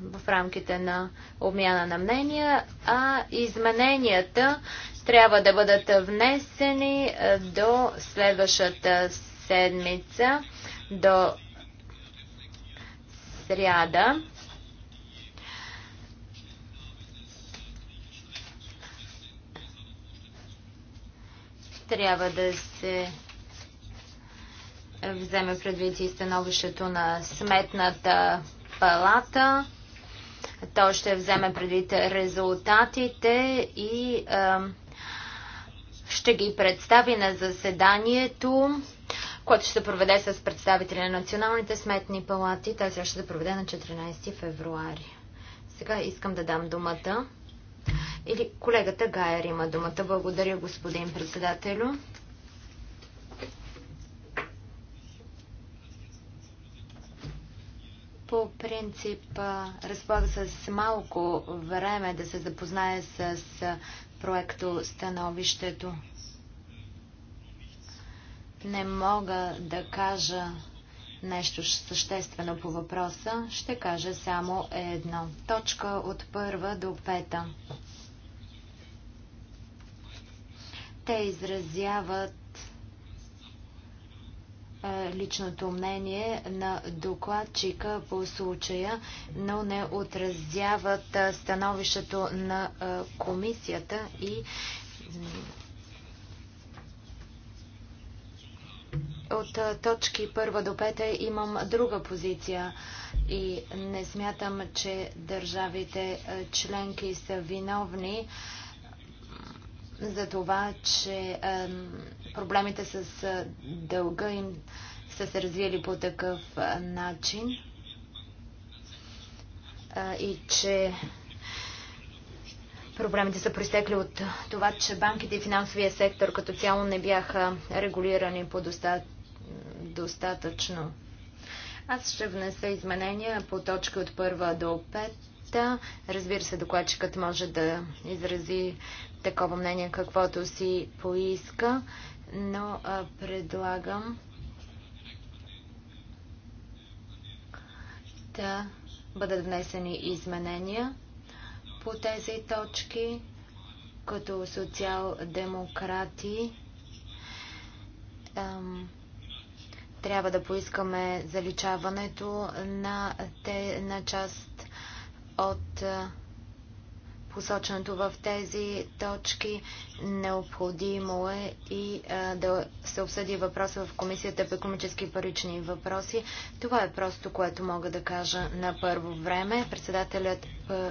в рамките на обмяна на мнения, а измененията трябва да бъдат внесени до следващата седмица до сряда. Трябва да се вземе предвид и становището на сметната палата. То ще вземе предвид резултатите и ще ги представи на заседанието което ще се проведе с представители на националните сметни палати. Тази ще се проведе на 14 февруари. Сега искам да дам думата. Или колегата Гайер има думата. Благодаря, господин председателю. по принцип разполага с малко време да се запознае с проекто становището не мога да кажа нещо съществено по въпроса, ще кажа само едно. Точка от първа до пета. Те изразяват е, личното мнение на докладчика по случая, но не отразяват е, становището на е, комисията и от точки първа до пета имам друга позиция и не смятам, че държавите членки са виновни за това, че проблемите с дълга им са се развили по такъв начин и че проблемите са пристекли от това, че банките и финансовия сектор като цяло не бяха регулирани по достатъчно достатъчно. Аз ще внеса изменения по точки от първа до пета. Разбира се, докладчикът може да изрази такова мнение, каквото си поиска, но а, предлагам да бъдат внесени изменения по тези точки, като социал-демократи. Ам, трябва да поискаме заличаването на, те, на част от посоченото в тези точки. Необходимо е и а, да се обсъди въпроса в Комисията по економически парични въпроси. Това е просто, което мога да кажа на първо време. Председателят, а,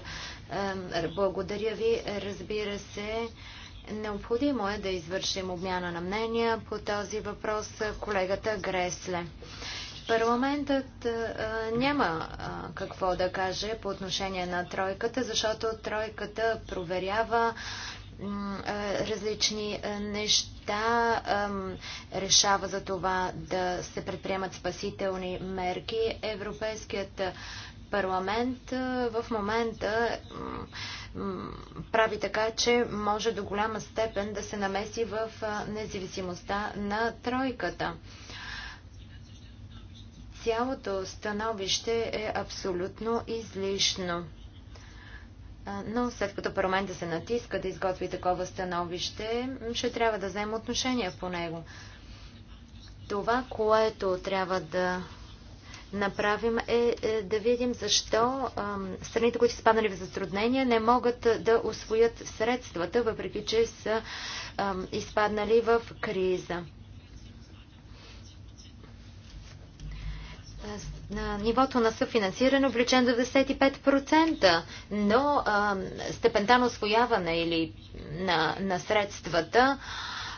а, благодаря ви. Разбира се, Необходимо е да извършим обмяна на мнения по този въпрос колегата Гресле. Парламентът а, няма а, какво да каже по отношение на тройката, защото тройката проверява различни неща, решава за това да се предприемат спасителни мерки. Европейският парламент в момента прави така, че може до голяма степен да се намеси в независимостта на тройката. Цялото становище е абсолютно излишно. Но след като парламента се натиска да изготви такова становище, ще трябва да вземе отношение по него. Това, което трябва да направим е, е да видим защо страните, които са спаднали в затруднения, не могат да освоят средствата, въпреки че са изпаднали в криза. На нивото на съфинансиране обличен 95%, но степента на освояване или на, на средствата а,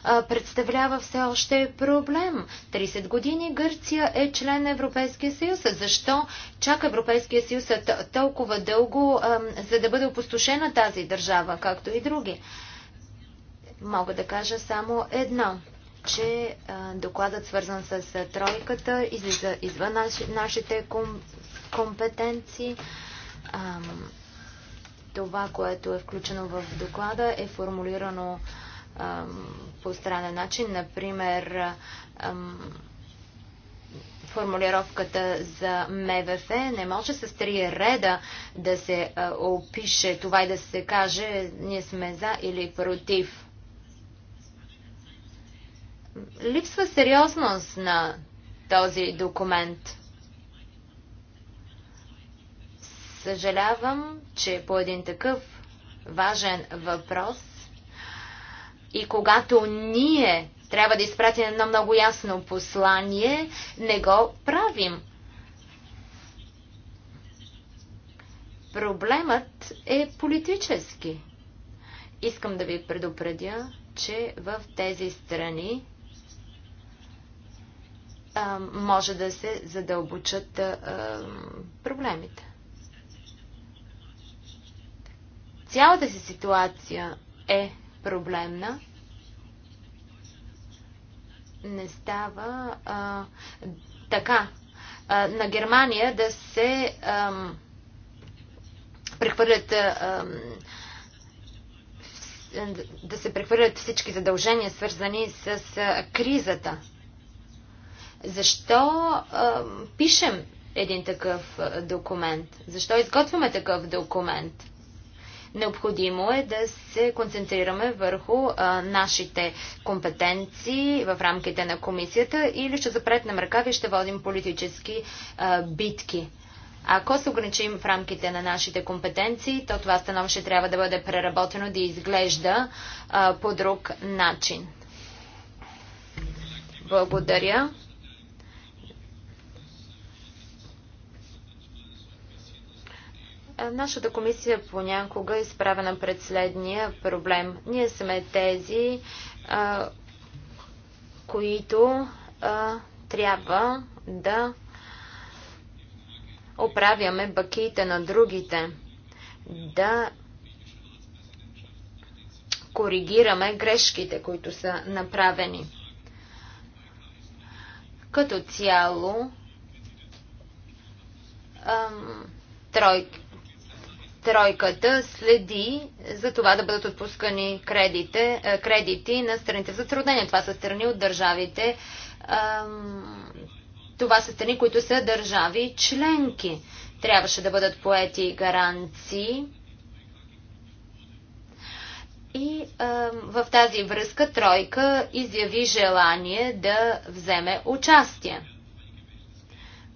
представлява все още проблем. 30 години Гърция е член на Европейския съюз. Защо чак Европейския съюз е толкова дълго, за да бъде опустошена тази държава, както и други? Мога да кажа само едно че докладът свързан с тройката излиза извън нашите компетенции. Това, което е включено в доклада, е формулирано по странен начин. Например, формулировката за МВФ не може с три реда да се опише това и да се каже ние сме за или против. Липсва сериозност на този документ. Съжалявам, че по един такъв важен въпрос и когато ние трябва да изпратим едно много ясно послание, не го правим. Проблемът е политически. Искам да ви предупредя, че в тези страни а, може да се задълбочат а, проблемите. Цялата си ситуация е проблемна. Не става а, така. А, на Германия да се прехвърлят да се прехвърлят всички задължения, свързани с а, кризата. Защо а, пишем един такъв документ? Защо изготвяме такъв документ? Необходимо е да се концентрираме върху нашите компетенции в рамките на комисията или ще запретнем ръкави и ще водим политически битки. Ако се ограничим в рамките на нашите компетенции, то това становище трябва да бъде преработено да изглежда по друг начин. Благодаря. Е, нашата комисия понякога е изправена пред следния проблем. Ние сме тези, а, е, които а, е, трябва да оправяме бакиите на другите, да коригираме грешките, които са направени. Като цяло, ам, тройката следи за това да бъдат отпускани кредите, е, кредити на страните в затруднение. Това са страни от държавите. Това са страни, които са държави членки. Трябваше да бъдат поети гаранции. И а, в тази връзка тройка изяви желание да вземе участие.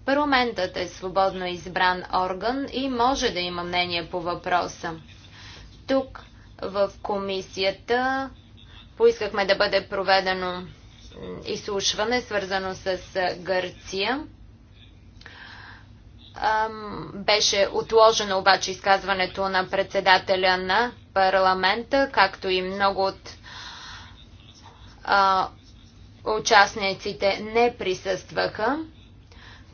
Парламентът е свободно избран орган и може да има мнение по въпроса. Тук в комисията поискахме да бъде проведено изслушване, свързано с Гърция. Беше отложено обаче изказването на председателя на парламента, както и много от участниците не присъстваха.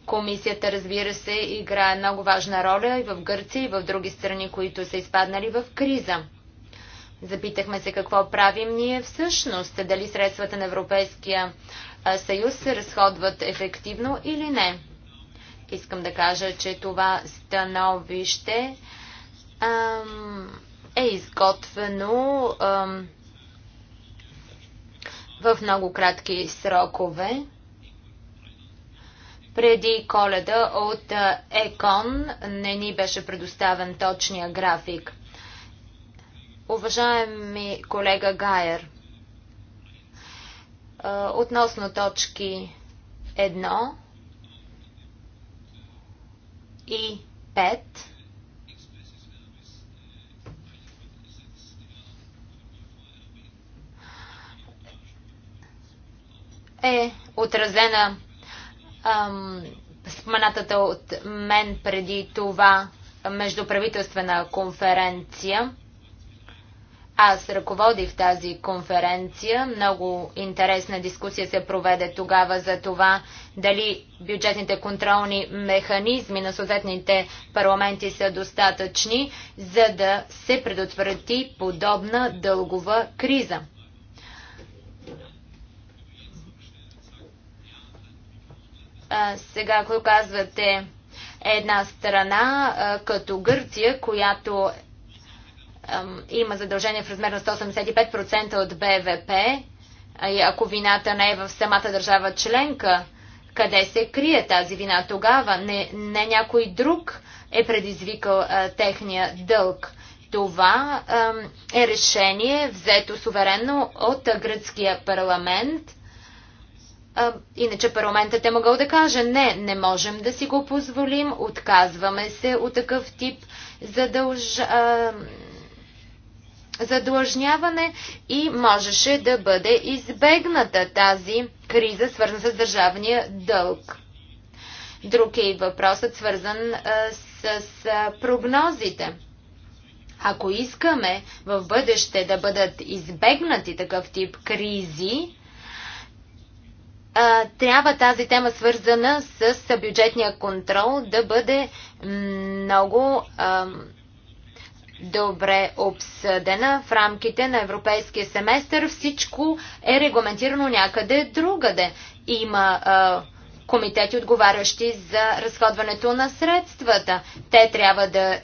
Комисията, разбира се, играе много важна роля и в Гърция, и в други страни, които са изпаднали в криза. Запитахме се какво правим ние всъщност, дали средствата на Европейския съюз се разходват ефективно или не. Искам да кажа, че това становище ам, е изготвено ам, в много кратки срокове. Преди коледа от ЕКОН не ни беше предоставен точния график. Уважаеми колега Гайер, относно точки 1 и 5, е отразена ам, от мен преди това междуправителствена конференция. Аз ръководих тази конференция. Много интересна дискусия се проведе тогава за това дали бюджетните контролни механизми на съответните парламенти са достатъчни, за да се предотврати подобна дългова криза. сега, ако казвате една страна като Гърция, която има задължение в размер на 185% от БВП, и ако вината не е в самата държава членка, къде се крие тази вина тогава? Не, не някой друг е предизвикал а, техния дълг. Това а, е решение взето суверенно от гръцкия парламент – а, иначе парламентът е могъл да каже не, не можем да си го позволим, отказваме се от такъв тип задълж... а, задлъжняване и можеше да бъде избегната тази криза, свързана с държавния дълг. Друг е и въпросът, свързан а, с, с а, прогнозите. Ако искаме в бъдеще да бъдат избегнати такъв тип кризи, трябва тази тема свързана с бюджетния контрол да бъде много добре обсъдена в рамките на европейския семестър. Всичко е регламентирано някъде другаде. Има комитети, отговарящи за разходването на средствата. Те трябва да,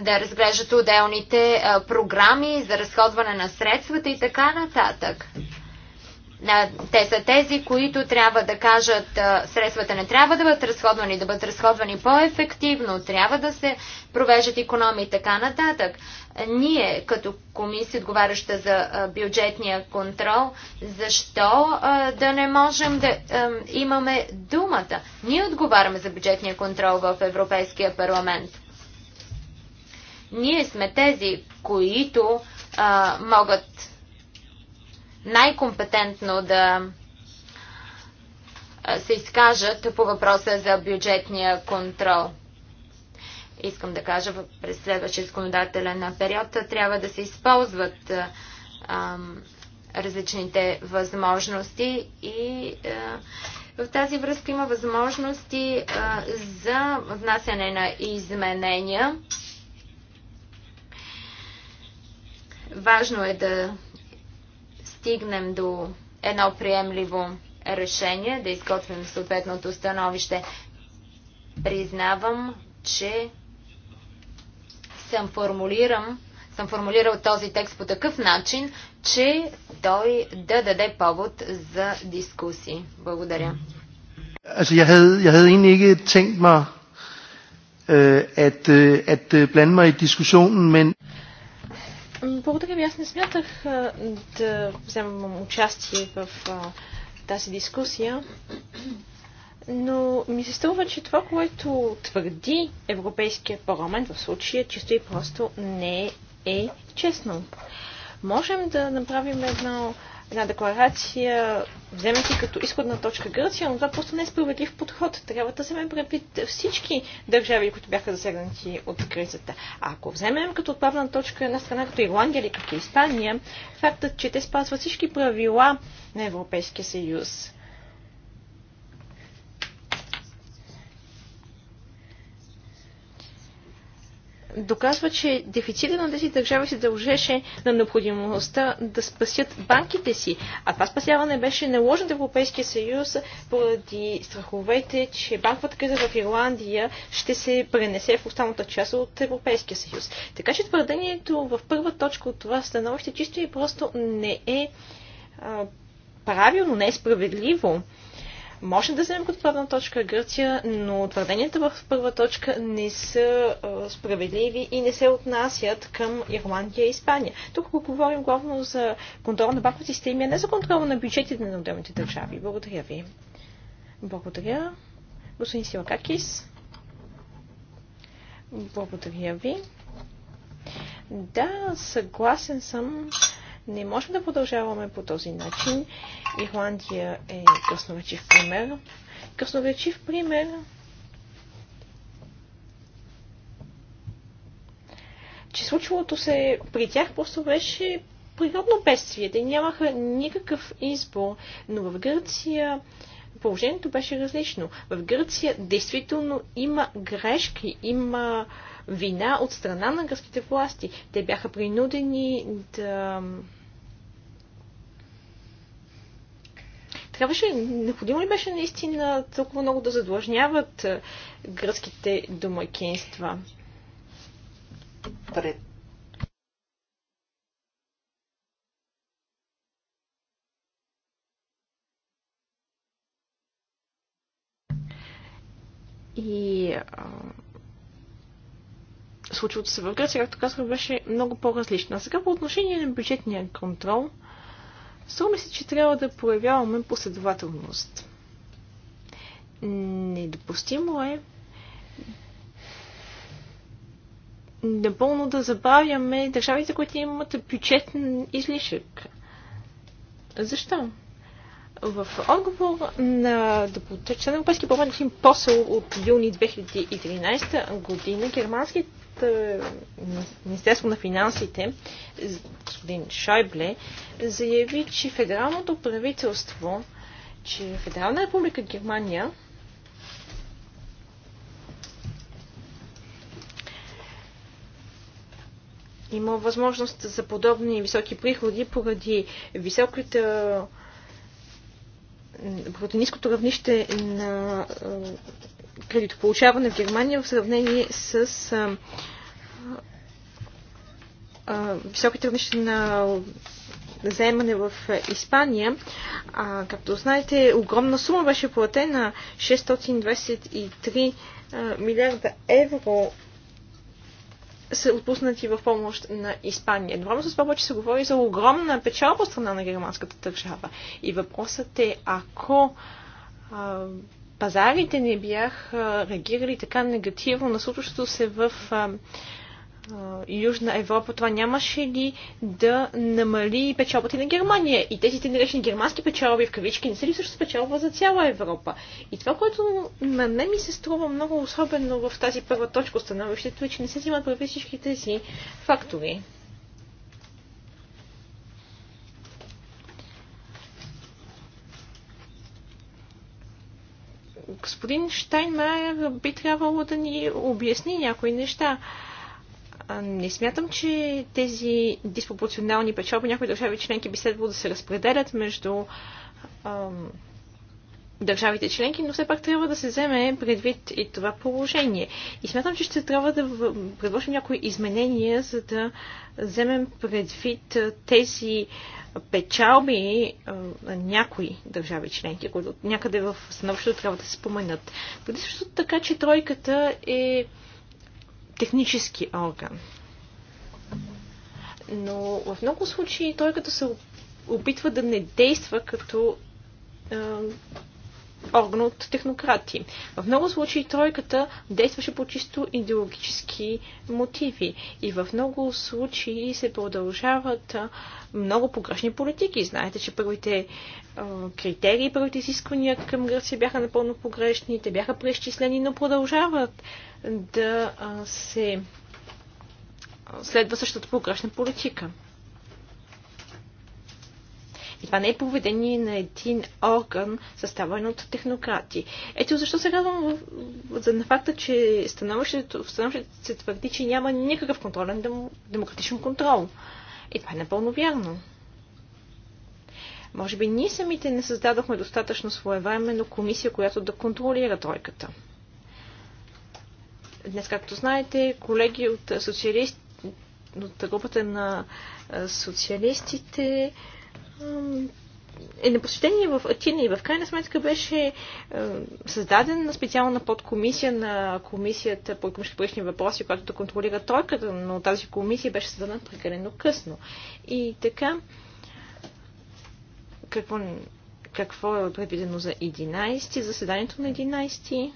да разглеждат отделните програми за разходване на средствата и така нататък. Те са тези, които трябва да кажат, средствата не трябва да бъдат разходвани, да бъдат разходвани по-ефективно, трябва да се провеждат економии и така нататък. Ние, като комисия, отговаряща за бюджетния контрол, защо да не можем да имаме думата? Ние отговаряме за бюджетния контрол в Европейския парламент. Ние сме тези, които а, могат най-компетентно да се изкажат по въпроса за бюджетния контрол. Искам да кажа, през следващия законодателен период трябва да се използват различните възможности и а, в тази връзка има възможности а, за внасяне на изменения. Важно е да стигнем до едно приемливо решение, да изготвим съответното становище. Признавам, че съм, формулирам, съм формулирал този текст по такъв начин, че той да даде повод за дискусии. Благодаря. Altså, jeg havde, jeg havde egentlig ikke tænkt mig øh, at, øh, at øh, blande mig i diskussionen, men... Благодаря ви. Аз не смятах да вземам участие в тази дискусия, но ми се струва, че това, което твърди Европейския парламент в случая, чисто и просто не е честно. Можем да направим едно една декларация, вземайки като изходна точка Гърция, но това просто не е справедлив подход. Трябва да вземем предвид всички държави, които бяха засегнати от кризата. А ако вземем като отправна точка една страна като Ирландия или като Испания, фактът, че те спазват всички правила на Европейския съюз, доказва, че дефицита на тези държави се дължеше на необходимостта да спасят банките си. А това спасяване беше наложено от Европейския съюз поради страховете, че банковата криза в Ирландия ще се пренесе в останалата част от Европейския съюз. Така че твърдението в първа точка от това становище чисто и просто не е а, правилно, не е справедливо. Може да вземем като правна точка Гърция, но твърденията в първа точка не са справедливи и не се отнасят към Ирландия и Испания. Тук говорим главно за контрол на банкови системи, а не за контрол на бюджетите на отделните държави. Благодаря ви. Благодаря. Господин Силакакис. Благодаря ви. Да, съгласен съм не можем да продължаваме по този начин. Ирландия е красноречив пример. Красноречив пример че случилото се при тях просто беше природно бедствие. Те нямаха никакъв избор, но в Гърция положението беше различно. В Гърция действително има грешки, има вина от страна на гръцките власти. Те бяха принудени да трябваше, необходимо ли беше наистина толкова много да задлъжняват е, гръцките домакинства? Пред И а, случилото се в Гърция, както казах, беше много по-различна. Сега по отношение на бюджетния контрол, струва се, че трябва да проявяваме последователност. Недопустимо е напълно да забавяме държавите, които имат бюджетен излишък. Защо? В отговор на депутата на Европейския парламент Посел от юни 2013 година, германският е, Министерство на финансите, господин Шойбле, заяви, че федералното правителство, че Федерална република Германия има възможност за подобни високи приходи поради високата поради ниското равнище на кредитополучаване в Германия в сравнение с а, а, високите равнища на заемане в Испания. А, както знаете, огромна сума беше платена 623 а, милиарда евро са отпуснати в помощ на Испания. Едновременно с това се говори за огромна печалба страна на германската държава. И въпросът е, ако а, пазарите не бяха реагирали така негативно на случващото се в Южна Европа, това нямаше ли да намали печалбата на Германия? И тези наречени германски печалби в кавички не са ли също печалба за цяла Европа? И това, което на мен ми се струва много особено в тази първа точка становището е, че не се взимат преди всички тези фактори. господин Штайнмайер би трябвало да ни обясни някои неща. Не смятам, че тези диспропорционални печалби някои държави членки би следвало да се разпределят между държавите членки, но все пак трябва да се вземе предвид и това положение. И смятам, че ще трябва да предложим някои изменения, за да вземем предвид тези печалби на някои държави членки, които някъде в становището трябва да се споменат. Преди също така, че тройката е технически орган. Но в много случаи тройката се опитва да не действа като орган от технократи. В много случаи тройката действаше по чисто идеологически мотиви и в много случаи се продължават много погрешни политики. Знаете, че първите критерии, първите изисквания към Гърция бяха напълно погрешни, те бяха преизчислени, но продължават да се следва същата погрешна политика. И това не е поведение на един орган, съставен от технократи. Ето защо се радвам за на факта, че становището, становището се твърди, че няма никакъв контролен дем, демократичен контрол. И това е напълно вярно. Може би ние самите не създадохме достатъчно своевременно комисия, която да контролира тройката. Днес, както знаете, колеги от социалисти от групата на социалистите е на в Атина и в крайна сметка беше е, създадена специална подкомисия на комисията по економически въпроси, която да контролира тройката, но тази комисия беше създадена прекалено късно. И така, какво, какво е предвидено за 11, заседанието на 11?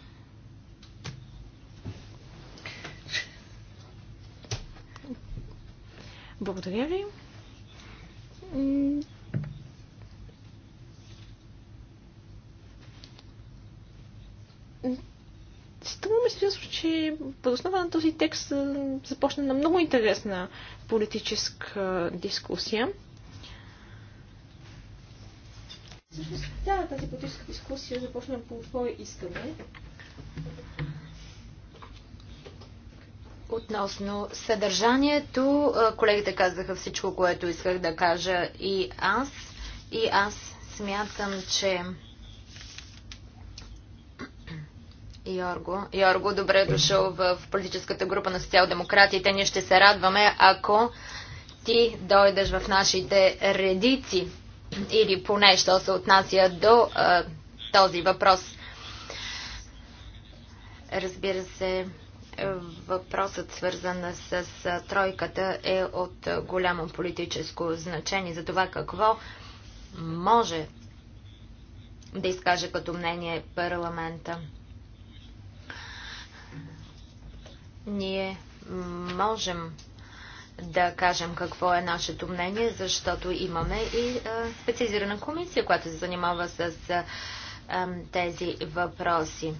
Благодаря ви. Струва ми се, че основа на този текст започна на много интересна политическа дискусия. Всъщност цялата тази политическа дискусия започна по твое искане. Относно съдържанието, колегите казаха всичко, което исках да кажа и аз. И аз смятам, че Йорго. Йорго, добре е дошъл в политическата група на социал-демократите. Ние ще се радваме, ако ти дойдеш в нашите редици или поне, що се отнася до а, този въпрос. Разбира се, въпросът свързан с тройката е от голямо политическо значение за това какво може да изкаже като мнение парламента. Ние можем да кажем какво е нашето мнение, защото имаме и специализирана комисия, която се занимава с тези въпроси.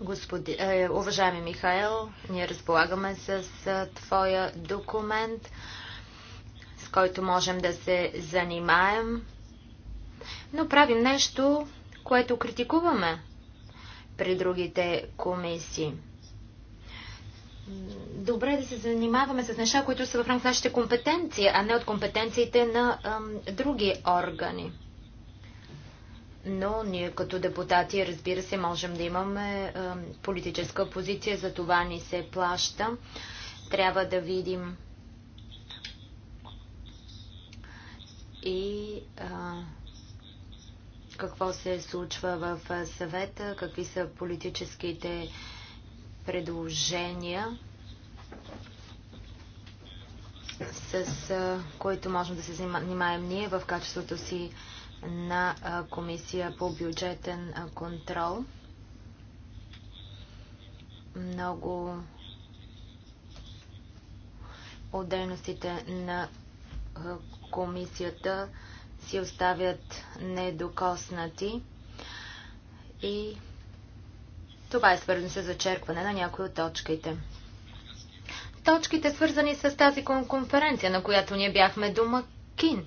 Господи, е, уважаеми Михаил, ние разполагаме с е, твоя документ, с който можем да се занимаем, но правим нещо, което критикуваме при другите комисии. Добре е да се занимаваме с неща, които са в рамките на нашите компетенции, а не от компетенциите на ам, други органи. Но ние като депутати, разбира се, можем да имаме ам, политическа позиция, за това ни се плаща. Трябва да видим и а, какво се случва в съвета, какви са политическите предложения, с които можем да се занимаем ние в качеството си на Комисия по бюджетен контрол. Много от дейностите на комисията си оставят недокоснати и това е свързано с зачеркване на някои от точките. Точките свързани с тази конференция, на която ние бяхме домакин.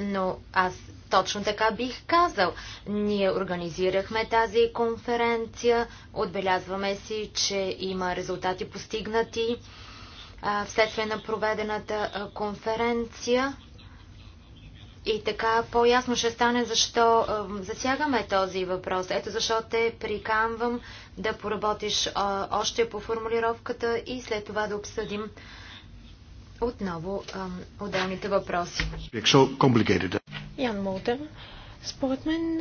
Но аз точно така бих казал. Ние организирахме тази конференция, отбелязваме си, че има резултати постигнати вследствие на проведената конференция. И така по-ясно ще стане защо е, засягаме този въпрос. Ето защо те приканвам да поработиш е, още по формулировката и след това да обсъдим отново е, отделните въпроси. Ян Молтер, според мен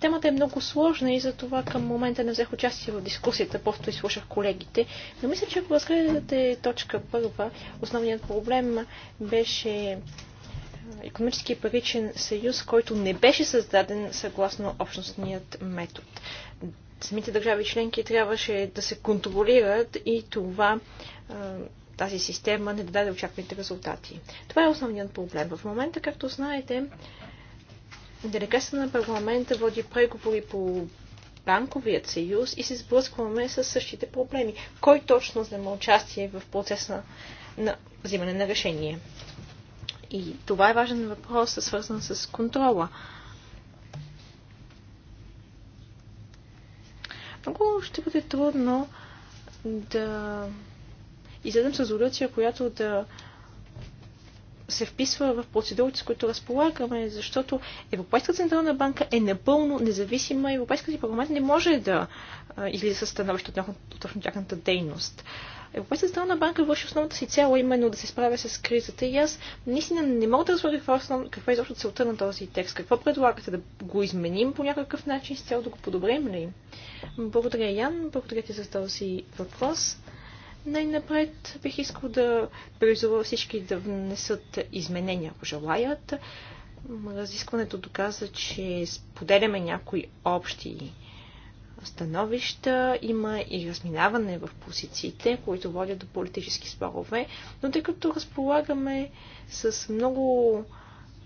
темата е много сложна и затова към момента не взех участие в дискусията, просто изслушах колегите. Но мисля, че ако разгледате точка първа, основният проблем беше економически и паричен съюз, който не беше създаден съгласно общностният метод. Самите държави членки трябваше да се контролират и това тази система не даде очакваните резултати. Това е основният проблем. В момента, както знаете, делегацията на парламента води преговори по банковият съюз и се сблъскваме с същите проблеми. Кой точно взема участие в процеса на взимане на решение? И това е важен въпрос, свързан с контрола. Много ще бъде трудно да изледам с резолюция, която да се вписва в процедурите, с които разполагаме, защото Европейската централна банка е напълно независима и Европейската парламент не може да излиза с становище относно тяхната дейност. Европейската централна банка върши основната си цяло, именно да се справя с кризата. И аз наистина не мога да разбера каква, е основ... каква е изобщо целта на този текст. Какво предлагате? Да го изменим по някакъв начин с цел да го подобрим ли? Благодаря, Ян. Благодаря ти за този въпрос. Най-напред бих искал да призова всички да внесат изменения, ако желаят. Разискването доказа, че споделяме някои общи становища, има и разминаване в позициите, които водят до политически спорове, но тъй като разполагаме с много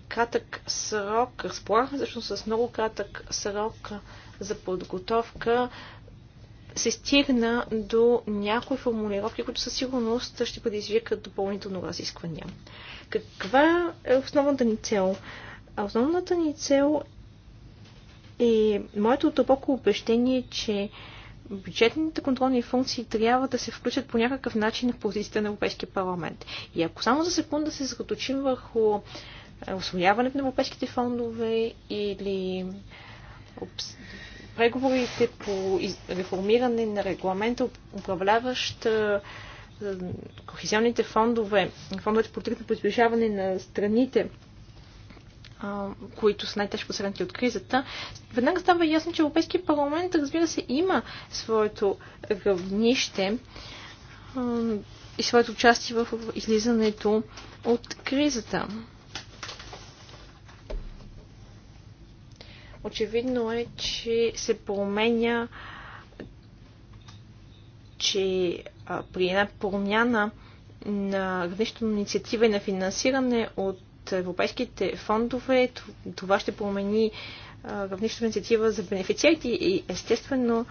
кратък срок, разполагаме всъщност с много кратък срок за подготовка, се стигна до някои формулировки, които със сигурност ще предизвикат допълнително разисквания. Каква е основната ни цел? основната ни цел и моето дълбоко обещение, е, че бюджетните контролни функции трябва да се включат по някакъв начин в позицията на Европейския парламент. И ако само за секунда се съсредоточим върху е, освояването на европейските фондове или преговорите по реформиране на регламента, управляващ е, кохезионните фондове, фондовете политиката по изближаване на страните които са най-тежко посегнати от кризата, веднага става ясно, че Европейския парламент, разбира се, има своето равнище и своето участие в излизането от кризата. Очевидно е, че се променя, че при една промяна на равнището на инициатива и на финансиране от европейските фондове. Това ще промени равнището инициатива за бенефициенти и естествено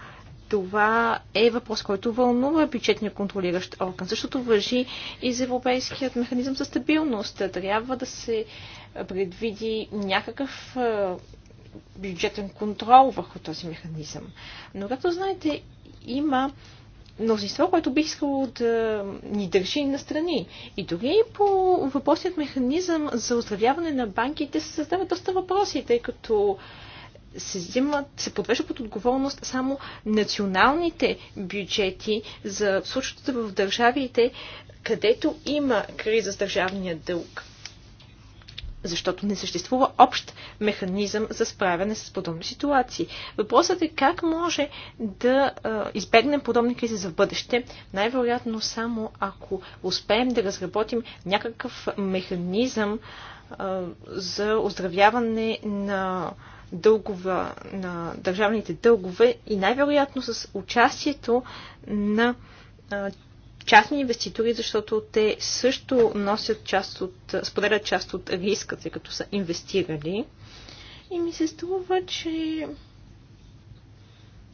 това е въпрос, който вълнува бюджетния контролиращ орган. Същото въжи и за европейският механизъм за стабилност. Трябва да се предвиди някакъв бюджетен контрол върху този механизъм. Но както знаете, има мнозинство, което би искало да ни държи настрани. И дори по въпросният механизъм за оздравяване на банките се създават доста въпроси, тъй като се, взимат, се подвежда под отговорност само националните бюджети за случаите в държавите, където има криза с държавния дълг защото не съществува общ механизъм за справяне с подобни ситуации. Въпросът е как може да избегнем подобни кризи за бъдеще, най-вероятно само ако успеем да разработим някакъв механизъм за оздравяване на дългове, на държавните дългове и най-вероятно с участието на частни инвеститори, защото те също носят част от, споделят част от риска, тъй като са инвестирали. И ми се струва, че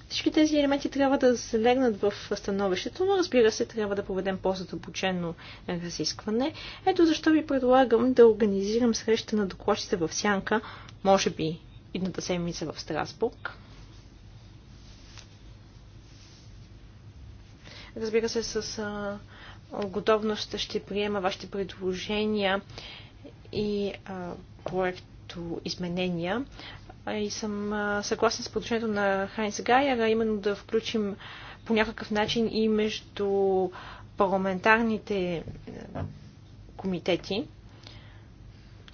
всички тези елементи трябва да залегнат в становището, но разбира се, трябва да проведем по-задълбочено разискване. Ето защо ви предлагам да организирам среща на докладчите в Сянка, може би идната седмица в Страсбург. Разбира се, с а, готовност ще приема вашите предложения и а, проекто изменения. И съм а, съгласен с предложението на Хайнс Гайер, а именно да включим по някакъв начин и между парламентарните комитети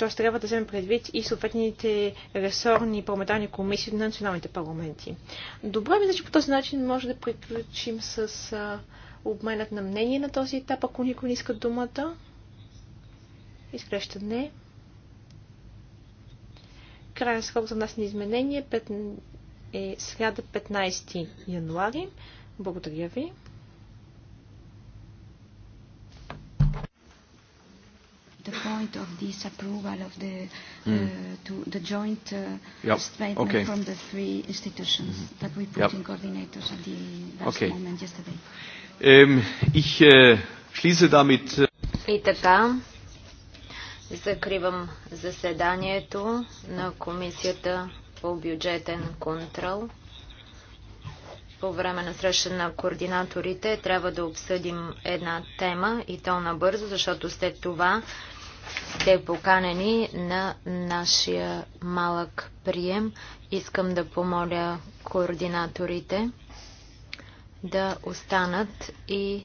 т.е. трябва да вземе предвид и съответните ресорни парламентарни комисии на националните парламенти. Добре, мисля, че по този начин може да приключим с а, обменът на мнение на този етап, ако никой не иска думата. Изглежда не. Крайен срок за нас на изменение е сряда 15 януари. Благодаря ви. the point of this approval of the mm. uh, to the joint uh, yep. statement okay. from the three institutions mm-hmm. that we put yep. in coordinators at the last okay. moment yesterday. Ähm, ich äh, schließe damit. И така, закривам заседанието на Комисията по бюджетен контрол по време на среща на координаторите трябва да обсъдим една тема и то набързо, защото след това сте поканени на нашия малък прием. Искам да помоля координаторите да останат и